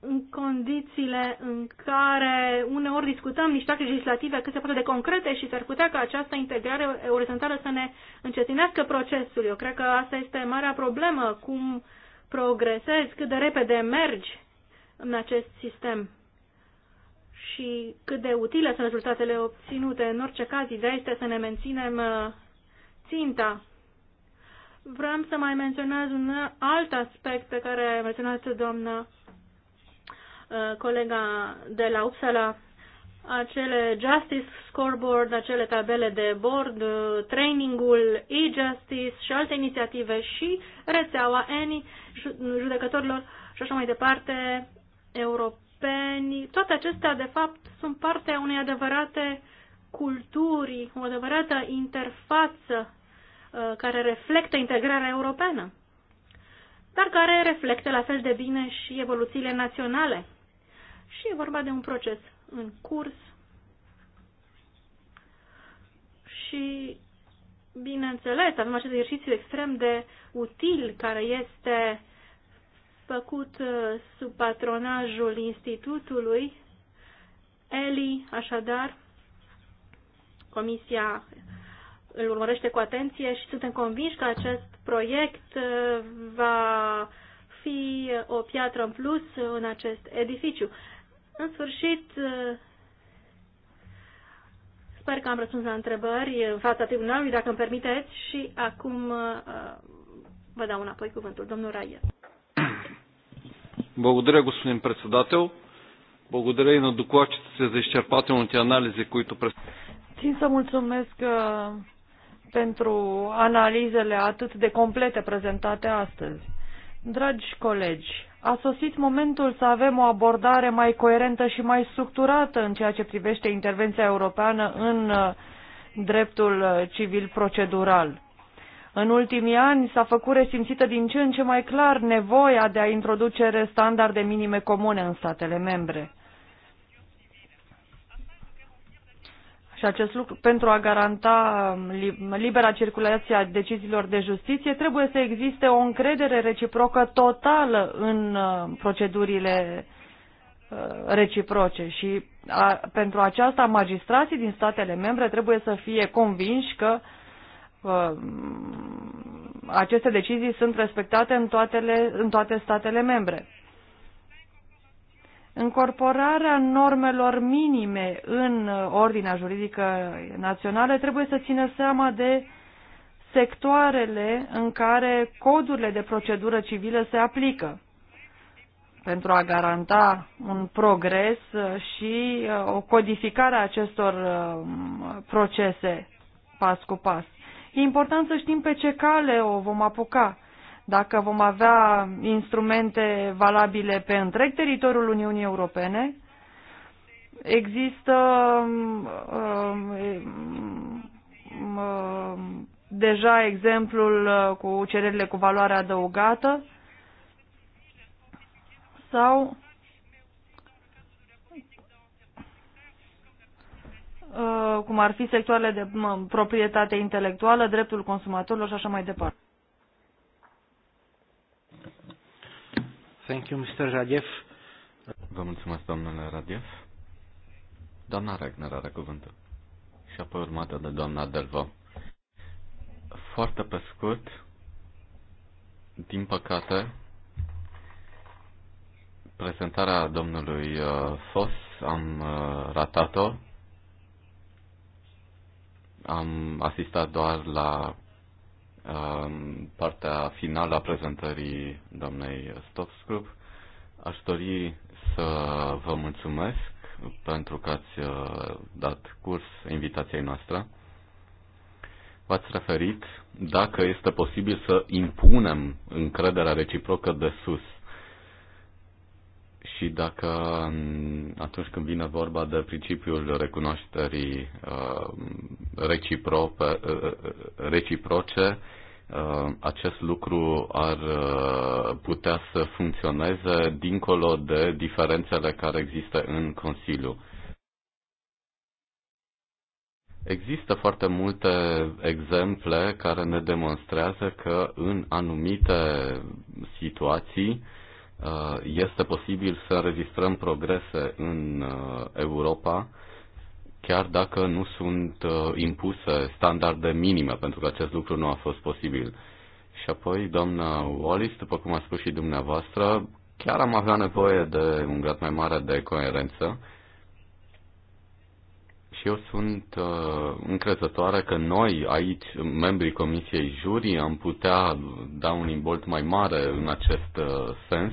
în condițiile în care uneori discutăm niște acte legislative cât se poate de concrete și s-ar putea ca această integrare orizontală să ne încetinească procesul. Eu cred că asta este marea problemă, cum uh, progresezi, cât de repede mergi în acest sistem și cât de utile sunt rezultatele obținute. În orice caz, ideea este să ne menținem uh, ținta. Vreau să mai menționez un alt aspect pe care a menționat doamna uh, colega de la Uppsala acele Justice Scoreboard, acele tabele de bord, uh, trainingul e-justice și alte inițiative și rețeaua ENI, judecătorilor și așa mai departe, europeni. Toate acestea, de fapt, sunt parte a unei adevărate culturi, o adevărată interfață uh, care reflectă integrarea europeană, dar care reflectă la fel de bine și evoluțiile naționale. Și e vorba de un proces în curs și, bineînțeles, avem acest exercițiu extrem de util care este făcut uh, sub patronajul Institutului ELI, așadar, Comisia îl urmărește cu atenție și suntem convinși că acest proiect uh, va fi o piatră în plus în acest edificiu. În sfârșit, eh, sper că am răspuns la întrebări în fața tribunalului, dacă îmi permiteți, și acum eh, vă dau înapoi cuvântul. Domnul Raie. Благодаря, господин председател. Благодаря и на докладчиците за изчерпателните анализи, които през... Țin să mulțumesc eh, pentru analizele atât de complete prezentate astăzi. Dragi colegi, a sosit momentul să avem o abordare mai coerentă și mai structurată în ceea ce privește intervenția europeană în uh, dreptul uh, civil procedural. În ultimii ani s-a făcut resimțită din ce în ce mai clar nevoia de a introduce standarde minime comune în statele membre. Și acest lucru, pentru a garanta um, libera circulație a deciziilor de justiție, trebuie să existe o încredere reciprocă totală în um, procedurile uh, reciproce și a, pentru aceasta magistrații din statele membre trebuie să fie convinși că um, aceste decizii sunt respectate în, toatele, în toate statele membre. Încorporarea normelor minime în uh, ordinea juridică națională trebuie să țină seama de sectoarele în care codurile de procedură civilă se aplică pentru a garanta un progres uh, și uh, o codificare a acestor procese pas cu pas. E important să știm pe ce cale o vom apuca dacă vom avea instrumente valabile pe întreg teritoriul Uniunii Europene, există um, um, um, deja exemplul uh, cu cererile cu valoare adăugată sau uh, cum ar fi sectoarele de proprietate intelectuală, dreptul consumatorilor și așa mai departe. Thank you, Mr. Radev. Vă mulțumesc, domnule Radev. Doamna Regner are cuvântul. Și apoi urmată de doamna Delvo. Foarte pe scurt, din păcate, prezentarea domnului uh, Fos am uh, ratat-o. Am asistat doar la partea finală a prezentării doamnei Stopscrup. Aș dori să vă mulțumesc pentru că ați uh, dat curs invitației noastre. V-ați referit dacă este posibil să impunem încrederea reciprocă de sus și dacă mm, atunci când vine vorba de principiul recunoașterii uh, reciprope, uh, uh, reciproce, acest lucru ar putea să funcționeze dincolo de diferențele care există în Consiliu. Există foarte multe exemple care ne demonstrează că în anumite situații Uh, este posibil să înregistrăm progrese în uh, Europa, chiar dacă nu sunt uh, impuse standarde minime, pentru că acest lucru nu a fost posibil. Și apoi, doamna Wallis, după cum a spus și dumneavoastră, chiar am avea nevoie de un grad mai mare de coerență și eu sunt uh, încrezătoare că noi aici, membrii Comisiei Jurii, am putea da un imbolt mai mare în acest uh, sens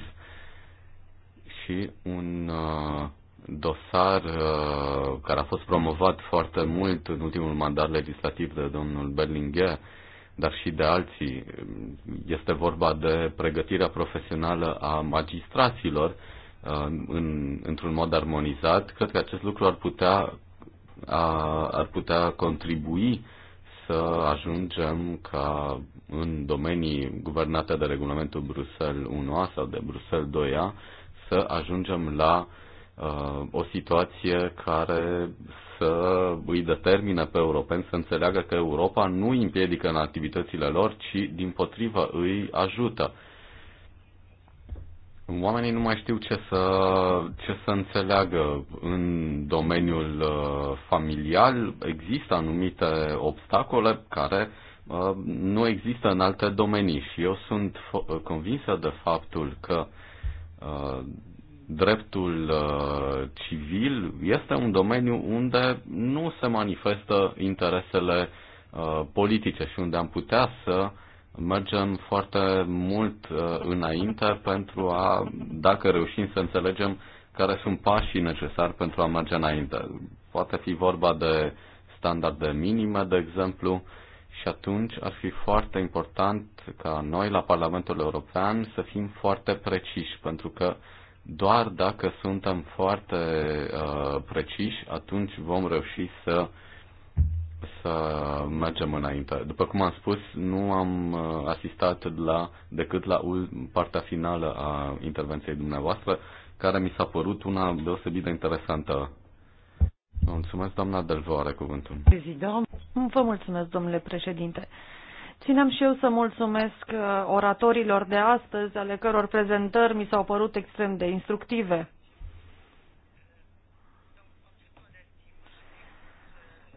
și un uh, dosar uh, care a fost promovat foarte mult în ultimul mandat legislativ de domnul Berlinghe, dar și de alții. Este vorba de pregătirea profesională a magistraților uh, în, într-un mod armonizat. Cred că acest lucru ar putea ar putea contribui să ajungem ca în domenii guvernate de regulamentul Bruxelles 1A sau de Bruxelles 2A să ajungem la uh, o situație care să îi determine pe europeni să înțeleagă că Europa nu îi împiedică în activitățile lor, ci din potrivă îi ajută. Uh, Oamenii nu mai știu ce să, ce să înțeleagă în domeniul uh, familial. Există anumite obstacole care uh, nu există în alte domenii și eu sunt uh, convinsă de faptul că dreptul civil este un domeniu unde nu se manifestă interesele politice și unde am putea să mergem foarte mult uh, înainte pentru a, dacă reușim să înțelegem care sunt pașii necesari pentru a merge înainte. Poate fi vorba de standarde minime, de exemplu, și atunci ar fi foarte important ca noi la Parlamentul European să fim foarte preciși, pentru că doar dacă suntem foarte uh, preciși, atunci vom reuși să să mergem înainte. După cum am spus, nu am uh, asistat la, decât la partea finală a intervenției dumneavoastră, care mi s-a părut una deosebit de interesantă. Mulțumesc, doamna Delvoare, cuvântul. Vă mulțumesc, domnule președinte. Țineam și eu să mulțumesc uh, oratorilor de astăzi, ale căror prezentări mi s-au părut extrem de instructive.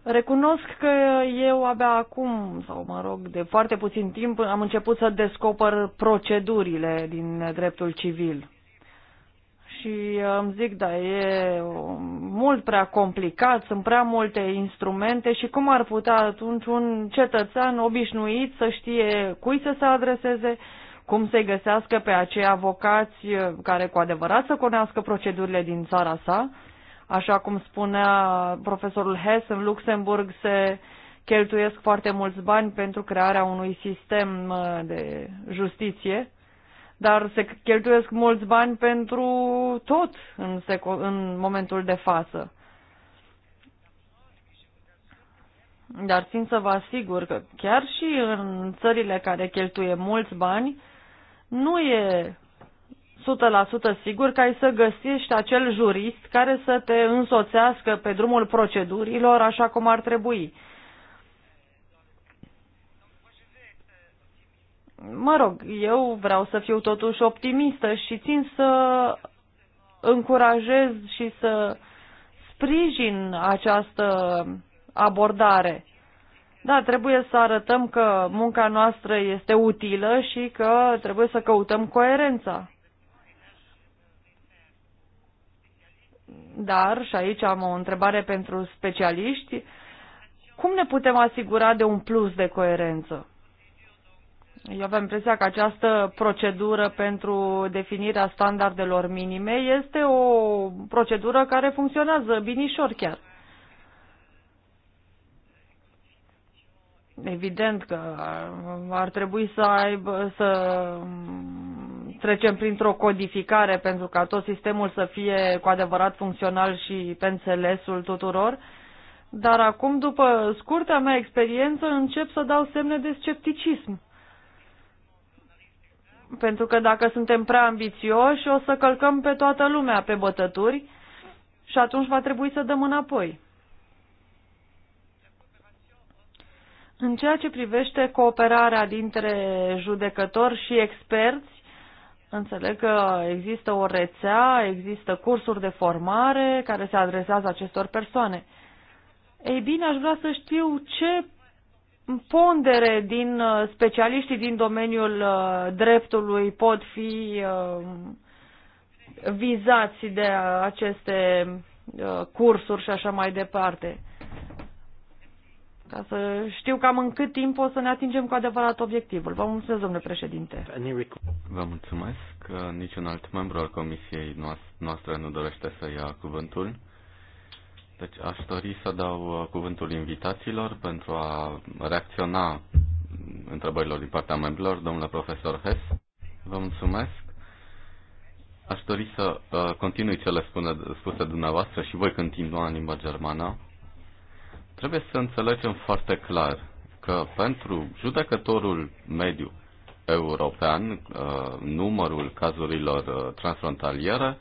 Recunosc că eu abia acum, sau mă rog, de foarte puțin timp, am început să descoper procedurile din dreptul civil. Și îmi zic, da, e mult prea complicat, sunt prea multe instrumente și cum ar putea atunci un cetățean obișnuit să știe cui să se adreseze, cum să-i găsească pe acei avocați care cu adevărat să cunoască procedurile din țara sa, Așa cum spunea profesorul Hess, în Luxemburg se cheltuiesc foarte mulți bani pentru crearea unui sistem uh, de justiție, dar se cheltuiesc mulți bani pentru tot în, în momentul de față. Dar țin să vă asigur că chiar și în țările care cheltuie mulți bani, nu e 100% sigur că ai să găsești acel jurist care să te însoțească pe drumul procedurilor așa cum ar trebui. Mă rog, eu vreau să fiu totuși optimistă și țin să încurajez și să sprijin această abordare. Da, trebuie să arătăm că munca noastră este utilă și că trebuie să căutăm coerența. dar, și aici am o întrebare pentru specialiști, cum ne putem asigura de un plus de coerență? Eu avem impresia că această procedură pentru definirea standardelor minime este o procedură care funcționează binișor chiar. Evident că ar trebui să aibă, să trecem printr-o codificare pentru ca tot sistemul să fie cu adevărat funcțional și pe înțelesul tuturor, dar acum, după scurta mea experiență, încep să dau semne de scepticism. Pentru că dacă suntem prea ambițioși, o să călcăm pe toată lumea pe bătături și atunci va trebui să dăm înapoi. În ceea ce privește cooperarea dintre judecători și experți, Înțeleg că există o rețea, există cursuri de formare care se adresează acestor persoane. Ei bine, aș vrea să știu ce pondere din uh, specialiștii din domeniul uh, dreptului pot fi uh, vizați de aceste cursuri și așa mai departe ca să știu cam în cât timp o să ne atingem cu adevărat obiectivul. Vă mulțumesc, domnule președinte. Vă mulțumesc că niciun alt membru al comisiei noastre nu dorește să ia cuvântul. Deci aș dori să dau uh, cuvântul invitațiilor pentru a reacționa întrebărilor din partea membrilor. Domnule profesor Hess, vă mulțumesc. Aș dori să uh, continui cele spune, spuse dumneavoastră și voi continua în limba germană Trebuie să înțelegem foarte clar că pentru judecătorul mediu european, uh, numărul cazurilor uh, transfrontaliere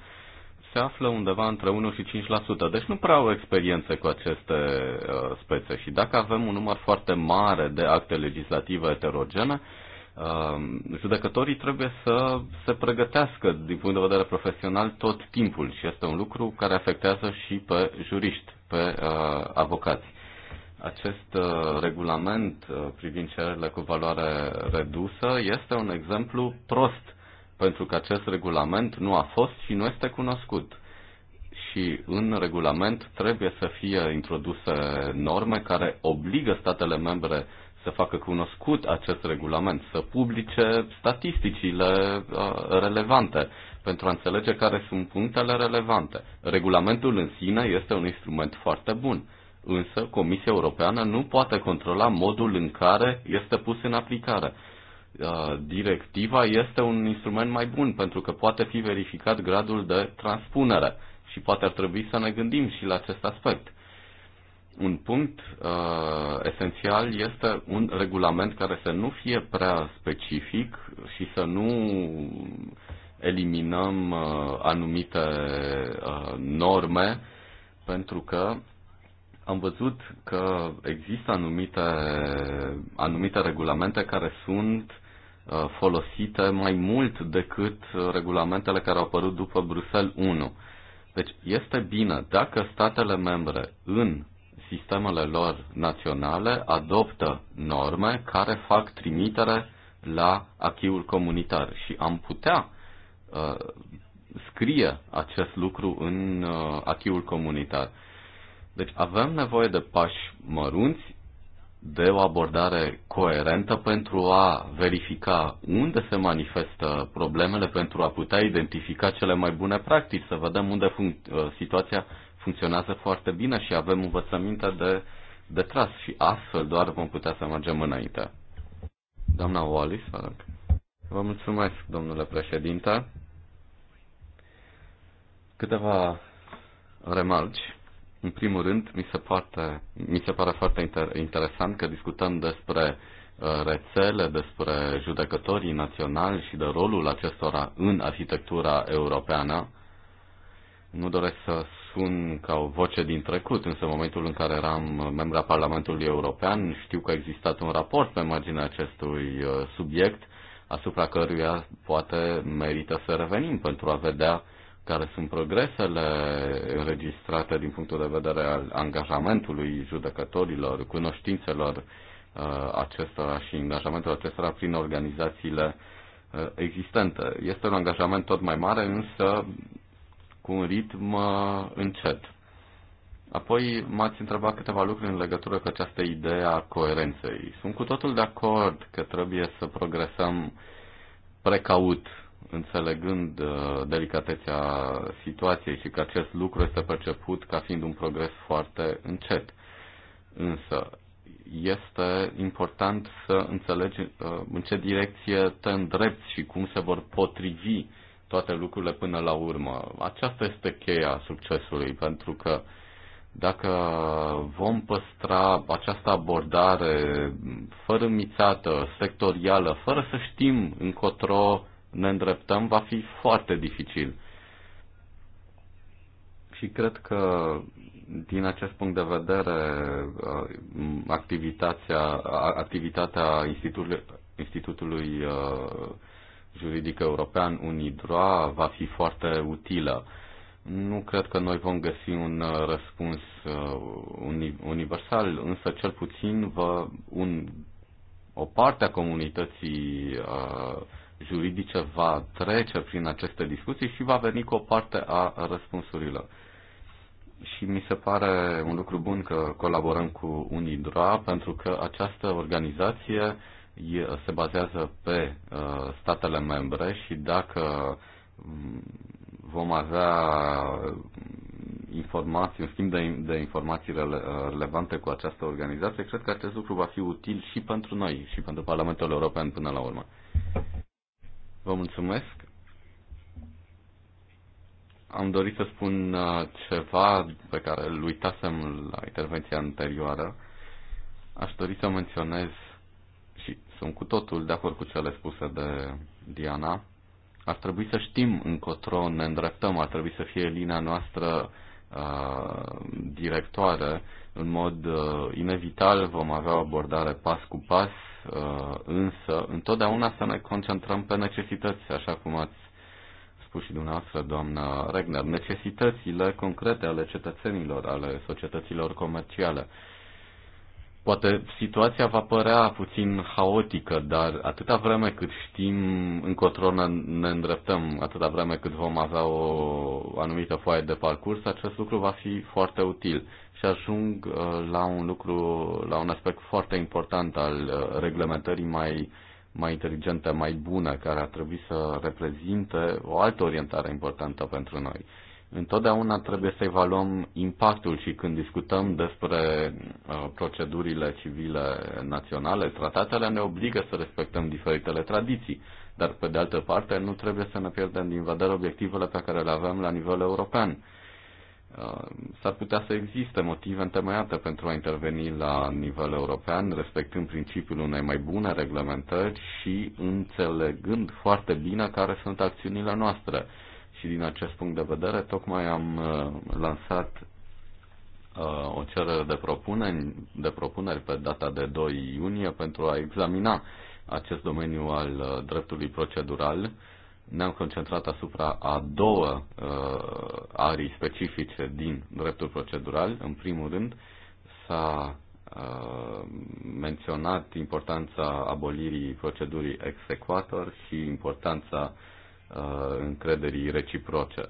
se află undeva între 1 și 5%. Deci nu prea au experiențe cu aceste uh, spețe. Și dacă avem un număr foarte mare de acte legislative heterogene, judecătorii trebuie să se pregătească din punct de vedere profesional tot timpul și este un lucru care afectează și pe juriști, pe avocați. Acest uh, regulament uh, privind cererile cu valoare redusă este un exemplu prost, pentru că acest regulament nu a fost și nu este cunoscut. Și în regulament trebuie să fie introduse norme care obligă statele membre să facă cunoscut acest regulament, să publice statisticile uh, relevante pentru a înțelege care sunt punctele relevante. Regulamentul în sine este un instrument foarte bun însă Comisia Europeană nu poate controla modul în care este pus în aplicare. Uh, directiva este un instrument mai bun pentru că poate fi verificat gradul de transpunere și poate ar trebui să ne gândim și la acest aspect. Un punct uh, esențial este un regulament care să nu fie prea specific și să nu eliminăm uh, anumite uh, norme pentru că am văzut că există anumite, anumite regulamente care sunt uh, folosite mai mult decât uh, regulamentele care au apărut după Bruxelles 1. Deci este bine dacă statele membre în sistemele lor naționale adoptă norme care fac trimitere la achiul comunitar și am putea uh, scrie acest lucru în uh, achiul comunitar. Deci avem nevoie de pași mărunți, de o abordare coerentă pentru a verifica unde se manifestă problemele, pentru a putea identifica cele mai bune practici, să vedem unde func- uh, situația funcționează foarte bine și avem învățăminte de, de tras și astfel doar vom putea să mergem înainte. Doamna Wallis, vă rog. Vă mulțumesc, domnule președinte. Câteva remarci în primul rând, mi se, poate, mi se pare foarte inter- interesant că discutăm despre uh, rețele, despre judecătorii naționali și de rolul acestora în arhitectura europeană. Nu doresc să sun ca o voce din trecut, însă în momentul în care eram membra Parlamentului European, știu că a existat un raport pe marginea acestui uh, subiect, asupra căruia poate merită să revenim pentru a vedea care sunt progresele înregistrate din punctul de vedere al angajamentului judecătorilor, cunoștințelor uh, acestora și angajamentul acestora prin organizațiile uh, existente. Este un angajament tot mai mare, însă cu un ritm uh, încet. Apoi m-ați întrebat câteva lucruri în legătură cu această idee a coerenței. Sunt cu totul de acord că trebuie să progresăm precaut înțelegând uh, delicatețea situației și că acest lucru este perceput ca fiind un progres foarte încet. Însă, este important să înțelegi uh, în ce direcție te îndrepți și cum se vor potrivi toate lucrurile până la urmă. Aceasta este cheia succesului, pentru că dacă vom păstra această abordare fără mițată, sectorială, fără să știm încotro ne îndreptăm va fi foarte dificil. Și cred că din acest punct de vedere uh, activitatea, activitatea institutului, institutului uh, juridic european UNIDROA va fi foarte utilă. Nu cred că noi vom găsi un uh, răspuns universal, însă cel puțin vă, un, o parte a comunității uh, juridice va trece prin aceste discuții și va veni cu o parte a răspunsurilor. Și mi se pare un lucru bun că colaborăm cu UNIDRA pentru că această organizație se bazează pe uh, statele membre și dacă mm, vom avea informații, un schimb de, de informații rele, uh, relevante cu această organizație, cred că acest lucru va fi util și pentru noi și pentru Parlamentul European până la urmă. Vă mulțumesc. Am dorit să spun uh, ceva pe care îl uitasem la intervenția anterioară. Aș dori să menționez și sunt cu totul de acord cu cele spuse de Diana. Ar trebui să știm încotro ne îndreptăm, ar trebui să fie linia noastră uh, directoare. În mod uh, inevitabil vom avea o abordare pas cu pas Uh, însă întotdeauna să ne concentrăm pe necesități, așa cum ați spus și dumneavoastră, doamna Regner, necesitățile concrete ale cetățenilor, ale societăților comerciale. Poate situația va părea puțin haotică, dar atâta vreme cât știm încotro ne, ne îndreptăm, atâta vreme cât vom avea o anumită foaie de parcurs, acest lucru va fi foarte util și ajung uh, la un lucru, la un aspect foarte important al uh, reglementării mai, mai inteligente, mai bune, care ar trebui să reprezinte o altă orientare importantă pentru noi. Întotdeauna trebuie să evaluăm impactul și când discutăm despre uh, procedurile civile naționale, tratatele ne obligă să respectăm diferitele tradiții, dar pe de altă parte nu trebuie să ne pierdem din vedere obiectivele pe care le avem la nivel european Uh, s-ar putea să existe motive întemeiate pentru a interveni la nivel european, respectând principiul unei mai bune reglementări și înțelegând foarte bine care sunt acțiunile noastre. Și din acest punct de vedere, tocmai am uh, lansat uh, o cerere de propuneri, de propuneri pe data de 2 iunie pentru a examina acest domeniu al dreptului procedural ne-am concentrat asupra a două uh, arii specifice din dreptul procedural. În primul rând, s-a uh, menționat importanța abolirii procedurii exequator și importanța uh, încrederii reciproce.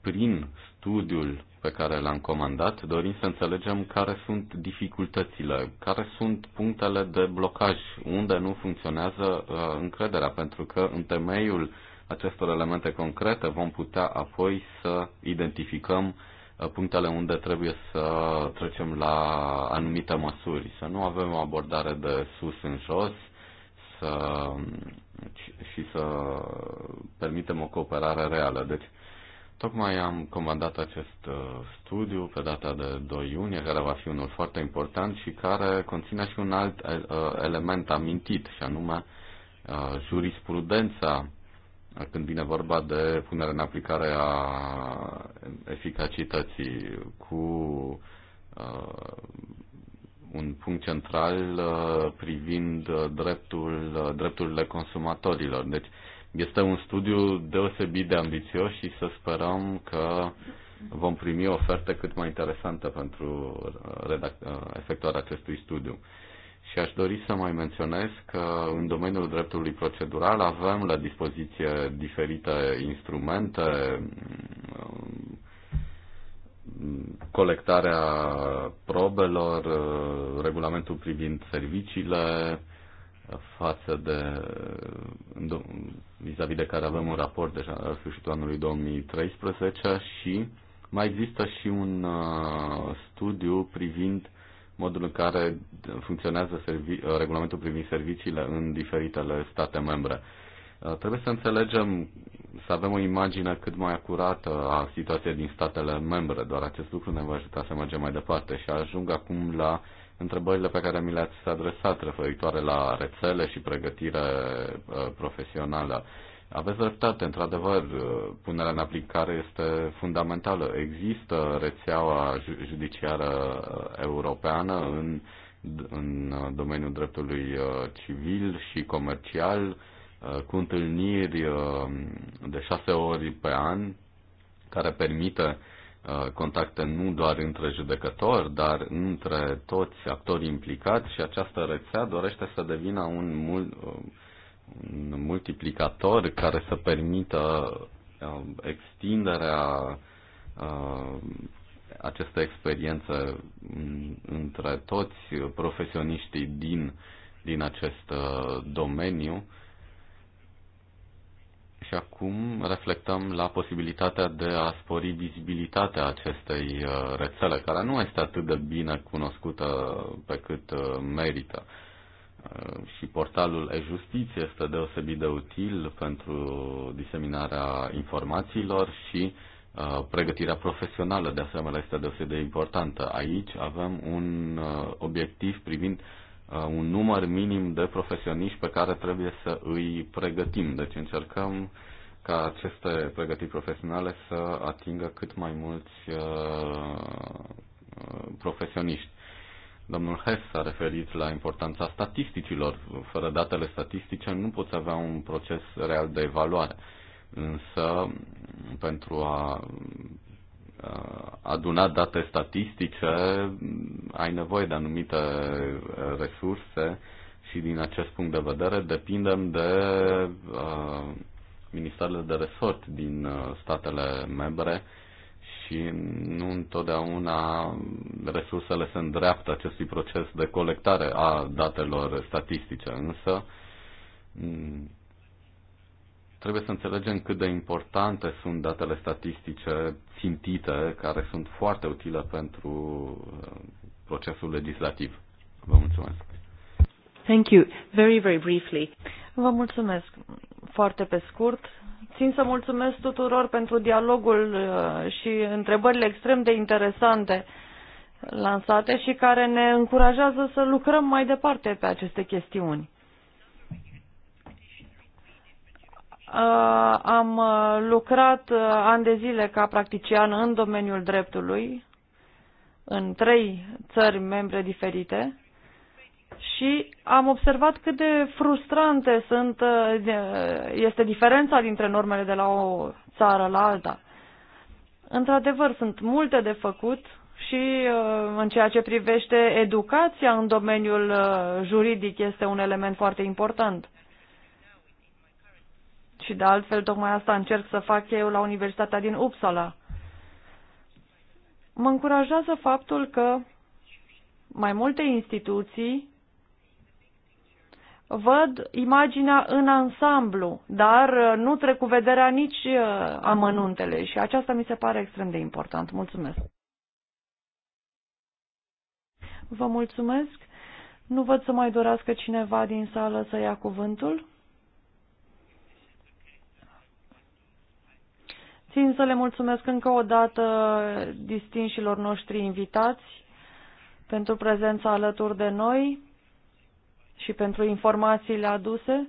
Prin studiul pe care le-am comandat, dorim să înțelegem care sunt dificultățile, care sunt punctele de blocaj, unde nu funcționează uh, încrederea, pentru că în temeiul acestor elemente concrete vom putea apoi să identificăm uh, punctele unde trebuie să trecem la anumite măsuri, să nu avem o abordare de sus în jos să, și să permitem o cooperare reală. Deci, Tocmai am comandat acest uh, studiu pe data de 2 iunie, care va fi unul foarte important și care conține și un alt uh, element amintit, și anume uh, jurisprudența când vine vorba de punerea în aplicare a eficacității cu un punct central privind dreptul, drepturile consumatorilor. Deci, este un studiu deosebit de ambițios și să sperăm că vom primi o ofertă cât mai interesantă pentru efectuarea acestui studiu. Și aș dori să mai menționez că în domeniul dreptului procedural avem la dispoziție diferite instrumente, colectarea probelor, regulamentul privind serviciile, față de vis-a-vis -vis de care avem un raport deja la sfârșitul anului 2013 și mai există și un uh, studiu privind modul în care funcționează servi- uh, regulamentul privind serviciile în diferitele state membre. Uh, trebuie să înțelegem, să avem o imagine cât mai acurată a situației din statele membre, doar acest lucru ne va ajuta să mergem mai departe și ajung acum la uh, întrebările pe care mi le-ați adresat referitoare la rețele și pregătire uh, profesională. Aveți dreptate, într-adevăr, uh, punerea în aplicare este fundamentală. Există rețeaua judiciară uh, europeană în, în domeniul dreptului civil și comercial, cu întâlniri de șase ori pe an, care permite Uh, contacte nu doar între judecători, dar între toți actorii implicați și această rețea dorește să devină un, mul- uh, un multiplicator care să permită uh, extinderea acestei experiențe între toți profesioniștii din, din acest domeniu și acum reflectăm la posibilitatea de a spori vizibilitatea acestei uh, rețele, care nu este atât de bine cunoscută pe cât uh, merită. Uh, și portalul e-justiție este deosebit de util pentru diseminarea informațiilor și pregătirea profesională, de asemenea, este deosebit de importantă. Aici avem un obiectiv privind Uh, un număr minim de profesioniști pe care trebuie să îi pregătim. Deci încercăm ca aceste pregătiri profesionale să atingă cât mai mulți uh, uh, profesioniști. Domnul Hess s-a referit la importanța statisticilor. Fără datele statistice nu poți avea un proces real de evaluare. Însă, pentru a Uh, aduna date statistice, mm, ai nevoie de anumite uh, resurse și din acest punct de vedere depindem de uh, ministerele de resort din uh, statele membre și nu întotdeauna resursele se îndreaptă acestui proces de colectare a datelor statistice, însă mm, Trebuie să înțelegem cât de importante sunt datele statistice simtite, care sunt foarte utile pentru uh, procesul legislativ. Vă mulțumesc. Thank you. Very, very briefly. Vă mulțumesc. Foarte pe scurt. Țin să mulțumesc tuturor pentru dialogul uh, și întrebările extrem de interesante lansate și care ne încurajează să lucrăm mai departe pe aceste chestiuni. Uh, am uh, lucrat uh, ani de zile ca practician în domeniul dreptului, în trei țări membre diferite, și am observat cât de frustrante sunt, este diferența dintre normele de la o țară la alta. Într-adevăr, sunt multe de făcut și în ceea ce privește educația în domeniul juridic este un element foarte important. Și de altfel, tocmai asta încerc să fac eu la Universitatea din Uppsala. Mă încurajează faptul că mai multe instituții văd imaginea în ansamblu, dar uh, nu trec cu vederea nici uh, amănuntele și aceasta mi se pare extrem de important. Mulțumesc! Vă mulțumesc! Nu văd să mai dorească cineva din sală să ia cuvântul. Țin să le mulțumesc încă o dată distinșilor noștri invitați pentru prezența alături de noi și pentru informațiile aduse.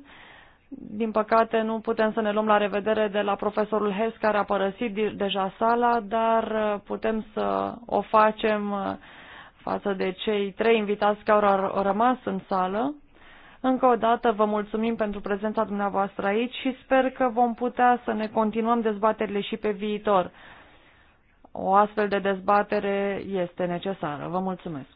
Din păcate, nu putem să ne luăm la revedere de la profesorul Hess, care a părăsit deja sala, dar uh, putem să o facem uh, față de cei trei invitați care au rămas în sală. Încă o dată vă mulțumim pentru prezența dumneavoastră aici și sper că vom putea să ne continuăm dezbaterile și pe viitor. O astfel de dezbatere este necesară. Vă mulțumesc!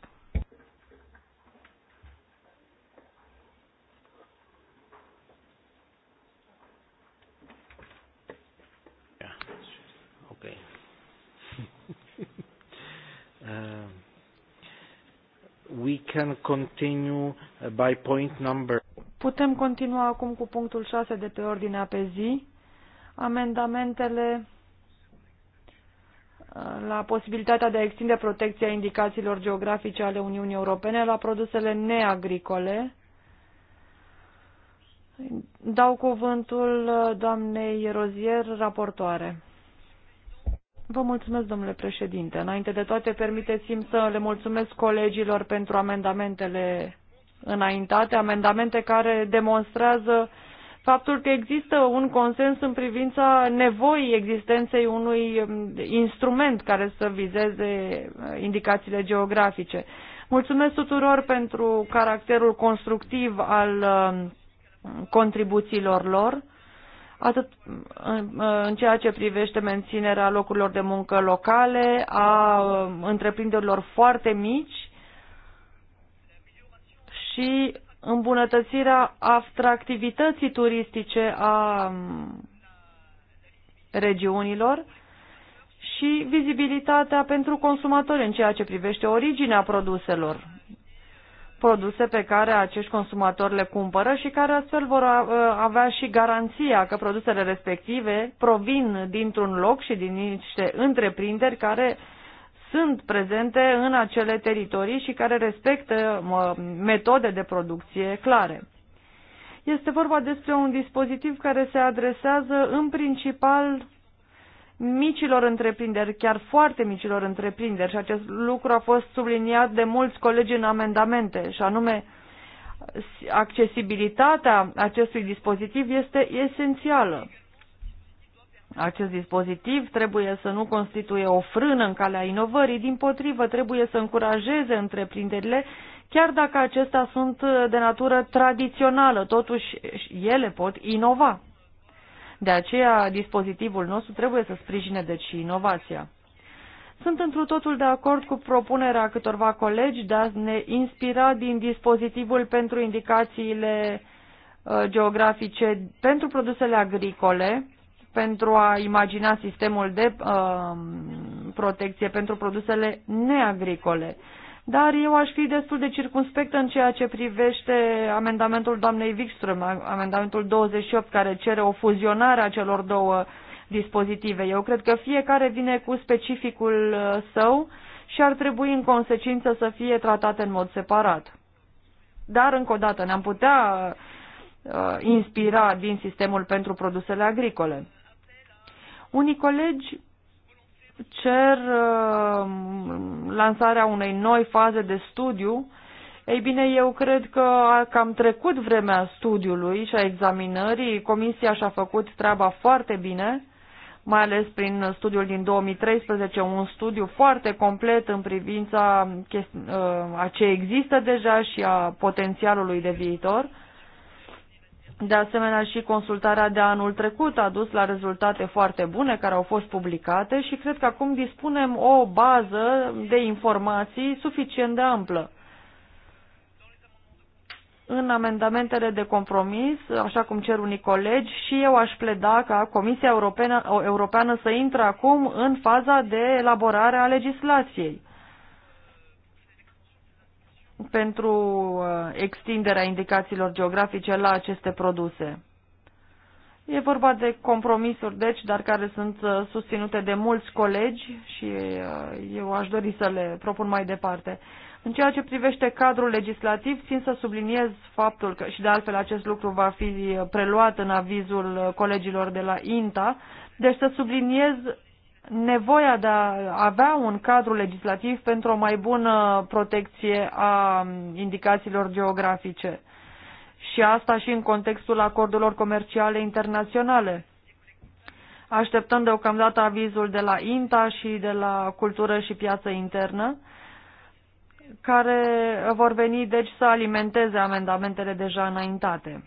Yeah. Okay. um. we can continue uh, by point number. Putem continua acum cu punctul 6 de pe ordinea pe zi. Amendamentele uh, la posibilitatea de a extinde protecția indicațiilor geografice ale Uniunii Europene la produsele neagricole. Dau cuvântul uh, doamnei Rozier, raportoare. Vă mulțumesc, domnule președinte. Înainte de toate, permiteți-mi să le mulțumesc colegilor pentru amendamentele înaintate, amendamente care demonstrează faptul că există un consens în privința nevoii existenței unui um, instrument care să vizeze uh, indicațiile geografice. Mulțumesc tuturor pentru caracterul constructiv al um, contribuțiilor lor atât în ceea ce privește menținerea locurilor de muncă locale, a um, întreprinderilor foarte mici și îmbunătățirea atractivității turistice a um, regiunilor și vizibilitatea pentru consumatori în ceea ce privește originea produselor produse pe care acești consumatori le cumpără și care astfel vor ă, avea și garanția că produsele respective provin dintr-un loc și din niște întreprinderi care sunt prezente în acele teritorii și care respectă metode de producție clare. Este vorba despre un dispozitiv care se adresează în principal micilor întreprinderi, chiar foarte micilor întreprinderi și acest lucru a fost subliniat de mulți colegi în amendamente și anume accesibilitatea acestui dispozitiv este esențială. Acest dispozitiv trebuie să nu constituie o frână în calea inovării, din potrivă trebuie să încurajeze întreprinderile, chiar dacă acestea sunt de natură tradițională, totuși ele pot inova. De aceea, dispozitivul nostru trebuie să sprijine deci și inovația. Sunt întru totul de acord cu propunerea câtorva colegi de a ne inspira din dispozitivul pentru indicațiile uh, geografice pentru produsele agricole, pentru a imagina sistemul de uh, protecție pentru produsele neagricole dar eu aș fi destul de circunspectă în ceea ce privește amendamentul doamnei Wikström, amendamentul 28, care cere o fuzionare a celor două dispozitive. Eu cred că fiecare vine cu specificul uh, său și ar trebui în consecință să fie tratate în mod separat. Dar, încă o dată, ne-am putea uh, inspira din sistemul pentru produsele agricole. Unii colegi cer uh, lansarea unei noi faze de studiu, ei bine, eu cred că am cam trecut vremea studiului și a examinării. Comisia și-a făcut treaba foarte bine, mai ales prin studiul din 2013, un studiu foarte complet în privința uh, a ce există deja și a potențialului de viitor. De asemenea, și consultarea de anul trecut a dus la rezultate foarte bune care au fost publicate și cred că acum dispunem o bază de informații suficient de amplă. În amendamentele de compromis, așa cum cer unii colegi, și eu aș pleda ca Comisia Europeană, Europeană să intre acum în faza de elaborare a legislației pentru uh, extinderea indicațiilor geografice la aceste produse. E vorba de compromisuri, deci, dar care sunt uh, susținute de mulți colegi și uh, eu aș dori să le propun mai departe. În ceea ce privește cadrul legislativ, țin să subliniez faptul că, și de altfel acest lucru va fi preluat în avizul colegilor de la INTA, deci să subliniez nevoia de a avea un cadru legislativ pentru o mai bună protecție a indicațiilor geografice. Și asta și în contextul acordurilor comerciale internaționale. Așteptăm deocamdată avizul de la INTA și de la Cultură și Piață Internă, care vor veni deci să alimenteze amendamentele deja înaintate.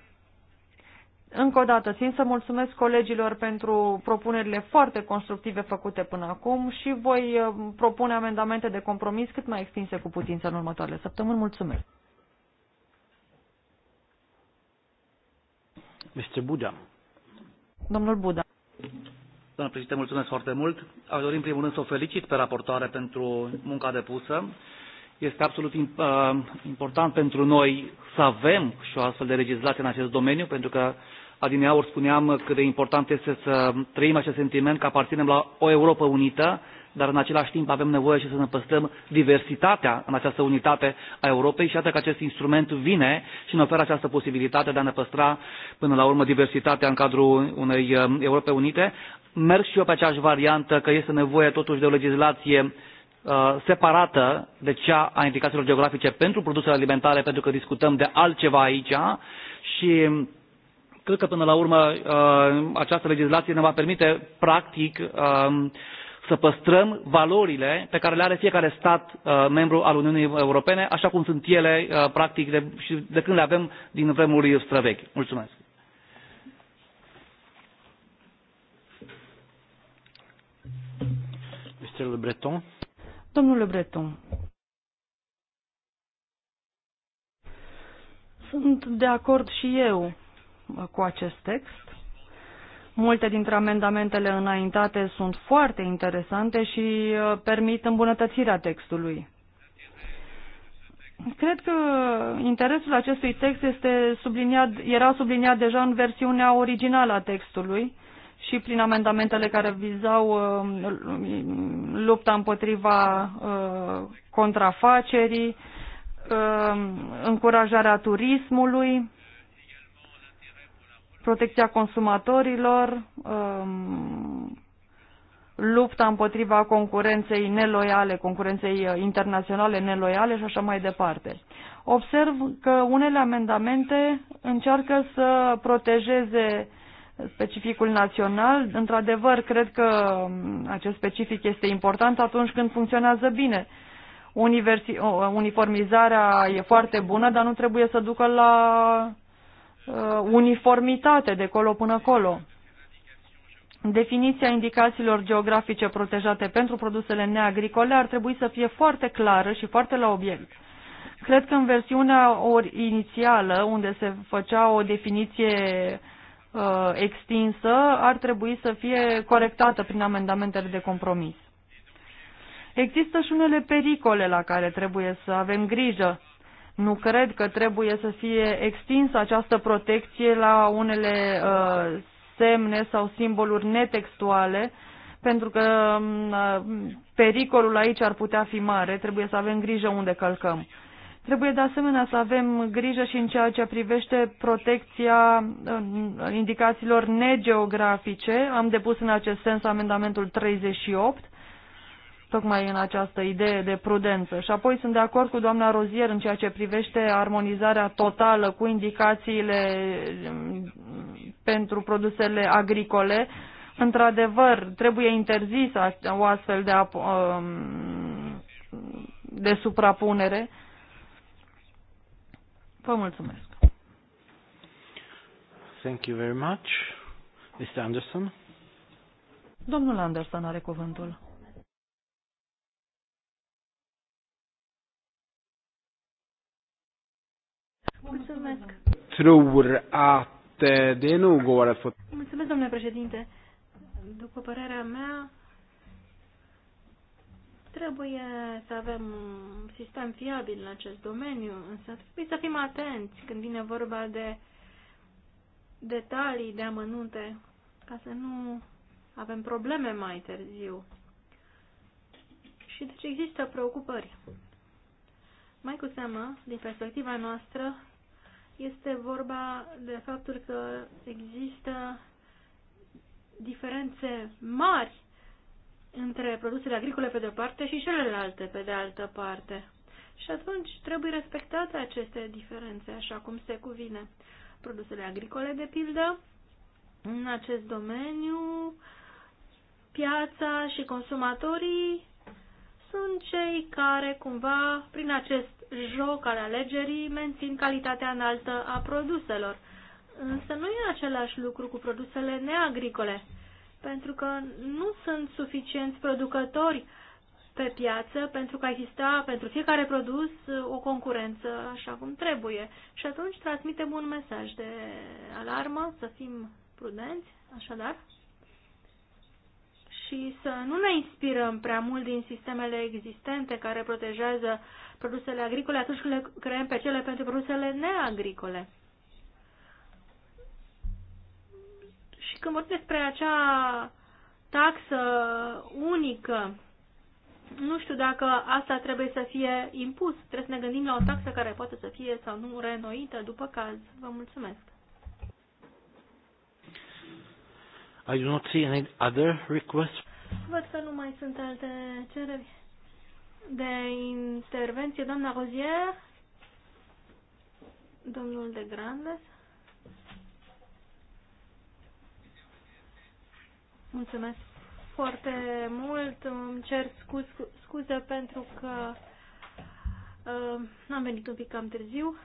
Încă o dată, țin să mulțumesc colegilor pentru propunerile foarte constructive făcute până acum și voi uh, propune amendamente de compromis cât mai extinse cu putință în următoarele săptămâni. Mulțumesc! Mr. Buda. Domnul Buda. Doamna președinte, mulțumesc foarte mult. Aș dori în primul rând să o felicit pe raportoare pentru munca depusă. Este absolut uh, important pentru noi să avem și o astfel de legislație în acest domeniu, pentru că Adineauri spuneam cât de important este să trăim acest sentiment că aparținem la o Europa unită, dar în același timp avem nevoie și să ne păstrăm diversitatea în această unitate a Europei și iată că acest instrument vine și ne oferă această posibilitate de a ne păstra până la urmă diversitatea în cadrul unei um, Europe Unite. Merg și eu pe aceeași variantă că este nevoie totuși de o legislație uh, separată de cea a indicațiilor geografice pentru produsele alimentare, pentru că discutăm de altceva aici și cred că până la urmă uh, această legislație ne va permite practic um, să păstrăm valorile pe care le are fiecare stat uh, membru al Uniunii Europene, așa cum sunt ele uh, practic de, și de când le avem din vremuri străvechi. Mulțumesc! Domnule Le Breton. Domnule Breton, sunt de acord și eu cu acest text. Multe dintre amendamentele înaintate sunt foarte interesante și uh, permit îmbunătățirea textului. Cred că interesul acestui text este subliniat, era subliniat deja în versiunea originală a textului și prin amendamentele care vizau uh, lupta împotriva uh, contrafacerii, încurajarea turismului, protecția consumatorilor, um, lupta împotriva concurenței neloiale, concurenței uh, internaționale neloiale și așa mai departe. Observ că unele amendamente încearcă să protejeze specificul național. Într-adevăr, cred că um, acest specific este important atunci când funcționează bine. Universi uniformizarea e foarte bună, dar nu trebuie să ducă la Uh, uniformitate de colo până colo. Definiția indicațiilor geografice protejate pentru produsele neagricole ar trebui să fie foarte clară și foarte la obiect. Cred că în versiunea ori inițială, unde se făcea o definiție uh, extinsă, ar trebui să fie corectată prin amendamentele de compromis. Există și unele pericole la care trebuie să avem grijă nu cred că trebuie să fie extinsă această protecție la unele uh, semne sau simboluri netextuale, pentru că um, uh, pericolul aici ar putea fi mare, trebuie să avem grijă unde călcăm. Trebuie de asemenea să avem grijă și în ceea ce privește protecția uh, indicațiilor negeografice. Am depus în acest sens amendamentul 38 tocmai în această idee de prudență. Și apoi sunt de acord cu doamna Rozier în ceea ce privește armonizarea totală cu indicațiile mm, pentru produsele agricole. Într-adevăr, trebuie interzisă o astfel de, um, de suprapunere. Vă mulțumesc. Thank you very much. Mr. Anderson? Domnul Anderson are cuvântul. Mulțumesc. Tror att det nog går att få... Mulțumesc, domnule președinte. După părerea mea, trebuie să avem un sistem fiabil în acest domeniu, însă trebuie să fim atenți când vine vorba de detalii, de amănunte, ca să nu avem probleme mai târziu. Și deci există preocupări. Mai cu seamă, din perspectiva noastră, este vorba de faptul că există diferențe mari între produsele agricole pe de-o parte și celelalte pe de altă parte. Și atunci trebuie respectate aceste diferențe așa cum se cuvine. Produsele agricole, de pildă, în acest domeniu, piața și consumatorii sunt cei care cumva, prin acest joc al alegerii mențin calitatea înaltă a produselor. Însă nu e același lucru cu produsele neagricole, pentru că nu sunt suficienți producători pe piață pentru că exista pentru fiecare produs uh, o concurență așa cum trebuie. Și atunci transmitem un mesaj de alarmă, să fim prudenți, așadar și să nu ne inspirăm prea mult din sistemele existente care protejează produsele agricole atunci când le creăm pe cele pentru produsele neagricole. Și când vorbim despre acea taxă unică, nu știu dacă asta trebuie să fie impus. Trebuie să ne gândim la o taxă care poate să fie sau nu reînnoită după caz. Vă mulțumesc. I do not see any other requests. Văd că nu mai sunt alte cereri de intervenție. Doamna Rozier, domnul de Grandes. Mulțumesc foarte mult. Îmi cer scuze pentru că uh, am venit un pic cam târziu.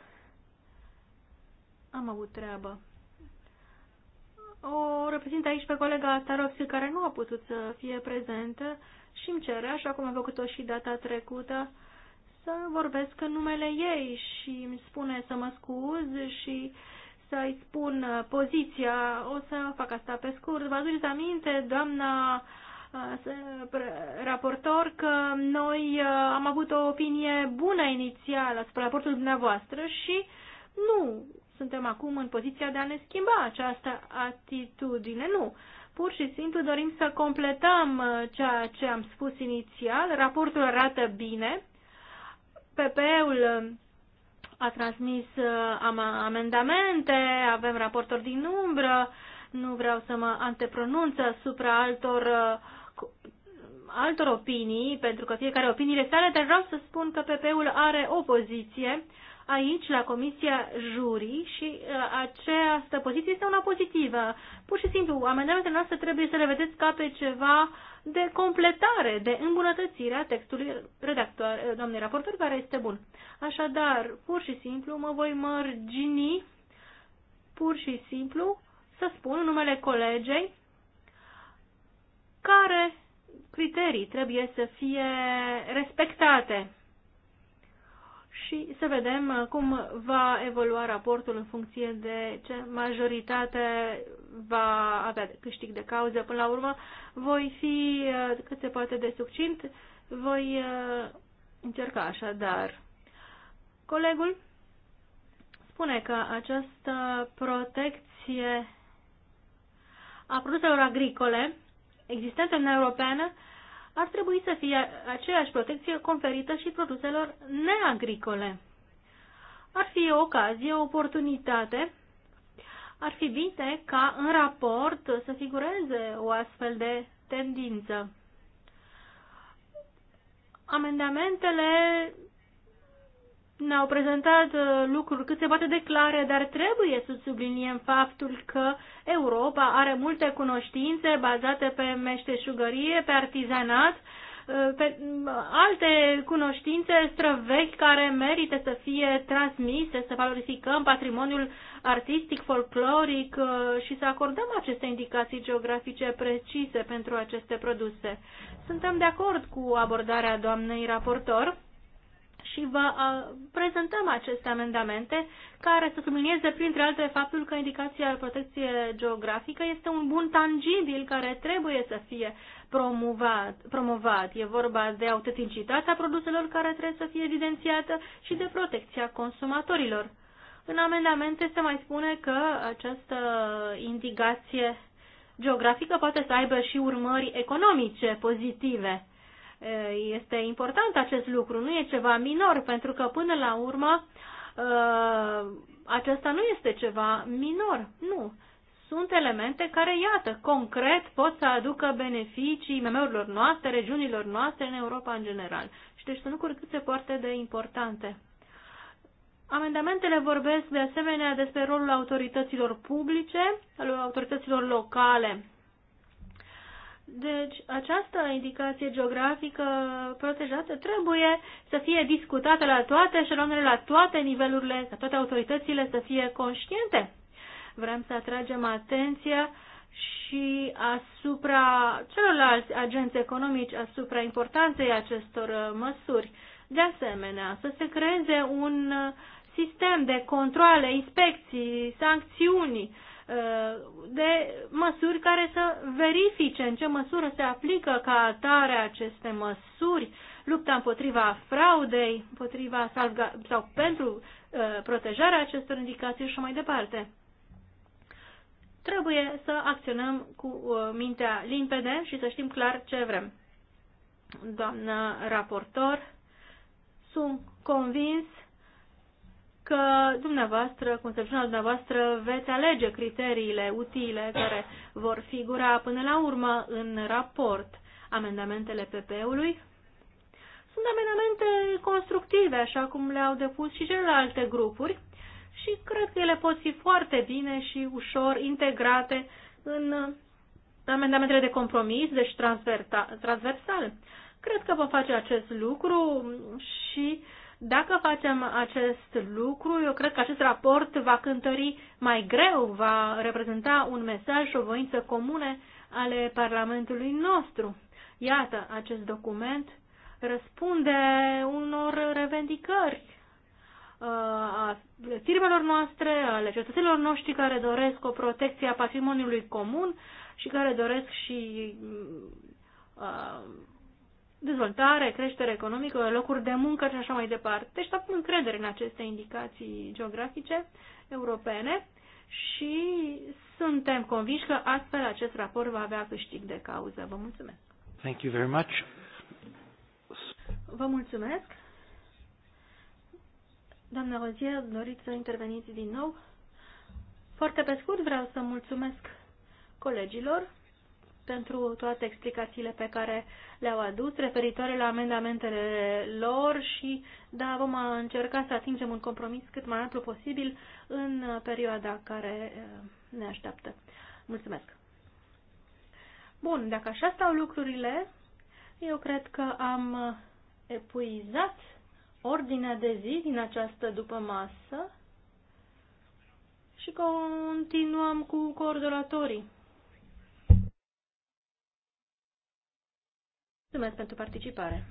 Am avut treabă. O reprezint aici pe colega Tarovski, care nu a putut să fie prezentă și îmi cere, așa cum am făcut-o și data trecută, să vorbesc în numele ei și îmi spune să mă scuz și să-i spun poziția. O să fac asta pe scurt. Vă aduceți aminte, doamna uh, raportor că noi uh, am avut o opinie bună inițială asupra raportului dumneavoastră și nu suntem acum în poziția de a ne schimba această atitudine. Nu. Pur și simplu dorim să completăm uh, ceea ce am spus inițial. Raportul arată bine. PP-ul uh, a transmis uh, amendamente, avem raportori din umbră, nu vreau să mă antepronunț asupra altor, altor opinii, pentru că fiecare opinie sale, dar vreau să spun că PP-ul are o poziție aici, la Comisia Jurii și uh, această poziție este una pozitivă. Pur și simplu, amendamentele noastre trebuie să le vedeți ca pe ceva de completare, de îmbunătățire a textului redactor, uh, doamnei raportor, care este bun. Așadar, pur și simplu, mă voi mărgini, pur și simplu, să spun numele colegei care criterii trebuie să fie respectate și să vedem uh, cum va evolua raportul în funcție de ce majoritate va avea câștig de cauză. Până la urmă, voi fi uh, cât se poate de succint, voi uh, încerca așadar. Colegul spune că această protecție a produselor agricole existentă în Europeană ar trebui să fie aceeași protecție conferită și produselor neagricole. Ar fi o ocazie, o oportunitate. Ar fi bine ca în raport să figureze o astfel de tendință. Amendamentele ne-au prezentat uh, lucruri cât se poate de clare, dar trebuie să subliniem faptul că Europa are multe cunoștințe bazate pe meșteșugărie, pe artizanat, uh, pe uh, alte cunoștințe străvechi care merită să fie transmise, să valorificăm patrimoniul artistic, folcloric și să acordăm aceste indicații geografice precise pentru aceste produse. Suntem de acord cu abordarea doamnei raportor și vă uh, prezentăm aceste amendamente care să sublinieze, printre altele, faptul că indicația protecție geografică este un bun tangibil care trebuie să fie promovat. promovat. E vorba de autenticitatea produselor care trebuie să fie evidențiată și de protecția consumatorilor. În amendamente se mai spune că această indicație geografică poate să aibă și urmări economice pozitive Eh, este important acest lucru, nu e ceva minor, pentru că până la urmă eh, acesta nu este ceva minor, nu. Sunt elemente care, iată, concret pot să aducă beneficii memeurilor noastre, regiunilor noastre, în Europa în general. Și deci sunt lucruri cât se poate de importante. Amendamentele vorbesc de asemenea despre rolul autorităților publice, al autorităților locale deci, această indicație geografică protejată trebuie să fie discutată la toate șeronele, la toate nivelurile, ca toate autoritățile să fie conștiente. Vrem să atragem atenția și asupra celorlalți agenți economici, asupra importanței acestor măsuri. De asemenea, să se creeze un sistem de controle, inspecții, sancțiuni, Uh, de măsuri care să verifice în ce măsură se aplică ca atare aceste măsuri, lupta împotriva fraudei, împotriva sau pentru uh, protejarea acestor indicații și mai departe. Trebuie să acționăm cu uh, mintea limpede și să știm clar ce vrem. Doamnă raportor, sunt convins că dumneavoastră, concepțiunea dumneavoastră, veți alege criteriile utile care vor figura până la urmă în raport amendamentele PP-ului. Sunt amendamente constructive, așa cum le-au depus și celelalte grupuri și cred că ele pot fi foarte bine și ușor integrate în amendamentele de compromis, deci transversale. Cred că vom face acest lucru și uh, dacă facem acest lucru, eu cred că acest raport va cântări mai greu, va reprezenta un mesaj și o voință comune ale Parlamentului nostru. Iată, acest document răspunde unor revendicări uh, a firmelor noastre, ale cetățenilor noștri care doresc o protecție a patrimoniului comun și care doresc și mm, uh, dezvoltare, creștere economică, locuri de muncă și așa mai departe. Deci avem încredere în aceste indicații geografice europene și suntem convinși că astfel acest raport va avea câștig de cauză. Vă mulțumesc! Thank you very much. Vă mulțumesc! Doamna Rozier, doriți să interveniți din nou? Foarte pe scurt vreau să mulțumesc colegilor pentru toate explicațiile pe care le-au adus referitoare la amendamentele lor și da, vom încerca să atingem un compromis cât mai amplu posibil în perioada care eh, ne așteaptă. Mulțumesc! Bun, dacă așa stau lucrurile, eu cred că am epuizat ordinea de zi din această după masă și continuăm cu coordonatorii. Mulțumesc pentru participare.